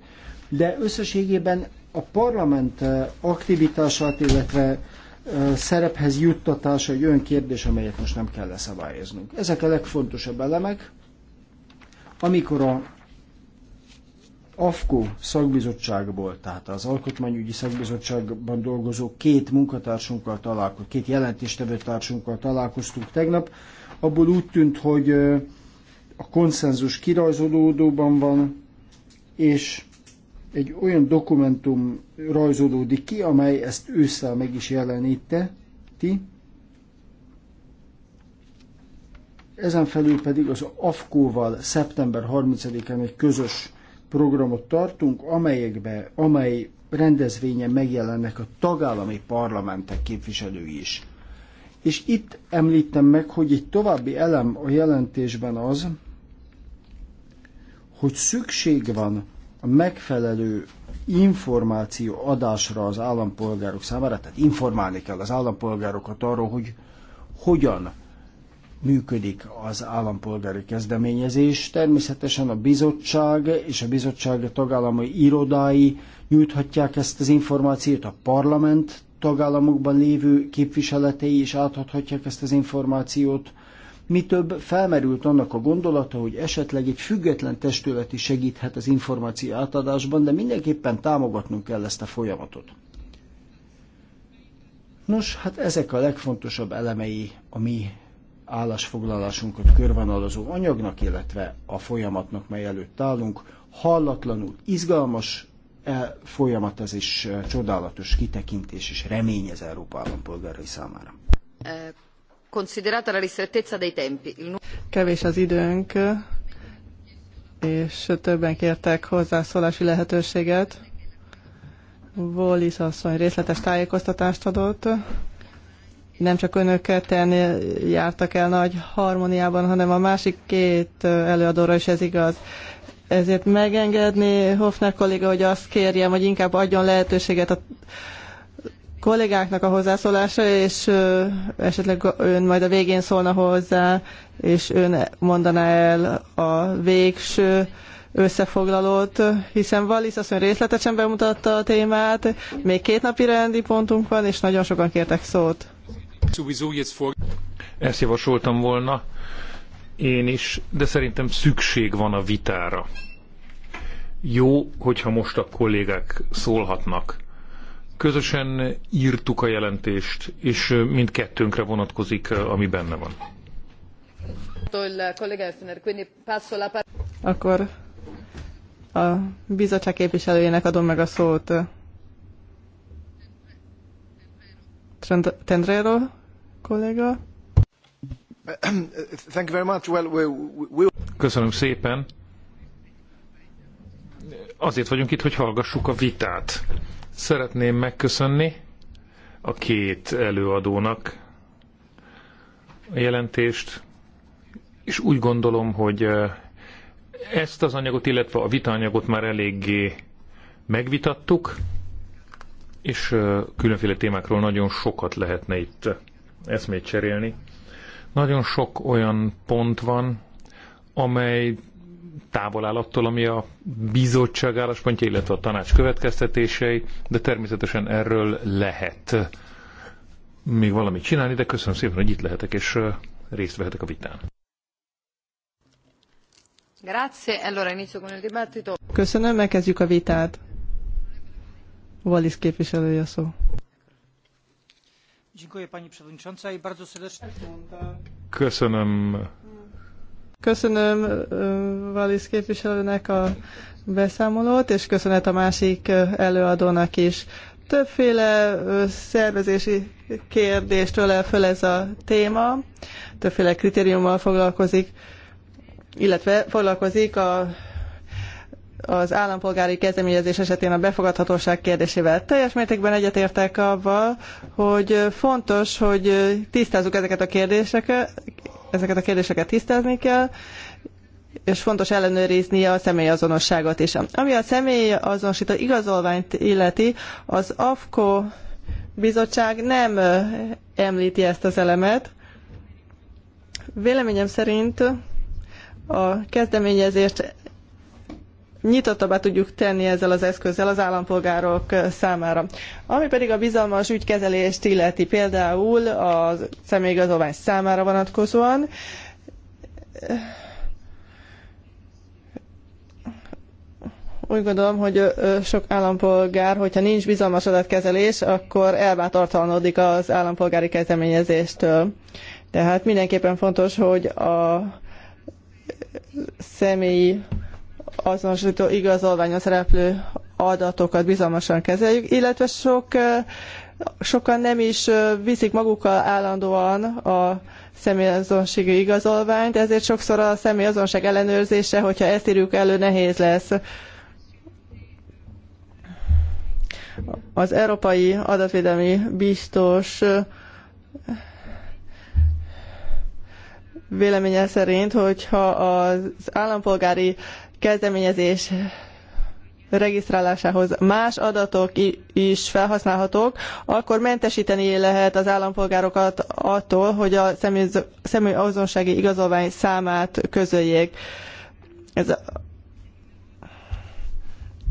De összességében a parlament eh, aktivitását, illetve eh, szerephez juttatása egy olyan kérdés, amelyet most nem kell leszabályoznunk. Ezek a legfontosabb elemek, amikor a AFKO szakbizottságból, tehát az Alkotmányügyi Szakbizottságban dolgozó két munkatársunkkal találkoztunk, két jelentéstevő társunkkal találkoztunk tegnap, abból úgy tűnt, hogy a konszenzus kirajzolódóban van, és egy olyan dokumentum rajzolódik ki, amely ezt ősszel meg is jelenítte, ti. Ezen felül pedig az AFKO-val szeptember 30-án egy közös programot tartunk, amelyekbe, amely rendezvényen megjelennek a tagállami parlamentek képviselői is. És itt említem meg, hogy egy további elem a jelentésben az, hogy szükség van a megfelelő információ adásra az állampolgárok számára, tehát informálni kell az állampolgárokat arról, hogy hogyan működik az állampolgári kezdeményezés. Természetesen a bizottság és a bizottság tagállamai irodái nyújthatják ezt az információt, a parlament tagállamokban lévő képviseletei is átadhatják ezt az információt. Mi több, felmerült annak a gondolata, hogy esetleg egy független testület is segíthet az információ átadásban, de mindenképpen támogatnunk kell ezt a folyamatot. Nos, hát ezek a legfontosabb elemei a mi állásfoglalásunkat körvonalazó anyagnak, illetve a folyamatnak, mely előtt állunk. Hallatlanul izgalmas e, folyamat ez is e, csodálatos kitekintés és remény az Európa állampolgárai számára. E, considerata la ristrettezza dei tempi. Kevés az időnk, és többen kértek hozzászólási lehetőséget. Volis asszony részletes tájékoztatást adott nem csak önök ketten jártak el nagy harmóniában, hanem a másik két előadóra is ez igaz. Ezért megengedni Hofner kolléga, hogy azt kérjem, hogy inkább adjon lehetőséget a kollégáknak a hozzászólása, és esetleg ön majd a végén szólna hozzá, és ön mondaná el a végső összefoglalót, hiszen Wallis mondja, részletesen bemutatta a témát, még két napi rendi pontunk van, és nagyon sokan kértek szót. Ezt javasoltam volna én is, de szerintem szükség van a vitára. Jó, hogyha most a kollégák szólhatnak. Közösen írtuk a jelentést, és mindkettőnkre vonatkozik, ami benne van. Akkor a bizottság képviselőjének adom meg a szót. Tendrero Köszönöm szépen. Azért vagyunk itt, hogy hallgassuk a vitát. Szeretném megköszönni a két előadónak a jelentést, és úgy gondolom, hogy eh, ezt az anyagot, illetve a vitaanyagot már eléggé megvitattuk, és eh, különféle témákról nagyon sokat lehetne itt eszmét cserélni. Nagyon sok olyan pont van, amely távol áll attól, ami a bizottság álláspontja, illetve a tanács következtetései, de természetesen erről lehet még valamit csinálni, de köszönöm szépen, hogy itt lehetek, és részt vehetek a vitán. Grazie, allora inizio con il dibattito. Köszönöm, megkezdjük a vitát. Valisz képviselője szó. Köszönöm. Köszönöm Valisz e, képviselőnek a beszámolót, és köszönet a másik e, előadónak is. Többféle e, szervezési kérdést ölel föl ez a téma, többféle kritériummal foglalkozik, illetve foglalkozik a az állampolgári kezdeményezés esetén a befogadhatóság kérdésével. Teljes mértékben egyetértek avval, hogy fontos, hogy tisztázzuk ezeket a kérdéseket, ezeket a kérdéseket tisztázni kell, és fontos ellenőrizni a személyazonosságot is. Ami a személyazonosító igazolványt illeti, az AFKO bizottság nem említi ezt az elemet. Véleményem szerint a kezdeményezést nyitottabbá tudjuk tenni ezzel az eszközzel az állampolgárok számára. Ami pedig a bizalmas ügykezelést illeti például a személyigazolvány számára vonatkozóan, úgy gondolom, hogy sok állampolgár, hogyha nincs bizalmas adatkezelés, akkor elbátortalanodik az állampolgári kezdeményezéstől. Tehát mindenképpen fontos, hogy a személyi azonosító igazolványon szereplő adatokat bizalmasan kezeljük, illetve sok, sokan nem is viszik magukkal állandóan a személyazonossági igazolványt, ezért sokszor a személyazonosság ellenőrzése, hogyha ezt írjuk elő, nehéz lesz. Az Európai Adatvédelmi Biztos véleménye szerint, hogyha az állampolgári kezdeményezés regisztrálásához más adatok is felhasználhatók, akkor mentesíteni lehet az állampolgárokat attól, hogy a személyazonsági igazolvány számát közöljék. Ez a...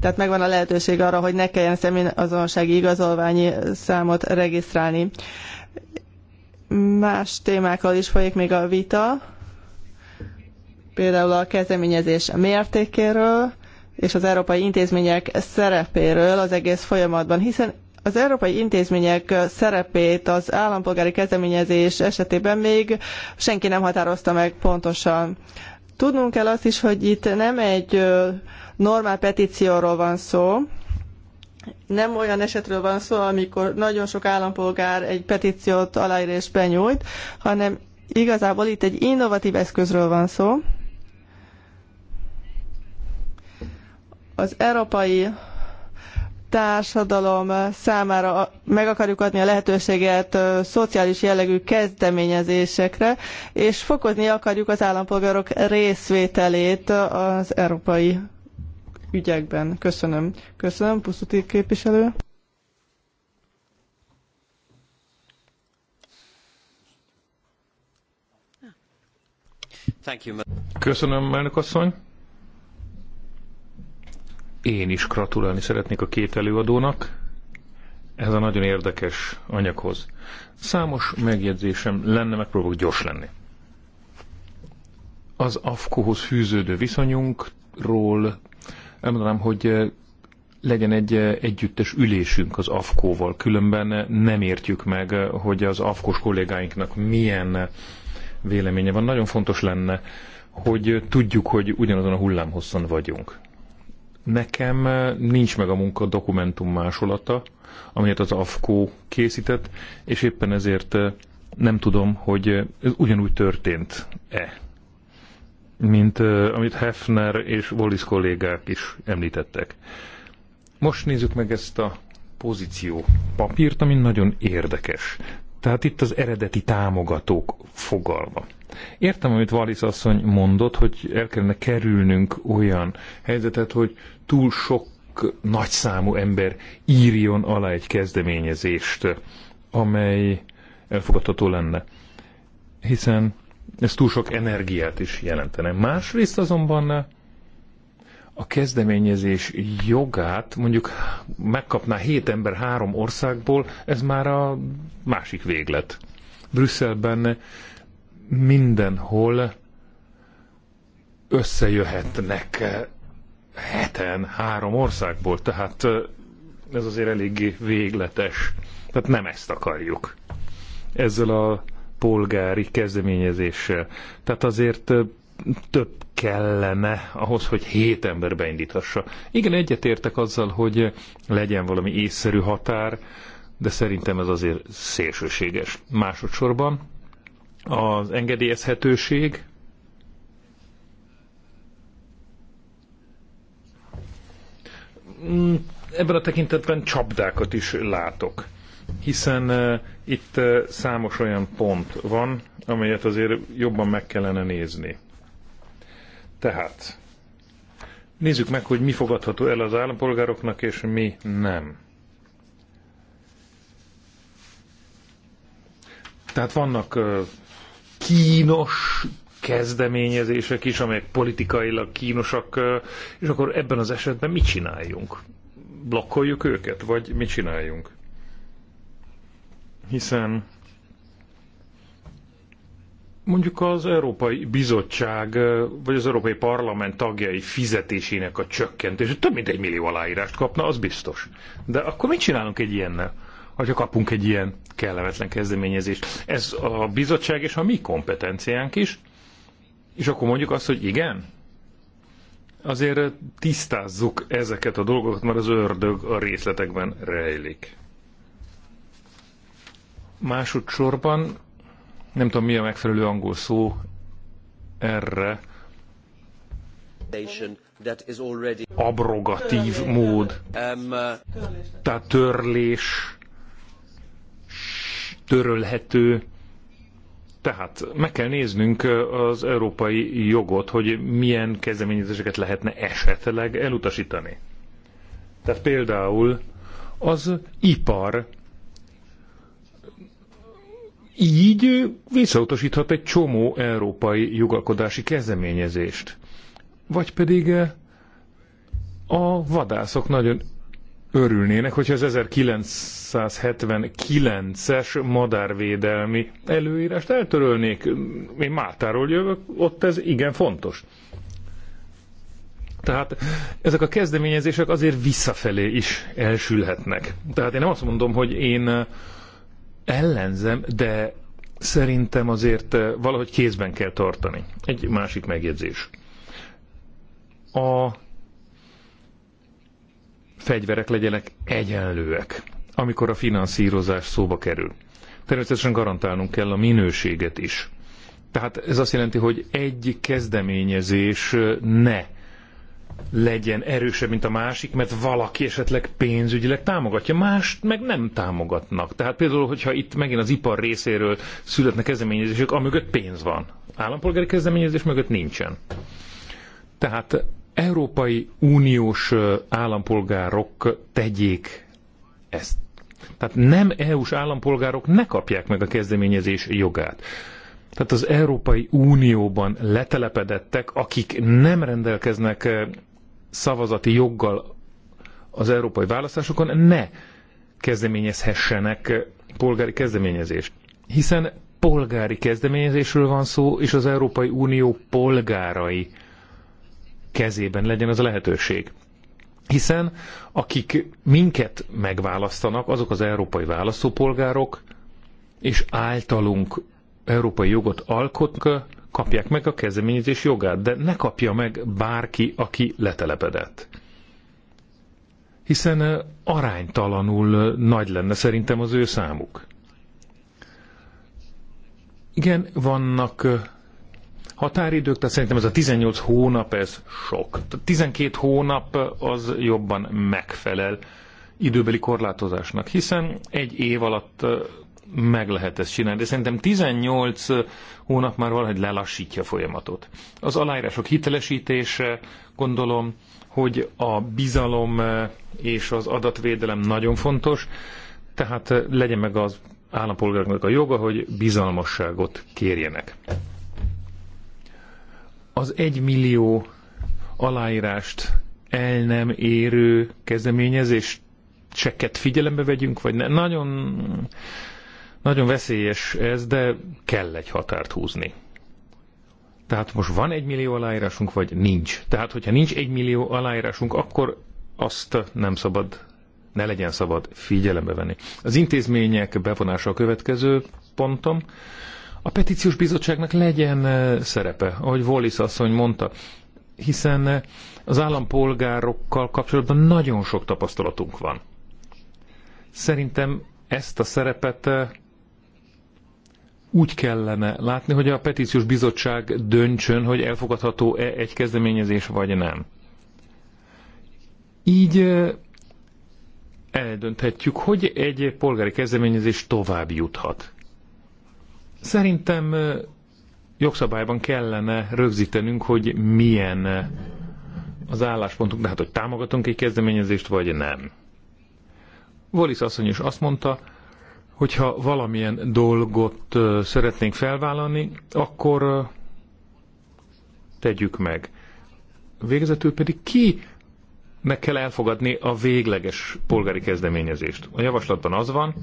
tehát megvan a lehetőség arra, hogy ne kelljen személyazonossági igazolványi számot regisztrálni. Más témákkal is folyik még a vita például a kezdeményezés mértékéről és az európai intézmények szerepéről az egész folyamatban, hiszen az európai intézmények szerepét az állampolgári kezdeményezés esetében még senki nem határozta meg pontosan. Tudnunk kell azt is, hogy itt nem egy normál petícióról van szó, nem olyan esetről van szó, amikor nagyon sok állampolgár egy petíciót aláírás benyújt, hanem igazából itt egy innovatív eszközről van szó, az európai társadalom számára meg akarjuk adni a lehetőséget szociális jellegű kezdeményezésekre, és fokozni akarjuk az állampolgárok részvételét az európai ügyekben. Köszönöm. Köszönöm, Puszuti képviselő. Köszönöm, elnök asszony. Én is gratulálni szeretnék a két előadónak Ez a nagyon érdekes anyaghoz. Számos megjegyzésem lenne, megpróbálok gyors lenni. Az AFKO-hoz fűződő viszonyunkról elmondanám, hogy eh, legyen egy eh, együttes ülésünk az AFKO-val, különben eh, nem értjük meg, hogy az AFKOS kollégáinknak milyen véleménye van. Nagyon fontos lenne, hogy tudjuk, hogy ugyanazon a hullámhosszon vagyunk. Nekem eh, nincs meg a munka dokumentum másolata, amelyet az AFKO készített, és éppen ezért eh, nem tudom, hogy eh, ez ugyanúgy történt-e, mint amit Hefner és Wallis kollégák is említettek. Most nézzük meg ezt a pozíció papírt, ami nagyon érdekes. Tehát itt az eredeti támogatók fogalma. Értem, amit Valisz asszony mondott, hogy el kellene kerülnünk olyan helyzetet, hogy túl sok nagyszámú ember írjon alá egy kezdeményezést, amely elfogadható lenne. Hiszen ez túl sok energiát is jelentene. Másrészt azonban a kezdeményezés jogát mondjuk megkapná hét ember három országból, ez már a másik véglet. Brüsszelben mindenhol összejöhetnek eh, heten három országból, tehát eh, ez azért eléggé végletes. Tehát nem ezt akarjuk. Ezzel a polgári kezdeményezéssel. Tehát azért eh, több kellene ahhoz, hogy hét ember beindíthassa. Igen, egyetértek azzal, hogy legyen valami észszerű határ, de szerintem ez azért szélsőséges. Másodszorban az engedélyezhetőség, mm, ebben a tekintetben csapdákat is látok, hiszen itt számos olyan pont van, amelyet azért jobban meg kellene nézni. Tehát nézzük meg, hogy mi fogadható el az állampolgároknak, és mi nem. Tehát vannak kínos kezdeményezések is, amelyek politikailag kínosak, és akkor ebben az esetben mit csináljunk? Blokkoljuk őket, vagy mit csináljunk? Hiszen mondjuk az Európai Bizottság, vagy az Európai Parlament tagjai fizetésének a csökkentése több mint egy millió aláírást kapna, az biztos. De akkor mit csinálunk egy ilyennel, ha kapunk egy ilyen kellemetlen kezdeményezés. Ez a bizottság és a mi kompetenciánk is, és akkor mondjuk azt, hogy igen, azért tisztázzuk ezeket a dolgokat, mert az ördög a részletekben rejlik. Másodszorban, nem tudom mi a megfelelő angol szó erre, abrogatív mód, um, uh, tehát törlés törölhető. Tehát meg kell néznünk az európai jogot, hogy milyen kezdeményezéseket lehetne esetleg elutasítani. Tehát például az ipar így visszautasíthat egy csomó európai jogalkodási kezdeményezést. Vagy pedig a vadászok nagyon örülnének, hogyha az 1979-es madárvédelmi előírást eltörölnék. Én Mátáról jövök, ott ez igen fontos. Tehát ezek a kezdeményezések azért visszafelé is elsülhetnek. Tehát én nem azt mondom, hogy én ellenzem, de szerintem azért valahogy kézben kell tartani. Egy másik megjegyzés. A fegyverek legyenek egyenlőek, amikor a finanszírozás szóba kerül. Természetesen garantálnunk kell a minőséget is. Tehát ez azt jelenti, hogy egy kezdeményezés ne legyen erősebb, mint a másik, mert valaki esetleg pénzügyileg támogatja, mást meg nem támogatnak. Tehát például, hogyha itt megint az ipar részéről születnek kezdeményezések, amögött pénz van. Állampolgári kezdeményezés mögött nincsen. Tehát Európai Uniós állampolgárok tegyék ezt. Tehát nem EU-s állampolgárok ne kapják meg a kezdeményezés jogát. Tehát az Európai Unióban letelepedettek, akik nem rendelkeznek szavazati joggal az európai választásokon, ne kezdeményezhessenek polgári kezdeményezést. Hiszen polgári kezdeményezésről van szó, és az Európai Unió polgárai kezében legyen ez a lehetőség. Hiszen akik minket megválasztanak, azok az európai választópolgárok, és általunk európai jogot alkotnak, kapják meg a kezdeményezés jogát, de ne kapja meg bárki, aki letelepedett. Hiszen aránytalanul nagy lenne szerintem az ő számuk. Igen, vannak határidők, tehát szerintem ez a 18 hónap, ez sok. 12 hónap az jobban megfelel időbeli korlátozásnak, hiszen egy év alatt meg lehet ezt csinálni, de szerintem 18 hónap már valahogy lelassítja a folyamatot. Az aláírások hitelesítése, gondolom, hogy a bizalom és az adatvédelem nagyon fontos, tehát legyen meg az állampolgároknak a joga, hogy bizalmasságot kérjenek az egymillió aláírást el nem érő kezdeményezést cseket figyelembe vegyünk, vagy ne. Nagyon, nagyon veszélyes ez, de kell egy határt húzni. Tehát most van egy millió aláírásunk, vagy nincs. Tehát, hogyha nincs egy millió aláírásunk, akkor azt nem szabad, ne legyen szabad figyelembe venni. Az intézmények bevonása a következő pontom a petíciós bizottságnak legyen eh, szerepe, ahogy Wallis asszony mondta, hiszen eh, az állampolgárokkal kapcsolatban nagyon sok tapasztalatunk van. Szerintem ezt a szerepet eh, úgy kellene látni, hogy a petíciós bizottság döntsön, hogy elfogadható-e egy kezdeményezés, vagy nem. Így eldönthetjük, hogy egy polgári kezdeményezés tovább juthat. Szerintem jogszabályban kellene rögzítenünk, hogy milyen az álláspontunk, de hát hogy támogatunk egy kezdeményezést, vagy nem. Wallis asszony is azt mondta, hogyha valamilyen dolgot szeretnénk felvállalni, akkor tegyük meg. Végezetül pedig ki meg kell elfogadni a végleges polgári kezdeményezést. A javaslatban az van,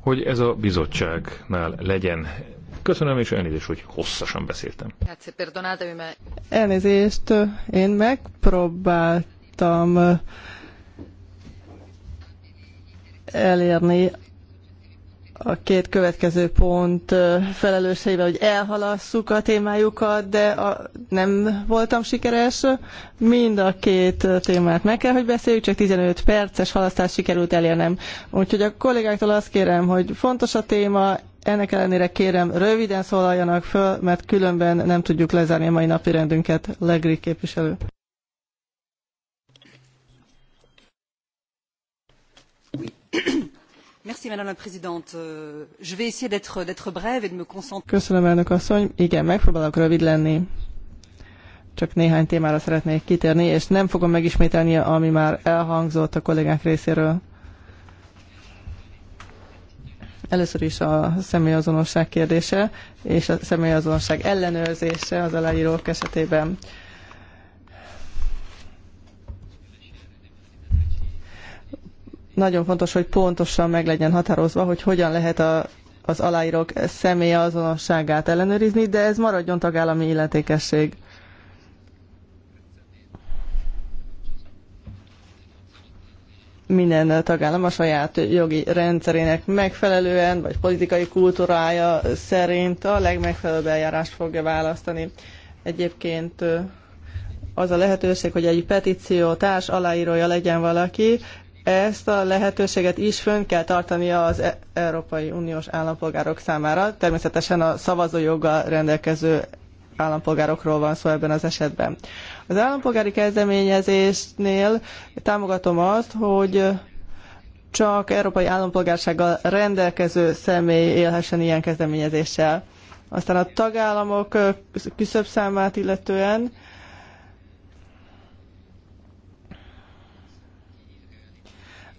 hogy ez a bizottságnál legyen. Köszönöm, és elnézést, hogy hosszasan beszéltem. Elnézést, én megpróbáltam eh, elérni a két következő pont felelősségével, hogy elhalasszuk a témájukat, de a, nem voltam sikeres. Mind a két témát meg kell, hogy beszéljük, csak 15 perces halasztás sikerült elérnem. Úgyhogy a kollégáktól azt kérem, hogy fontos a téma, ennek ellenére kérem, röviden szólaljanak föl, mert különben nem tudjuk lezárni a mai napi rendünket. Legri képviselő. *coughs* Euh, Köszönöm, elnök asszony. Igen, megpróbálok rövid lenni. Csak néhány témára szeretnék kitérni, és nem fogom megismételni, ami már elhangzott a kollégák részéről. Először is a személyazonosság kérdése és a személyazonosság ellenőrzése az aláírók esetében. nagyon fontos, hogy pontosan meg legyen határozva, hogy hogyan lehet a, az aláírók személy azonosságát ellenőrizni, de ez maradjon tagállami illetékesség. minden tagállam a saját jogi rendszerének megfelelően, vagy politikai kultúrája szerint a legmegfelelőbb eljárást fogja választani. Egyébként az a lehetőség, hogy egy petíció társ aláírója legyen valaki, ezt a lehetőséget is fönn kell tartani az e- Európai Uniós állampolgárok számára. Természetesen a szavazójoggal rendelkező állampolgárokról van szó ebben az esetben. Az állampolgári kezdeményezésnél támogatom azt, hogy csak európai állampolgársággal rendelkező személy élhessen ilyen kezdeményezéssel. Aztán a tagállamok küszöbb számát illetően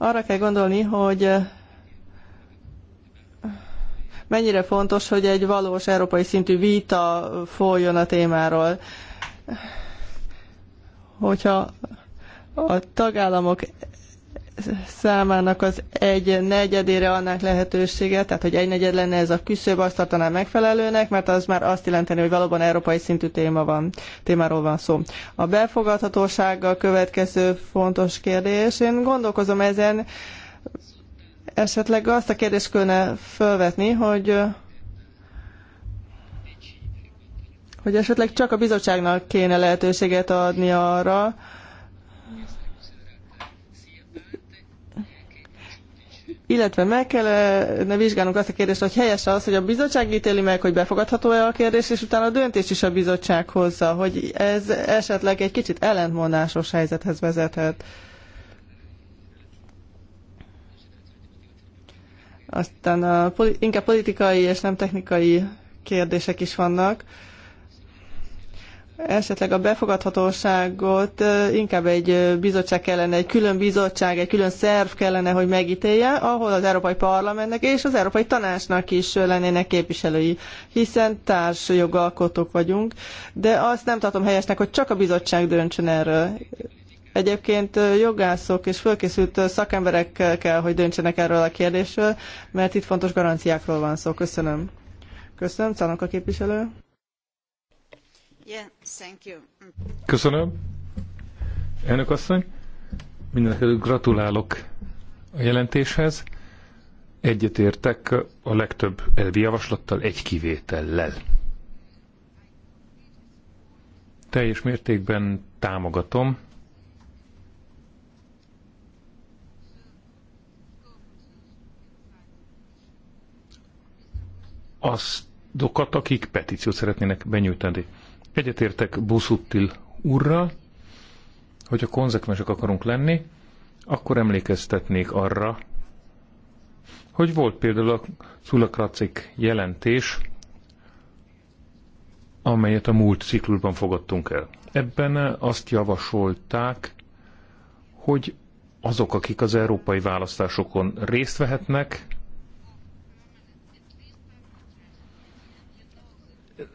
Arra kell gondolni, hogy eh, mennyire fontos, hogy egy valós európai szintű vita folyjon a témáról. Hogyha a tagállamok számának az egy negyedére annak lehetőséget, tehát hogy egy negyed lenne ez a küszöb, azt tartanám megfelelőnek, mert az már azt jelenteni, hogy valóban európai szintű téma van, témáról van szó. A befogadhatósággal következő fontos kérdés. Én gondolkozom ezen, esetleg azt a kérdést kellene felvetni, hogy hogy esetleg csak a bizottságnak kéne lehetőséget adni arra, illetve meg kellene eh, vizsgálnunk azt a kérdést, hogy helyes az, hogy a bizottság ítéli meg, hogy befogadható-e a kérdés, és utána a döntést is a bizottság hozza, hogy ez esetleg egy kicsit ellentmondásos helyzethez vezethet. Aztán a, inkább politikai és nem technikai kérdések is vannak esetleg a befogadhatóságot inkább egy bizottság kellene, egy külön bizottság, egy külön szerv kellene, hogy megítélje, ahol az Európai Parlamentnek és az Európai Tanácsnak is lennének képviselői, hiszen társ jogalkotók vagyunk, de azt nem tartom helyesnek, hogy csak a bizottság döntsön erről. Egyébként jogászok és fölkészült szakemberek kell, hogy döntsenek erről a kérdésről, mert itt fontos garanciákról van szó. Köszönöm. Köszönöm, Czanok a képviselő. Yeah. Thank you. Köszönöm. Elnök asszony, mindenekelőtt gratulálok a jelentéshez. Egyetértek a legtöbb elvi javaslattal, egy kivétellel. Teljes mértékben támogatom azokat, akik petíciót szeretnének benyújtani. Egyetértek Buszuttil úrral, hogyha konzekvensek akarunk lenni, akkor emlékeztetnék arra, hogy volt például a Szulakracik jelentés, amelyet a múlt ciklusban fogadtunk el. Ebben azt javasolták, hogy azok, akik az európai választásokon részt vehetnek,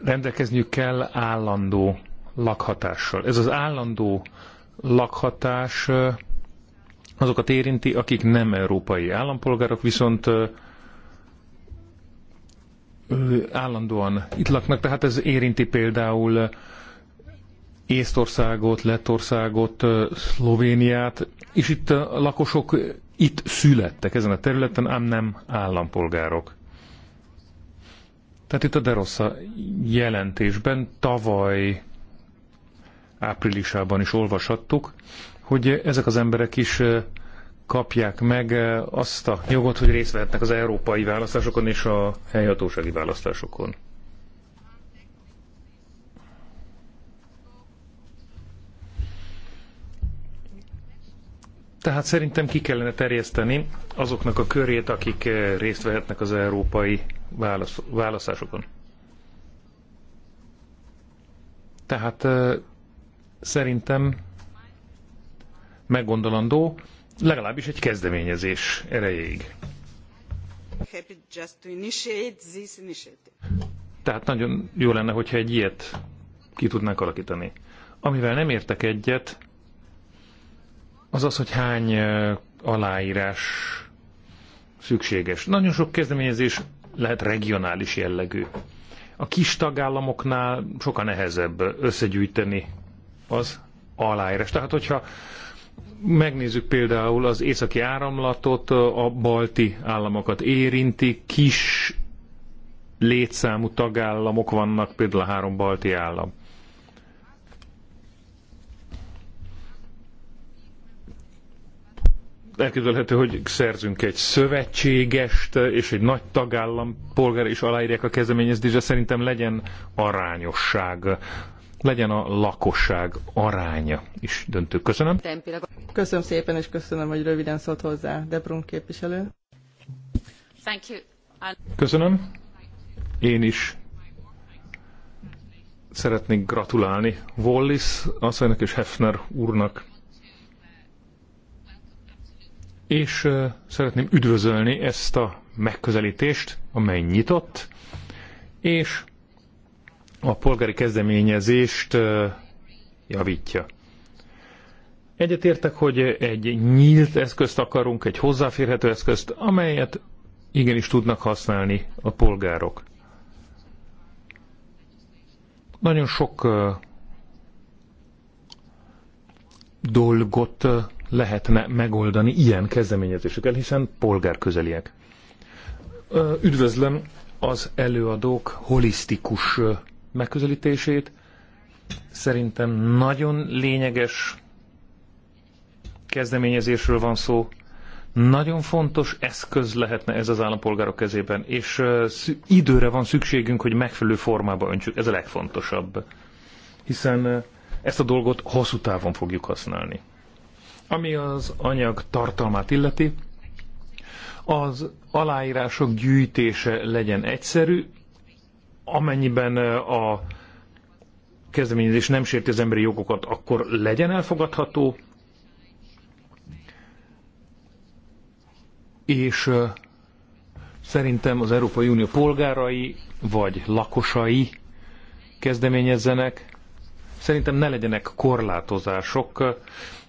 rendelkezniük kell állandó lakhatással. Ez az állandó lakhatás azokat érinti, akik nem európai állampolgárok, viszont állandóan itt laknak, tehát ez érinti például Észtországot, Lettországot, Szlovéniát, és itt a lakosok itt születtek ezen a területen, ám nem állampolgárok. Tehát itt a Derossa jelentésben tavaly áprilisában is olvashattuk, hogy ezek az emberek is kapják meg azt a jogot, hogy részt vehetnek az európai választásokon és a helyhatósági választásokon. Tehát szerintem ki kellene terjeszteni azoknak a körét, akik eh, részt vehetnek az európai válasz, választásokon. Tehát eh, szerintem meggondolandó legalábbis egy kezdeményezés erejéig. Tehát nagyon jó lenne, hogyha egy ilyet ki tudnánk alakítani. Amivel nem értek egyet, az az, hogy hány aláírás szükséges. Nagyon sok kezdeményezés lehet regionális jellegű. A kis tagállamoknál sokan nehezebb összegyűjteni az aláírás. Tehát, hogyha megnézzük például az északi áramlatot, a balti államokat érinti, kis létszámú tagállamok vannak, például a három balti állam. elképzelhető, hogy szerzünk egy szövetségest, és egy nagy tagállam polgár is aláírják a de Szerintem legyen arányosság, legyen a lakosság aránya is döntő. Köszönöm. Köszönöm szépen, és köszönöm, hogy röviden szólt hozzá. Debrun képviselő. Köszönöm. Én is szeretnék gratulálni Wallis asszonynak és Hefner úrnak és szeretném üdvözölni ezt a megközelítést, amely nyitott, és a polgári kezdeményezést javítja. Egyetértek, hogy egy nyílt eszközt akarunk, egy hozzáférhető eszközt, amelyet igenis tudnak használni a polgárok. Nagyon sok dolgot lehetne megoldani ilyen kezdeményezésekkel, hiszen polgárközeliek. Üdvözlöm az előadók holisztikus megközelítését. Szerintem nagyon lényeges kezdeményezésről van szó. Nagyon fontos eszköz lehetne ez az állampolgárok kezében, és időre van szükségünk, hogy megfelelő formába öntsük. Ez a legfontosabb. Hiszen ezt a dolgot hosszú távon fogjuk használni. Ami az anyag tartalmát illeti, az aláírások gyűjtése legyen egyszerű, amennyiben a kezdeményezés nem sérti az emberi jogokat, akkor legyen elfogadható, és szerintem az Európai Unió polgárai vagy lakosai kezdeményezzenek. Szerintem ne legyenek korlátozások,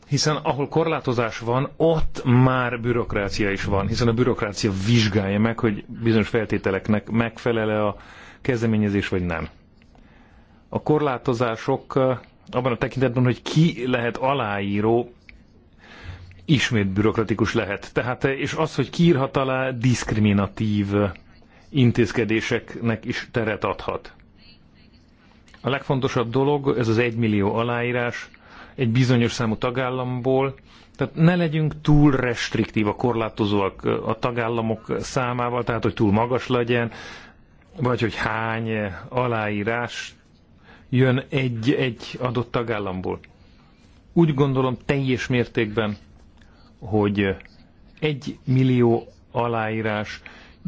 hiszen ahol korlátozás van, ott már bürokrácia is van, hiszen a bürokrácia vizsgálja meg, hogy bizonyos feltételeknek megfelele a kezdeményezés, vagy nem. A korlátozások eh, abban a tekintetben, hogy ki lehet aláíró, ismét bürokratikus lehet. Tehát, eh, és az, hogy kiírhat alá, diszkriminatív eh, intézkedéseknek is teret adhat. A legfontosabb dolog, ez az egymillió aláírás, egy bizonyos számú tagállamból, tehát ne legyünk túl a korlátozóak a tagállamok számával, tehát hogy túl magas legyen, vagy hogy hány aláírás jön egy-egy adott tagállamból. Úgy gondolom teljes mértékben, hogy egy millió aláírás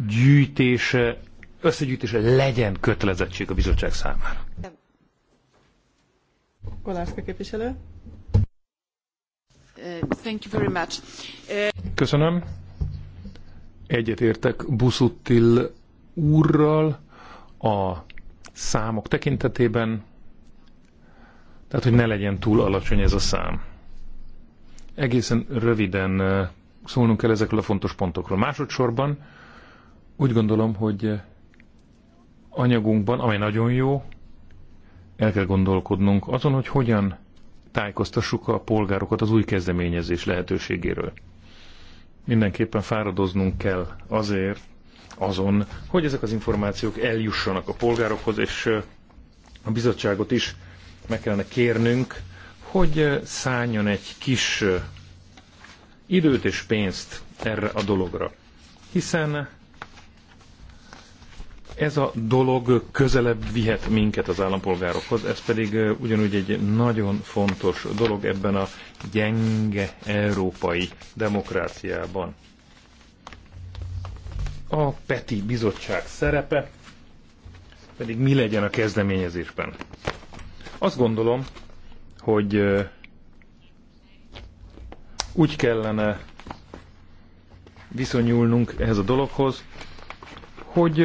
gyűjtése, összegyűjtése legyen kötelezettség a bizottság számára. Kolárszka képviselő. Köszönöm. Egyetértek Busuttil úrral a számok tekintetében, tehát hogy ne legyen túl alacsony ez a szám. Egészen röviden eh, szólnunk kell ezekről a fontos pontokról. Másodszorban úgy gondolom, hogy anyagunkban, amely nagyon jó, el kell gondolkodnunk azon, hogy hogyan tájékoztassuk a polgárokat az új kezdeményezés lehetőségéről. Mindenképpen fáradoznunk kell azért azon, hogy ezek az információk eljussanak a polgárokhoz, és a bizottságot is meg kellene kérnünk, hogy szálljon egy kis időt és pénzt erre a dologra. Hiszen ez a dolog közelebb vihet minket az állampolgárokhoz, ez pedig ugyanúgy egy nagyon fontos dolog ebben a gyenge európai demokráciában. A PETI bizottság szerepe pedig mi legyen a kezdeményezésben. Azt gondolom, hogy úgy kellene viszonyulnunk ehhez a dologhoz, hogy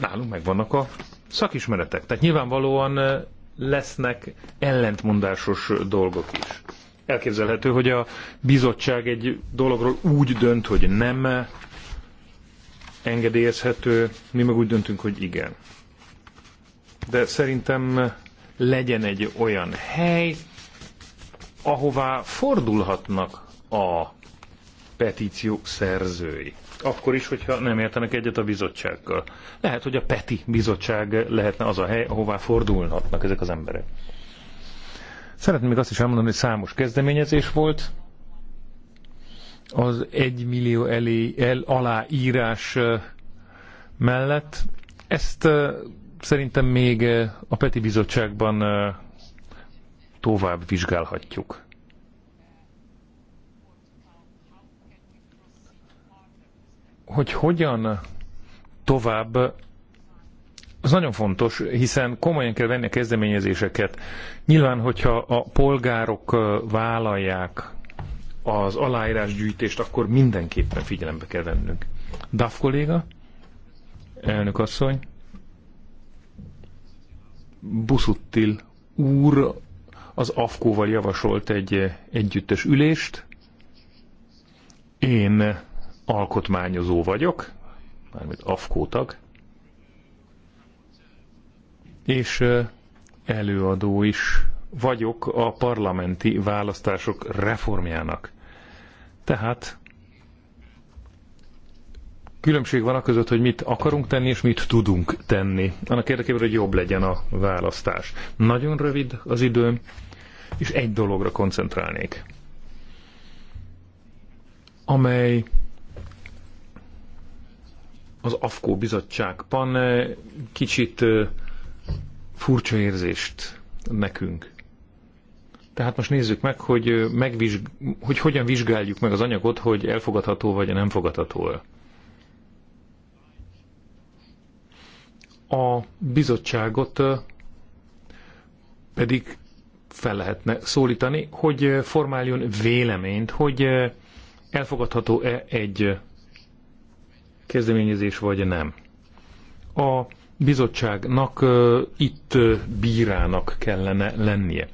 nálunk megvannak a szakismeretek. Tehát nyilvánvalóan lesznek ellentmondásos dolgok is. Elképzelhető, hogy a bizottság egy dologról úgy dönt, hogy nem engedélyezhető, mi meg úgy döntünk, hogy igen. De szerintem legyen egy olyan hely, ahová fordulhatnak a petíció szerzői akkor is, hogyha nem értenek egyet a bizottsággal. Lehet, hogy a PETI bizottság lehetne az a hely, ahová fordulhatnak ezek az emberek. Szeretném még azt is elmondani, hogy számos kezdeményezés volt. Az egymillió millió elé, el, aláírás mellett. Ezt szerintem még a PETI bizottságban tovább vizsgálhatjuk. hogy hogyan tovább, az nagyon fontos, hiszen komolyan kell venni a kezdeményezéseket. Nyilván, hogyha a polgárok vállalják az aláírásgyűjtést, akkor mindenképpen figyelembe kell vennünk. DAF kolléga, elnök asszony, Buszuttil úr az AFKóval javasolt egy együttes ülést. Én alkotmányozó vagyok, mármint AFKÓ tag, és előadó is vagyok a parlamenti választások reformjának. Tehát különbség van a között, hogy mit akarunk tenni, és mit tudunk tenni. Annak érdekében, hogy jobb legyen a választás. Nagyon rövid az időm, és egy dologra koncentrálnék, amely az AFKO bizottságban eh, kicsit eh, furcsa érzést nekünk. Tehát most nézzük meg, hogy, eh, megvizsg- hogy hogyan vizsgáljuk meg az anyagot, hogy elfogadható vagy nem fogadható A bizottságot pedig fel lehetne szólítani, hogy formáljon véleményt, hogy elfogadható-e egy kezdeményezés vagy nem. A bizottságnak itt bírának kellene lennie.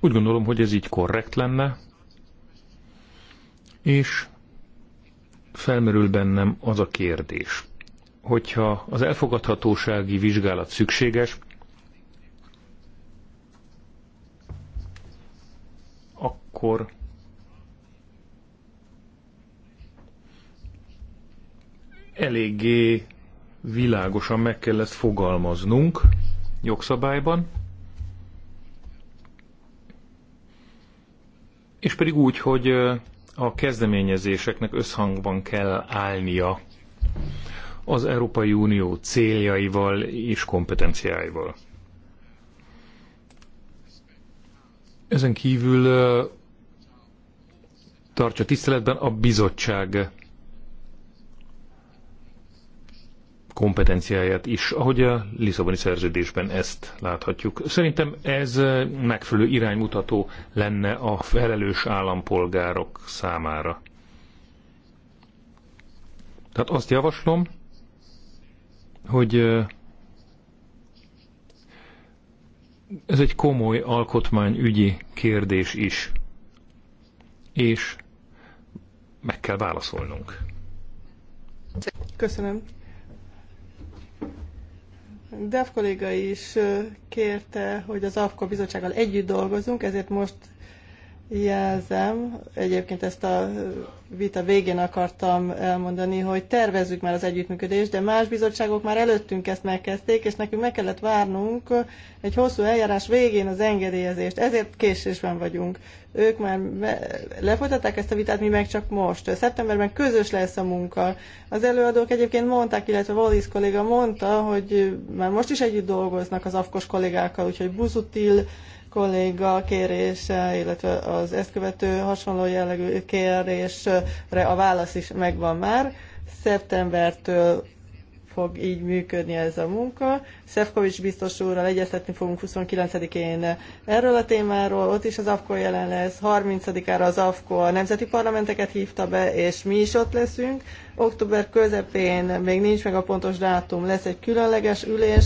Úgy gondolom, hogy ez így korrekt lenne, és felmerül bennem az a kérdés, hogyha az elfogadhatósági vizsgálat szükséges, akkor eléggé világosan meg kellett fogalmaznunk jogszabályban, és pedig úgy, hogy a kezdeményezéseknek összhangban kell állnia az Európai Unió céljaival és kompetenciáival. Ezen kívül tartja tiszteletben a bizottság kompetenciáját is, ahogy a Lisszaboni szerződésben ezt láthatjuk. Szerintem ez eh, megfelelő iránymutató lenne a felelős állampolgárok számára. Tehát azt javaslom, hogy eh, ez egy komoly alkotmányügyi kérdés is, és meg kell válaszolnunk. Köszönöm. Dev kolléga is kérte, hogy az AFKO bizottsággal együtt dolgozunk, ezért most jelzem, egyébként ezt a vita végén akartam elmondani, hogy tervezzük már az együttműködést, de más bizottságok már előttünk ezt megkezdték, és nekünk meg kellett várnunk egy hosszú eljárás végén az engedélyezést. Ezért késésben vagyunk. Ők már lefolytatták ezt a vitát, mi meg csak most. Szeptemberben közös lesz a munka. Az előadók egyébként mondták, illetve Wallis kolléga mondta, hogy már most is együtt dolgoznak az afkos kollégákkal, úgyhogy Buzutil kolléga kérése, illetve az ezt követő hasonló jellegű kérésre a válasz is megvan már. Szeptembertől fog így működni ez a munka. Szefkovics biztos úrral egyeztetni fogunk 29-én erről a témáról, ott is az AFKO jelen lesz, 30-ára az AFKO a nemzeti parlamenteket hívta be, és mi is ott leszünk. Október közepén még nincs meg a pontos dátum, lesz egy különleges ülés,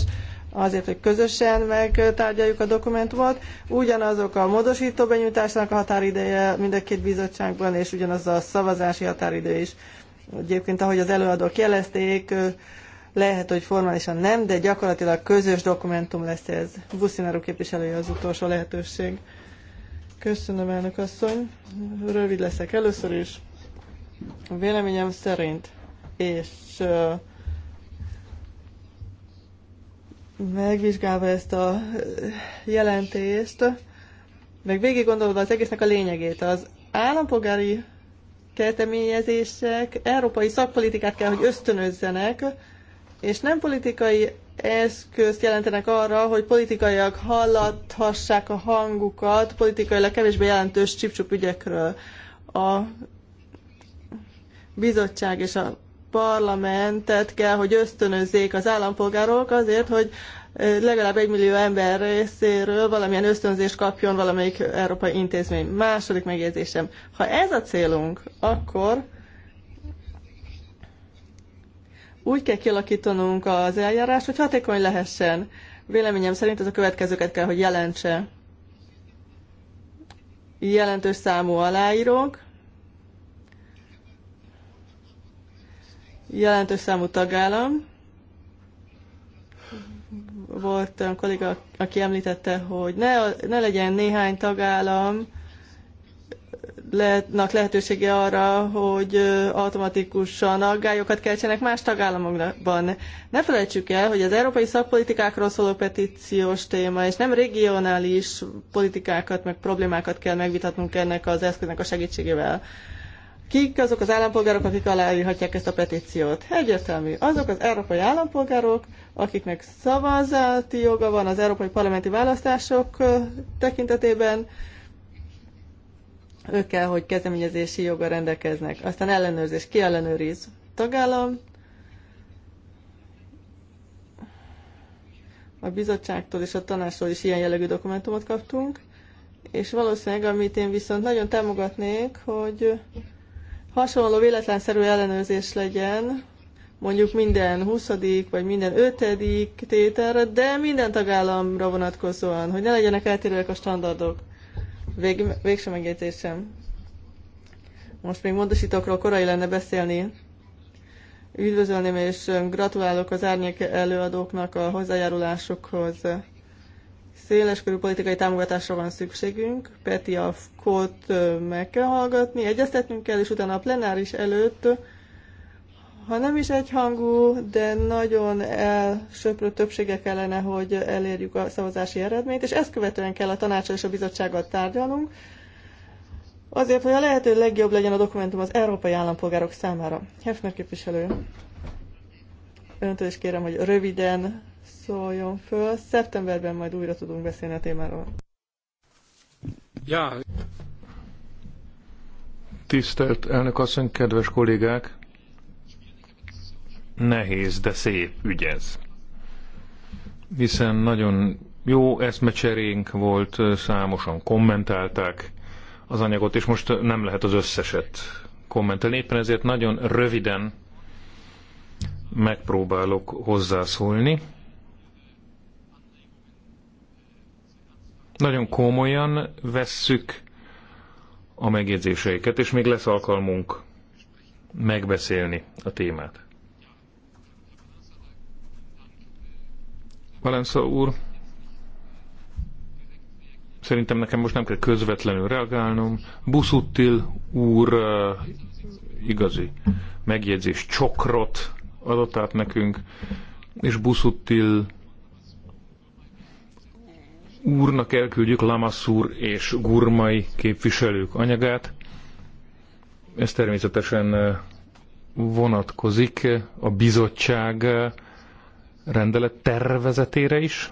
azért, hogy közösen megtárgyaljuk a dokumentumot. Ugyanazok a módosító benyújtásnak a határideje mind a két bizottságban, és ugyanaz a szavazási határidő is. Egyébként, ahogy az előadók jelezték, lehet, hogy formálisan nem, de gyakorlatilag közös dokumentum lesz ez. Buszináró képviselője az utolsó lehetőség. Köszönöm, elnök asszony. Rövid leszek először is. A véleményem szerint, és megvizsgálva ezt a eh, jelentést, meg végig gondolva az egésznek a lényegét, az állampolgári kezdeményezések európai szakpolitikát kell, hogy ösztönözzenek, és nem politikai eszközt jelentenek arra, hogy politikaiak hallathassák a hangukat politikailag kevésbé jelentős csipcsup ügyekről. A bizottság és a parlamentet kell, hogy ösztönözzék az állampolgárok azért, hogy eh, legalább egy millió ember részéről valamilyen ösztönzést kapjon valamelyik európai intézmény. Második megjegyzésem. Ha ez a célunk, akkor úgy kell kialakítanunk az eljárás, hogy hatékony lehessen. Véleményem szerint ez a következőket kell, hogy jelentse. Jelentős számú aláírók, jelentős számú tagállam. Volt olyan kolléga, aki említette, hogy ne, ne legyen néhány tagállam, lehetnek lehetősége arra, hogy automatikusan aggályokat keltsenek más tagállamokban. Ne felejtsük el, hogy az európai szakpolitikákról szóló petíciós téma, és nem regionális politikákat, meg problémákat kell megvitatnunk ennek az eszköznek a segítségével. Kik azok az állampolgárok, akik aláírhatják ezt a petíciót? Egyértelmű. Azok az európai állampolgárok, akiknek szavazati joga van az európai parlamenti választások tekintetében, ők kell, hogy kezdeményezési joga rendelkeznek. Aztán ellenőrzés. Ki ellenőriz? Tagállam, a bizottságtól és a tanástól is ilyen jellegű dokumentumot kaptunk, és valószínűleg, amit én viszont nagyon támogatnék, hogy hasonló véletlenszerű ellenőrzés legyen, mondjuk minden 20. vagy minden 5. tételre, de minden tagállamra vonatkozóan, hogy ne legyenek eltérőek a standardok. Vég, végső megjegyzésem. Most még módosítókról korai lenne beszélni. Üdvözölném és gratulálok az árnyék előadóknak a hozzájárulásukhoz széleskörű politikai támogatásra van szükségünk. Peti a kót meg kell hallgatni, egyeztetnünk kell, és utána a plenáris előtt, ha nem is egyhangú, de nagyon elsöprő többsége kellene, hogy elérjük a szavazási eredményt, és ezt követően kell a tanácsal és a bizottsággal tárgyalnunk, azért, hogy a lehető legjobb legyen a dokumentum az európai állampolgárok számára. Hefner képviselő, öntől is kérem, hogy röviden szóljon föl. Szeptemberben majd újra tudunk beszélni a témáról. Ja. Tisztelt elnök asszony, kedves kollégák! Nehéz, de szép ügy ez. Hiszen nagyon jó eszmecserénk volt, számosan kommentálták az anyagot, és most nem lehet az összeset kommentelni. Éppen ezért nagyon röviden megpróbálok hozzászólni Nagyon komolyan vesszük a megjegyzéseiket, és még lesz alkalmunk megbeszélni a témát. Valensza úr, szerintem nekem most nem kell közvetlenül reagálnom. Buszuttil úr igazi megjegyzés csokrot adott át nekünk, és Buszuttil úrnak elküldjük Lamassur és Gurmai képviselők anyagát. Ez természetesen eh, vonatkozik a bizottság eh, rendelet tervezetére is.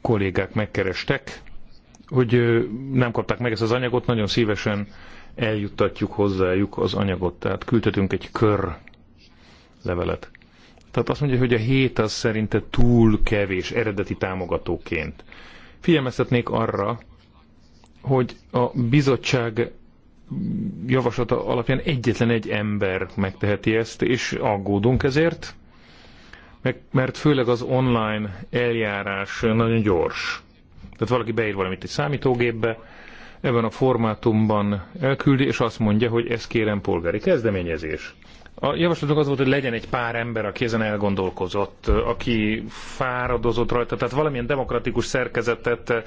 Kollégák megkerestek, hogy eh, nem kapták meg ezt az anyagot, nagyon szívesen eljuttatjuk hozzájuk az anyagot, tehát küldhetünk egy kör levelet. Tehát azt mondja, hogy a hét az szerinte túl kevés eredeti támogatóként. Figyelmeztetnék arra, hogy a bizottság javaslata alapján egyetlen egy ember megteheti ezt, és aggódunk ezért, mert főleg az online eljárás nagyon gyors. Tehát valaki beír valamit egy számítógépbe, ebben a formátumban elküldi, és azt mondja, hogy ezt kérem polgári kezdeményezés. A javaslatok az volt, hogy legyen egy pár ember, aki ezen elgondolkozott, aki fáradozott rajta, tehát valamilyen demokratikus szerkezetet eh,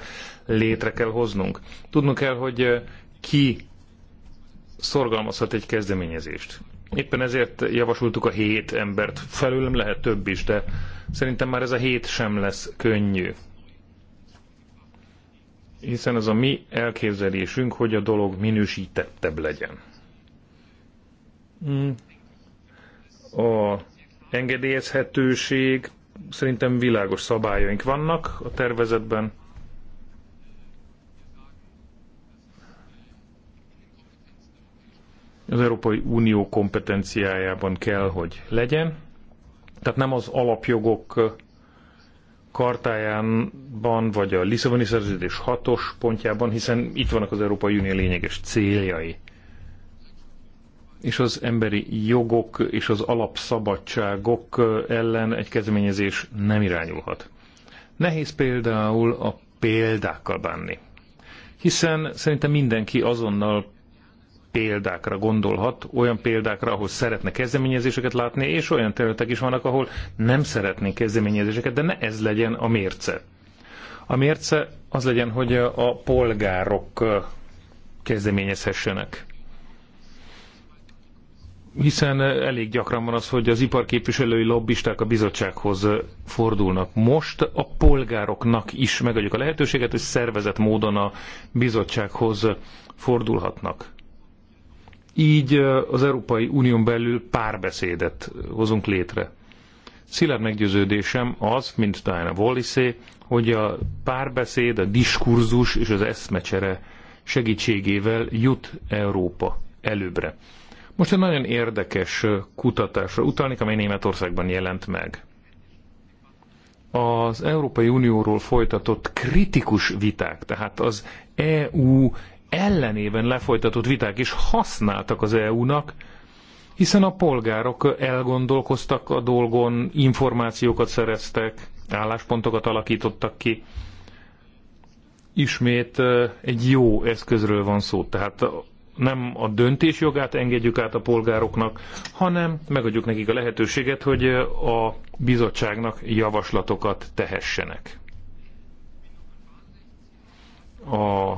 létre kell hoznunk. Tudnunk kell, hogy eh, ki szorgalmazhat egy kezdeményezést. Éppen ezért javasoltuk a hét embert. Felülöm lehet több is, de szerintem már ez a hét sem lesz könnyű. Hiszen az a mi elképzelésünk, hogy a dolog minősítettebb legyen. Hmm a engedélyezhetőség, szerintem világos szabályaink vannak a tervezetben. Az Európai Unió kompetenciájában kell, hogy legyen. Tehát nem az alapjogok kartájában, vagy a Lisszaboni szerződés hatos pontjában, hiszen itt vannak az Európai Unió lényeges céljai és az emberi jogok és az alapszabadságok ellen egy kezdeményezés nem irányulhat. Nehéz például a példákkal bánni, hiszen szerintem mindenki azonnal példákra gondolhat, olyan példákra, ahol szeretne kezdeményezéseket látni, és olyan területek is vannak, ahol nem szeretné kezdeményezéseket, de ne ez legyen a mérce. A mérce az legyen, hogy a polgárok kezdeményezhessenek hiszen eh, elég gyakran van az, hogy az iparképviselői lobbisták a bizottsághoz eh, fordulnak. Most a polgároknak is megadjuk a lehetőséget, hogy szervezett módon a bizottsághoz eh, fordulhatnak. Így az Európai Unión belül párbeszédet hozunk létre. Szilárd meggyőződésem az, mint a Wallisé, hogy a párbeszéd, a diskurzus és az eszmecsere segítségével jut Európa előbbre. Most egy nagyon érdekes kutatásra utalnék, amely Németországban jelent meg. Az Európai Unióról folytatott kritikus viták, tehát az EU ellenében lefolytatott viták is használtak az EU-nak, hiszen a polgárok elgondolkoztak a dolgon, információkat szereztek, álláspontokat alakítottak ki. Ismét egy jó eszközről van szó, tehát nem a döntésjogát engedjük át a polgároknak, hanem megadjuk nekik a lehetőséget, hogy a bizottságnak javaslatokat tehessenek. A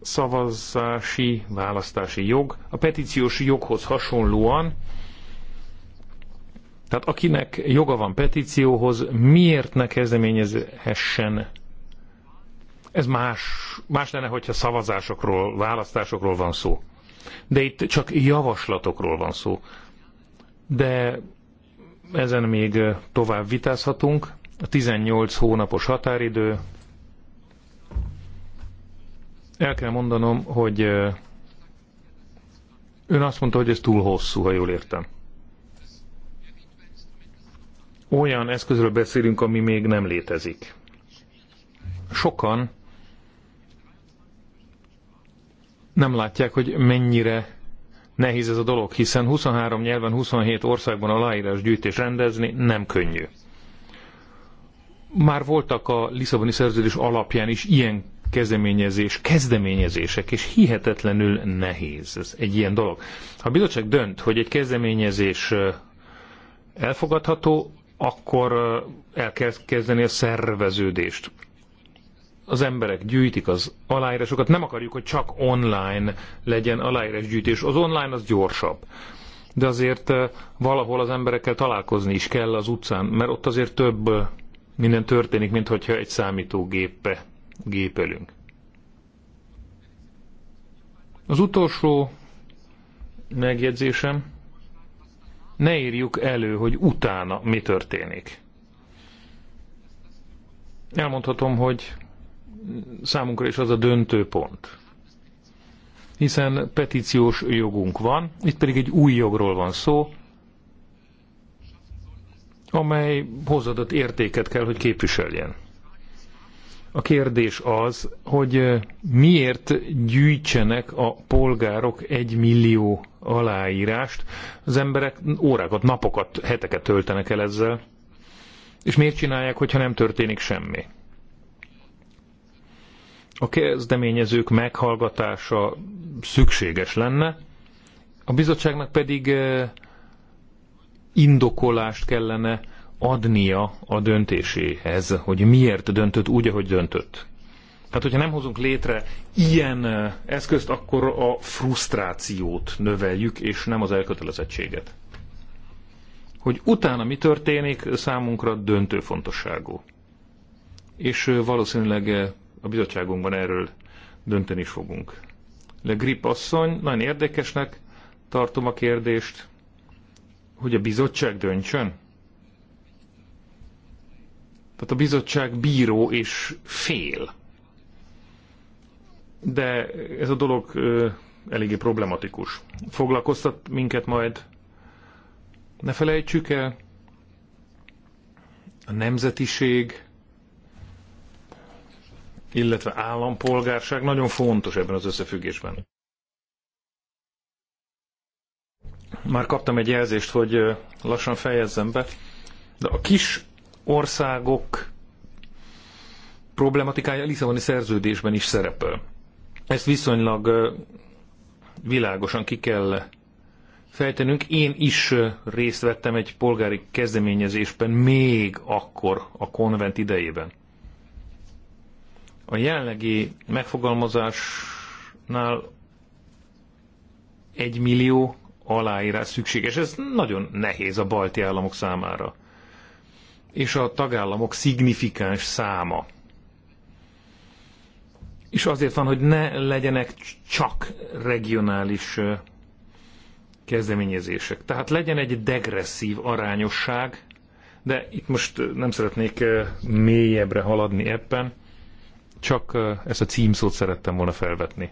szavazási, választási jog a petíciós joghoz hasonlóan, tehát akinek joga van petícióhoz, miért ne kezdeményezhessen ez más, más lenne, hogyha szavazásokról, választásokról van szó. De itt csak javaslatokról van szó. De ezen még tovább vitázhatunk. A 18 hónapos határidő. El kell mondanom, hogy ön azt mondta, hogy ez túl hosszú, ha jól értem. Olyan eszközről beszélünk, ami még nem létezik. Sokan nem látják, hogy mennyire nehéz ez a dolog, hiszen 23 nyelven, 27 országban a aláírás gyűjtés rendezni nem könnyű. Már voltak a Lisszaboni szerződés alapján is ilyen kezdeményezés, kezdeményezések, és hihetetlenül nehéz ez egy ilyen dolog. Ha a bizottság dönt, hogy egy kezdeményezés elfogadható, akkor el kell kezdeni a szerveződést az emberek gyűjtik az aláírásokat, nem akarjuk, hogy csak online legyen aláírásgyűjtés. Az online az gyorsabb. De azért eh, valahol az emberekkel találkozni is kell az utcán, mert ott azért több eh, minden történik, mint hogyha egy számítógépe gépelünk. Az utolsó megjegyzésem, ne írjuk elő, hogy utána mi történik. Elmondhatom, hogy számunkra is az a döntő pont. Hiszen petíciós jogunk van, itt pedig egy új jogról van szó, amely hozadott értéket kell, hogy képviseljen. A kérdés az, hogy miért gyűjtsenek a polgárok egy millió aláírást. Az emberek órákat, napokat, heteket töltenek el ezzel. És miért csinálják, hogyha nem történik semmi? a kezdeményezők meghallgatása szükséges lenne, a bizottságnak pedig eh, indokolást kellene adnia a döntéséhez, hogy miért döntött úgy, ahogy döntött. Tehát, hogyha nem hozunk létre ilyen eh, eszközt, akkor a frusztrációt növeljük, és nem az elkötelezettséget. Hogy utána mi történik, számunkra döntő fontosságú. És eh, valószínűleg a bizottságunkban erről dönteni is fogunk. Le Grip asszony, nagyon érdekesnek tartom a kérdést, hogy a bizottság döntsön? Tehát a bizottság bíró és fél. De ez a dolog ö, eléggé problematikus. Foglalkoztat minket majd, ne felejtsük el, a nemzetiség, illetve állampolgárság nagyon fontos ebben az összefüggésben. Már kaptam egy jelzést, hogy lassan fejezzem be, de a kis országok problematikája a Lisszaboni szerződésben is szerepel. Ezt viszonylag világosan ki kell fejtenünk. Én is részt vettem egy polgári kezdeményezésben, még akkor a konvent idejében. A jelenlegi megfogalmazásnál egy millió aláírás szükséges. Ez nagyon nehéz a balti államok számára. És a tagállamok szignifikáns száma. És azért van, hogy ne legyenek csak regionális kezdeményezések. Tehát legyen egy degresszív arányosság, de itt most nem szeretnék mélyebbre haladni ebben. Csak ezt a címszót szerettem volna felvetni.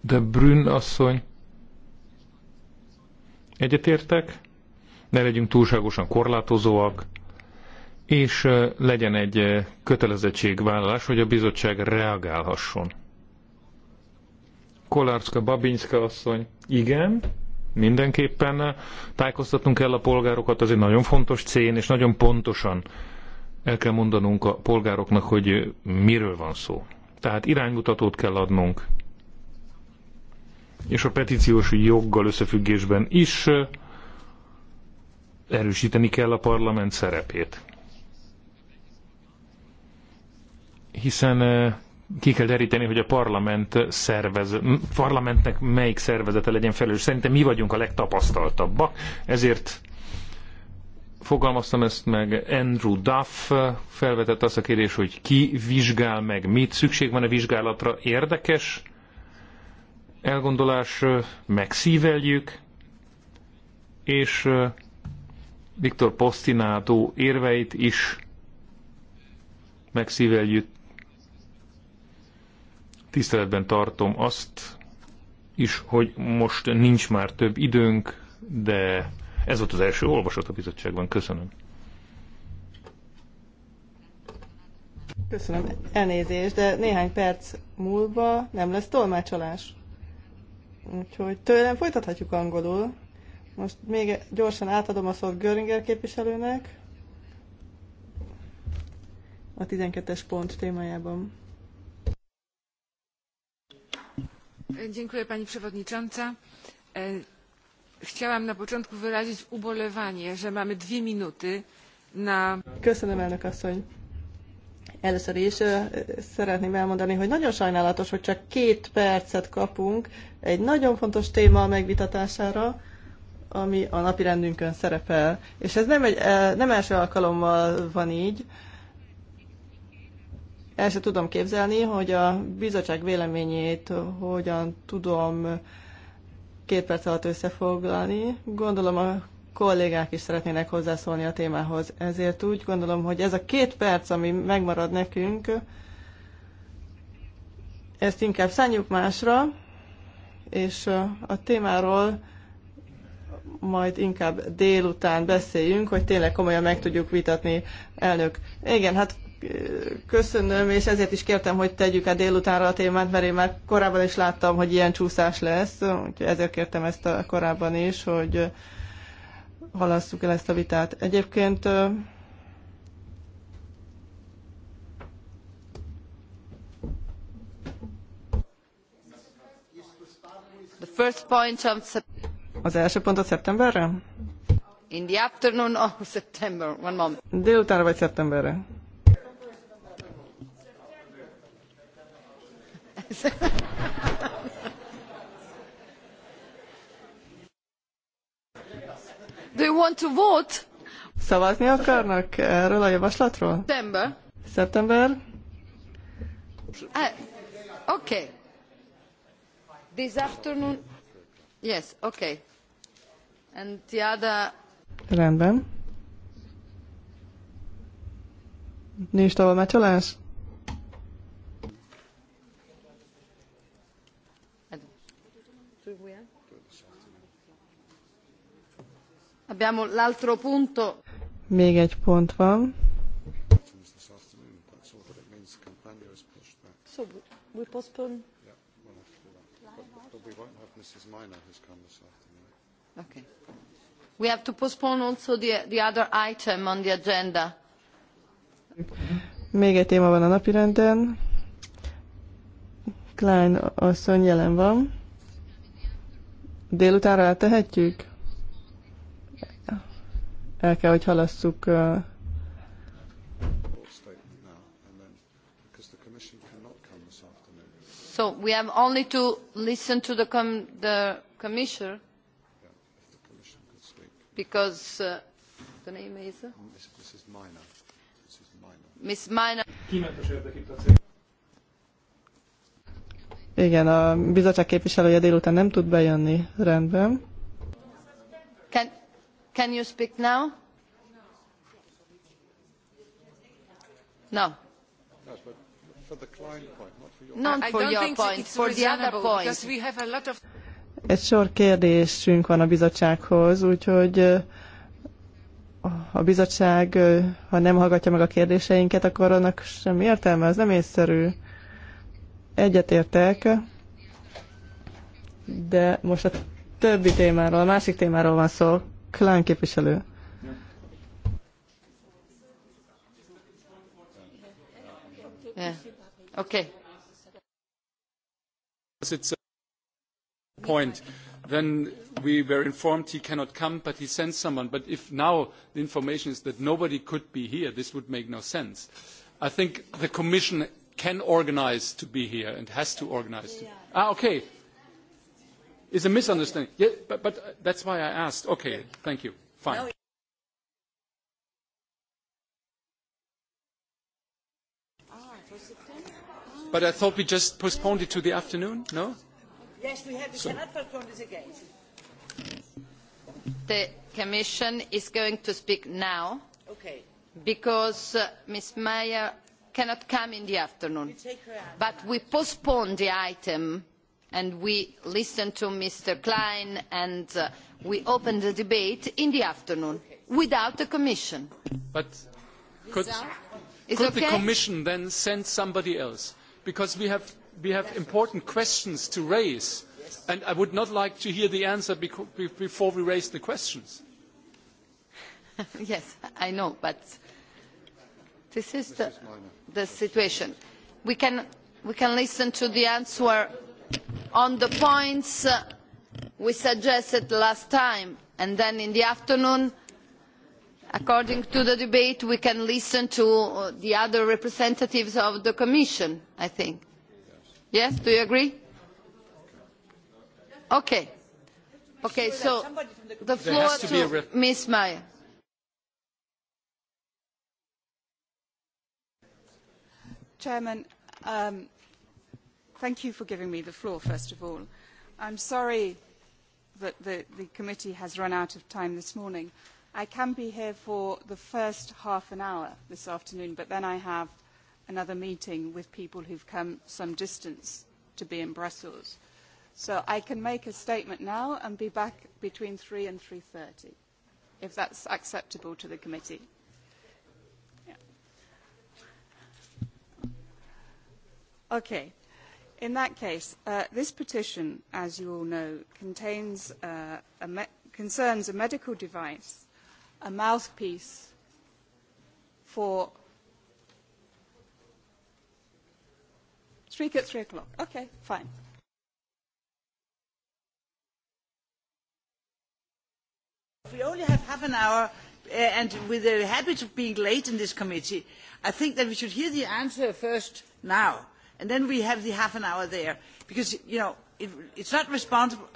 De Brün asszony, egyetértek, ne legyünk túlságosan korlátozóak, és legyen egy kötelezettségvállalás, hogy a bizottság reagálhasson. Kolárska, Babinska asszony, igen, mindenképpen tájékoztatnunk kell a polgárokat, ez egy nagyon fontos cén, és nagyon pontosan el kell mondanunk a polgároknak, hogy miről van szó. Tehát iránymutatót kell adnunk, és a petíciós joggal összefüggésben is eh, erősíteni kell a parlament szerepét. Hiszen eh, ki kell deríteni, hogy a parlament szervez, parlamentnek melyik szervezete legyen felelős. Szerintem mi vagyunk a legtapasztaltabbak, ezért fogalmaztam ezt meg, Andrew Duff felvetett azt a kérdés, hogy ki vizsgál meg mit, szükség van a vizsgálatra, érdekes elgondolás, megszíveljük, és Viktor Postinátó érveit is megszíveljük. Tiszteletben tartom azt is, hogy most nincs már több időnk, de ez volt az első olvasat a bizottságban. Köszönöm. Köszönöm. Elnézést, de néhány perc múlva nem lesz tolmácsolás. Úgyhogy tőlem folytathatjuk angolul. Most még gyorsan átadom a szót Göringer képviselőnek a 12-es pont témájában. Dziękuję Pani Przewodnicząca. E, Chciałam na początku wyrazić ubolewanie, że mamy dwie minuty na... Köszönöm, elnök asszony. Először is e, szeretném elmondani, hogy nagyon sajnálatos, hogy csak két percet kapunk egy nagyon fontos téma megvitatására, ami a napi rendünkön szerepel. És ez nem, egy, e, nem első alkalommal van így. El sem tudom képzelni, hogy a bizottság véleményét hogyan tudom két perc alatt összefoglalni. Gondolom a kollégák is szeretnének hozzászólni a témához. Ezért úgy gondolom, hogy ez a két perc, ami megmarad nekünk, ezt inkább szálljuk másra, és a témáról majd inkább délután beszéljünk, hogy tényleg komolyan meg tudjuk vitatni, elnök. Igen, hát köszönöm, és ezért is kértem, hogy tegyük a délutánra a témát, mert én már korábban is láttam, hogy ilyen csúszás lesz, úgyhogy ezért kértem ezt a korábban is, hogy halasszuk el ezt a vitát. Egyébként Az első pontot szeptemberre? In the afternoon of September. One moment. Délutánra vagy szeptemberre? Do you want to vote? Szavazni akarnak erről a javaslatról? September? Szeptember. Uh, okay. This afternoon. Yes, okay. And the other... Rendben. Nincs tolmácsolás? Még egy pont van. we postpone. Okay. We have to postpone also the, the other item on the agenda. Még egy téma van a napirenden. Klein asszony jelen van. Délutánra eltehetjük? el kell, hogy halasszuk So we have only to listen to the, com the commissioner because uh, the name is uh, Mrs. Minor. Mrs. Miss Minor. Igen, a bizottság képviselője délután nem tud bejönni, rendben. Can you speak now? No. for not for your point. for the other point. Egy sor kérdésünk van a bizottsághoz, úgyhogy eh, a bizottság, eh, ha nem hallgatja meg a kérdéseinket, akkor annak semmi értelme, ez nem észszerű. Egyetértek, de most a többi témáról, a másik témáról van szó. Klán képviselő. Yeah. Okay. It's a point. Then we were informed he cannot come, but he sent someone. But if now the information is that nobody could be here, this would make no sense. I think the Commission can organise to be here and has to organise. To... Ah, okay is a misunderstanding. Yeah, but, but uh, that's why I asked. Okay, thank you. Fine. No, But I thought we just postponed it to the afternoon, no? Yes, we have. We so. cannot postpone this again. The Commission is going to speak now. Okay. Because uh, Ms. Meyer cannot come in the afternoon. We but we postpone the item and we listened to mr klein and uh, we opened the debate in the afternoon without the commission. but could, could okay? the commission then send somebody else because we have, we have important questions to raise and i would not like to hear the answer before we raise the questions. *laughs* yes i know but this is the, the situation. we can, we can listen to the answer on the points we suggested last time and then in the afternoon according to the debate we can listen to the other representatives of the commission i think. yes do you agree? okay. okay so the floor to ms meyer. Chairman, um, thank you for giving me the floor, first of all. I'm sorry that the, the committee has run out of time this morning. I can be here for the first half an hour this afternoon, but then I have another meeting with people who've come some distance to be in Brussels. So I can make a statement now and be back between 3 and 3.30, if that's acceptable to the committee. Okay. In that case, uh, this petition, as you all know, contains, uh, a me- concerns a medical device, a mouthpiece for. Streak at three o'clock. Okay, fine. we only have half an hour, uh, and with the habit of being late in this committee, I think that we should hear the answer first now and then we have the half an hour there because you know it, it's not responsible.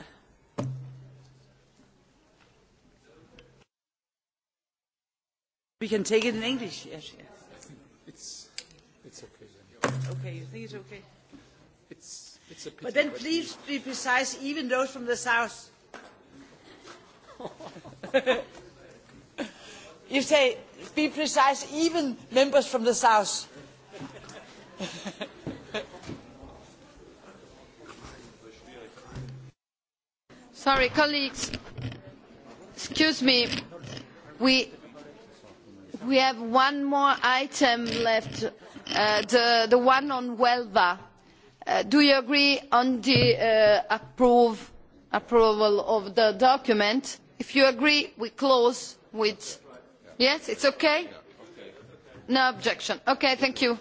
We can take it in English. Yes, yes. it's it's okay then. Okay, you think it's okay? It's it's a. but then please be precise, even those from the south. *laughs* you say be precise, even members from the south. *laughs* Sorry, colleagues. Excuse me. We we have one more item left, uh, the the one on Huelva. Uh, do you agree on the uh, approve approval of the document? If you agree, we close with. Yes, it's okay. No objection. Okay, thank you.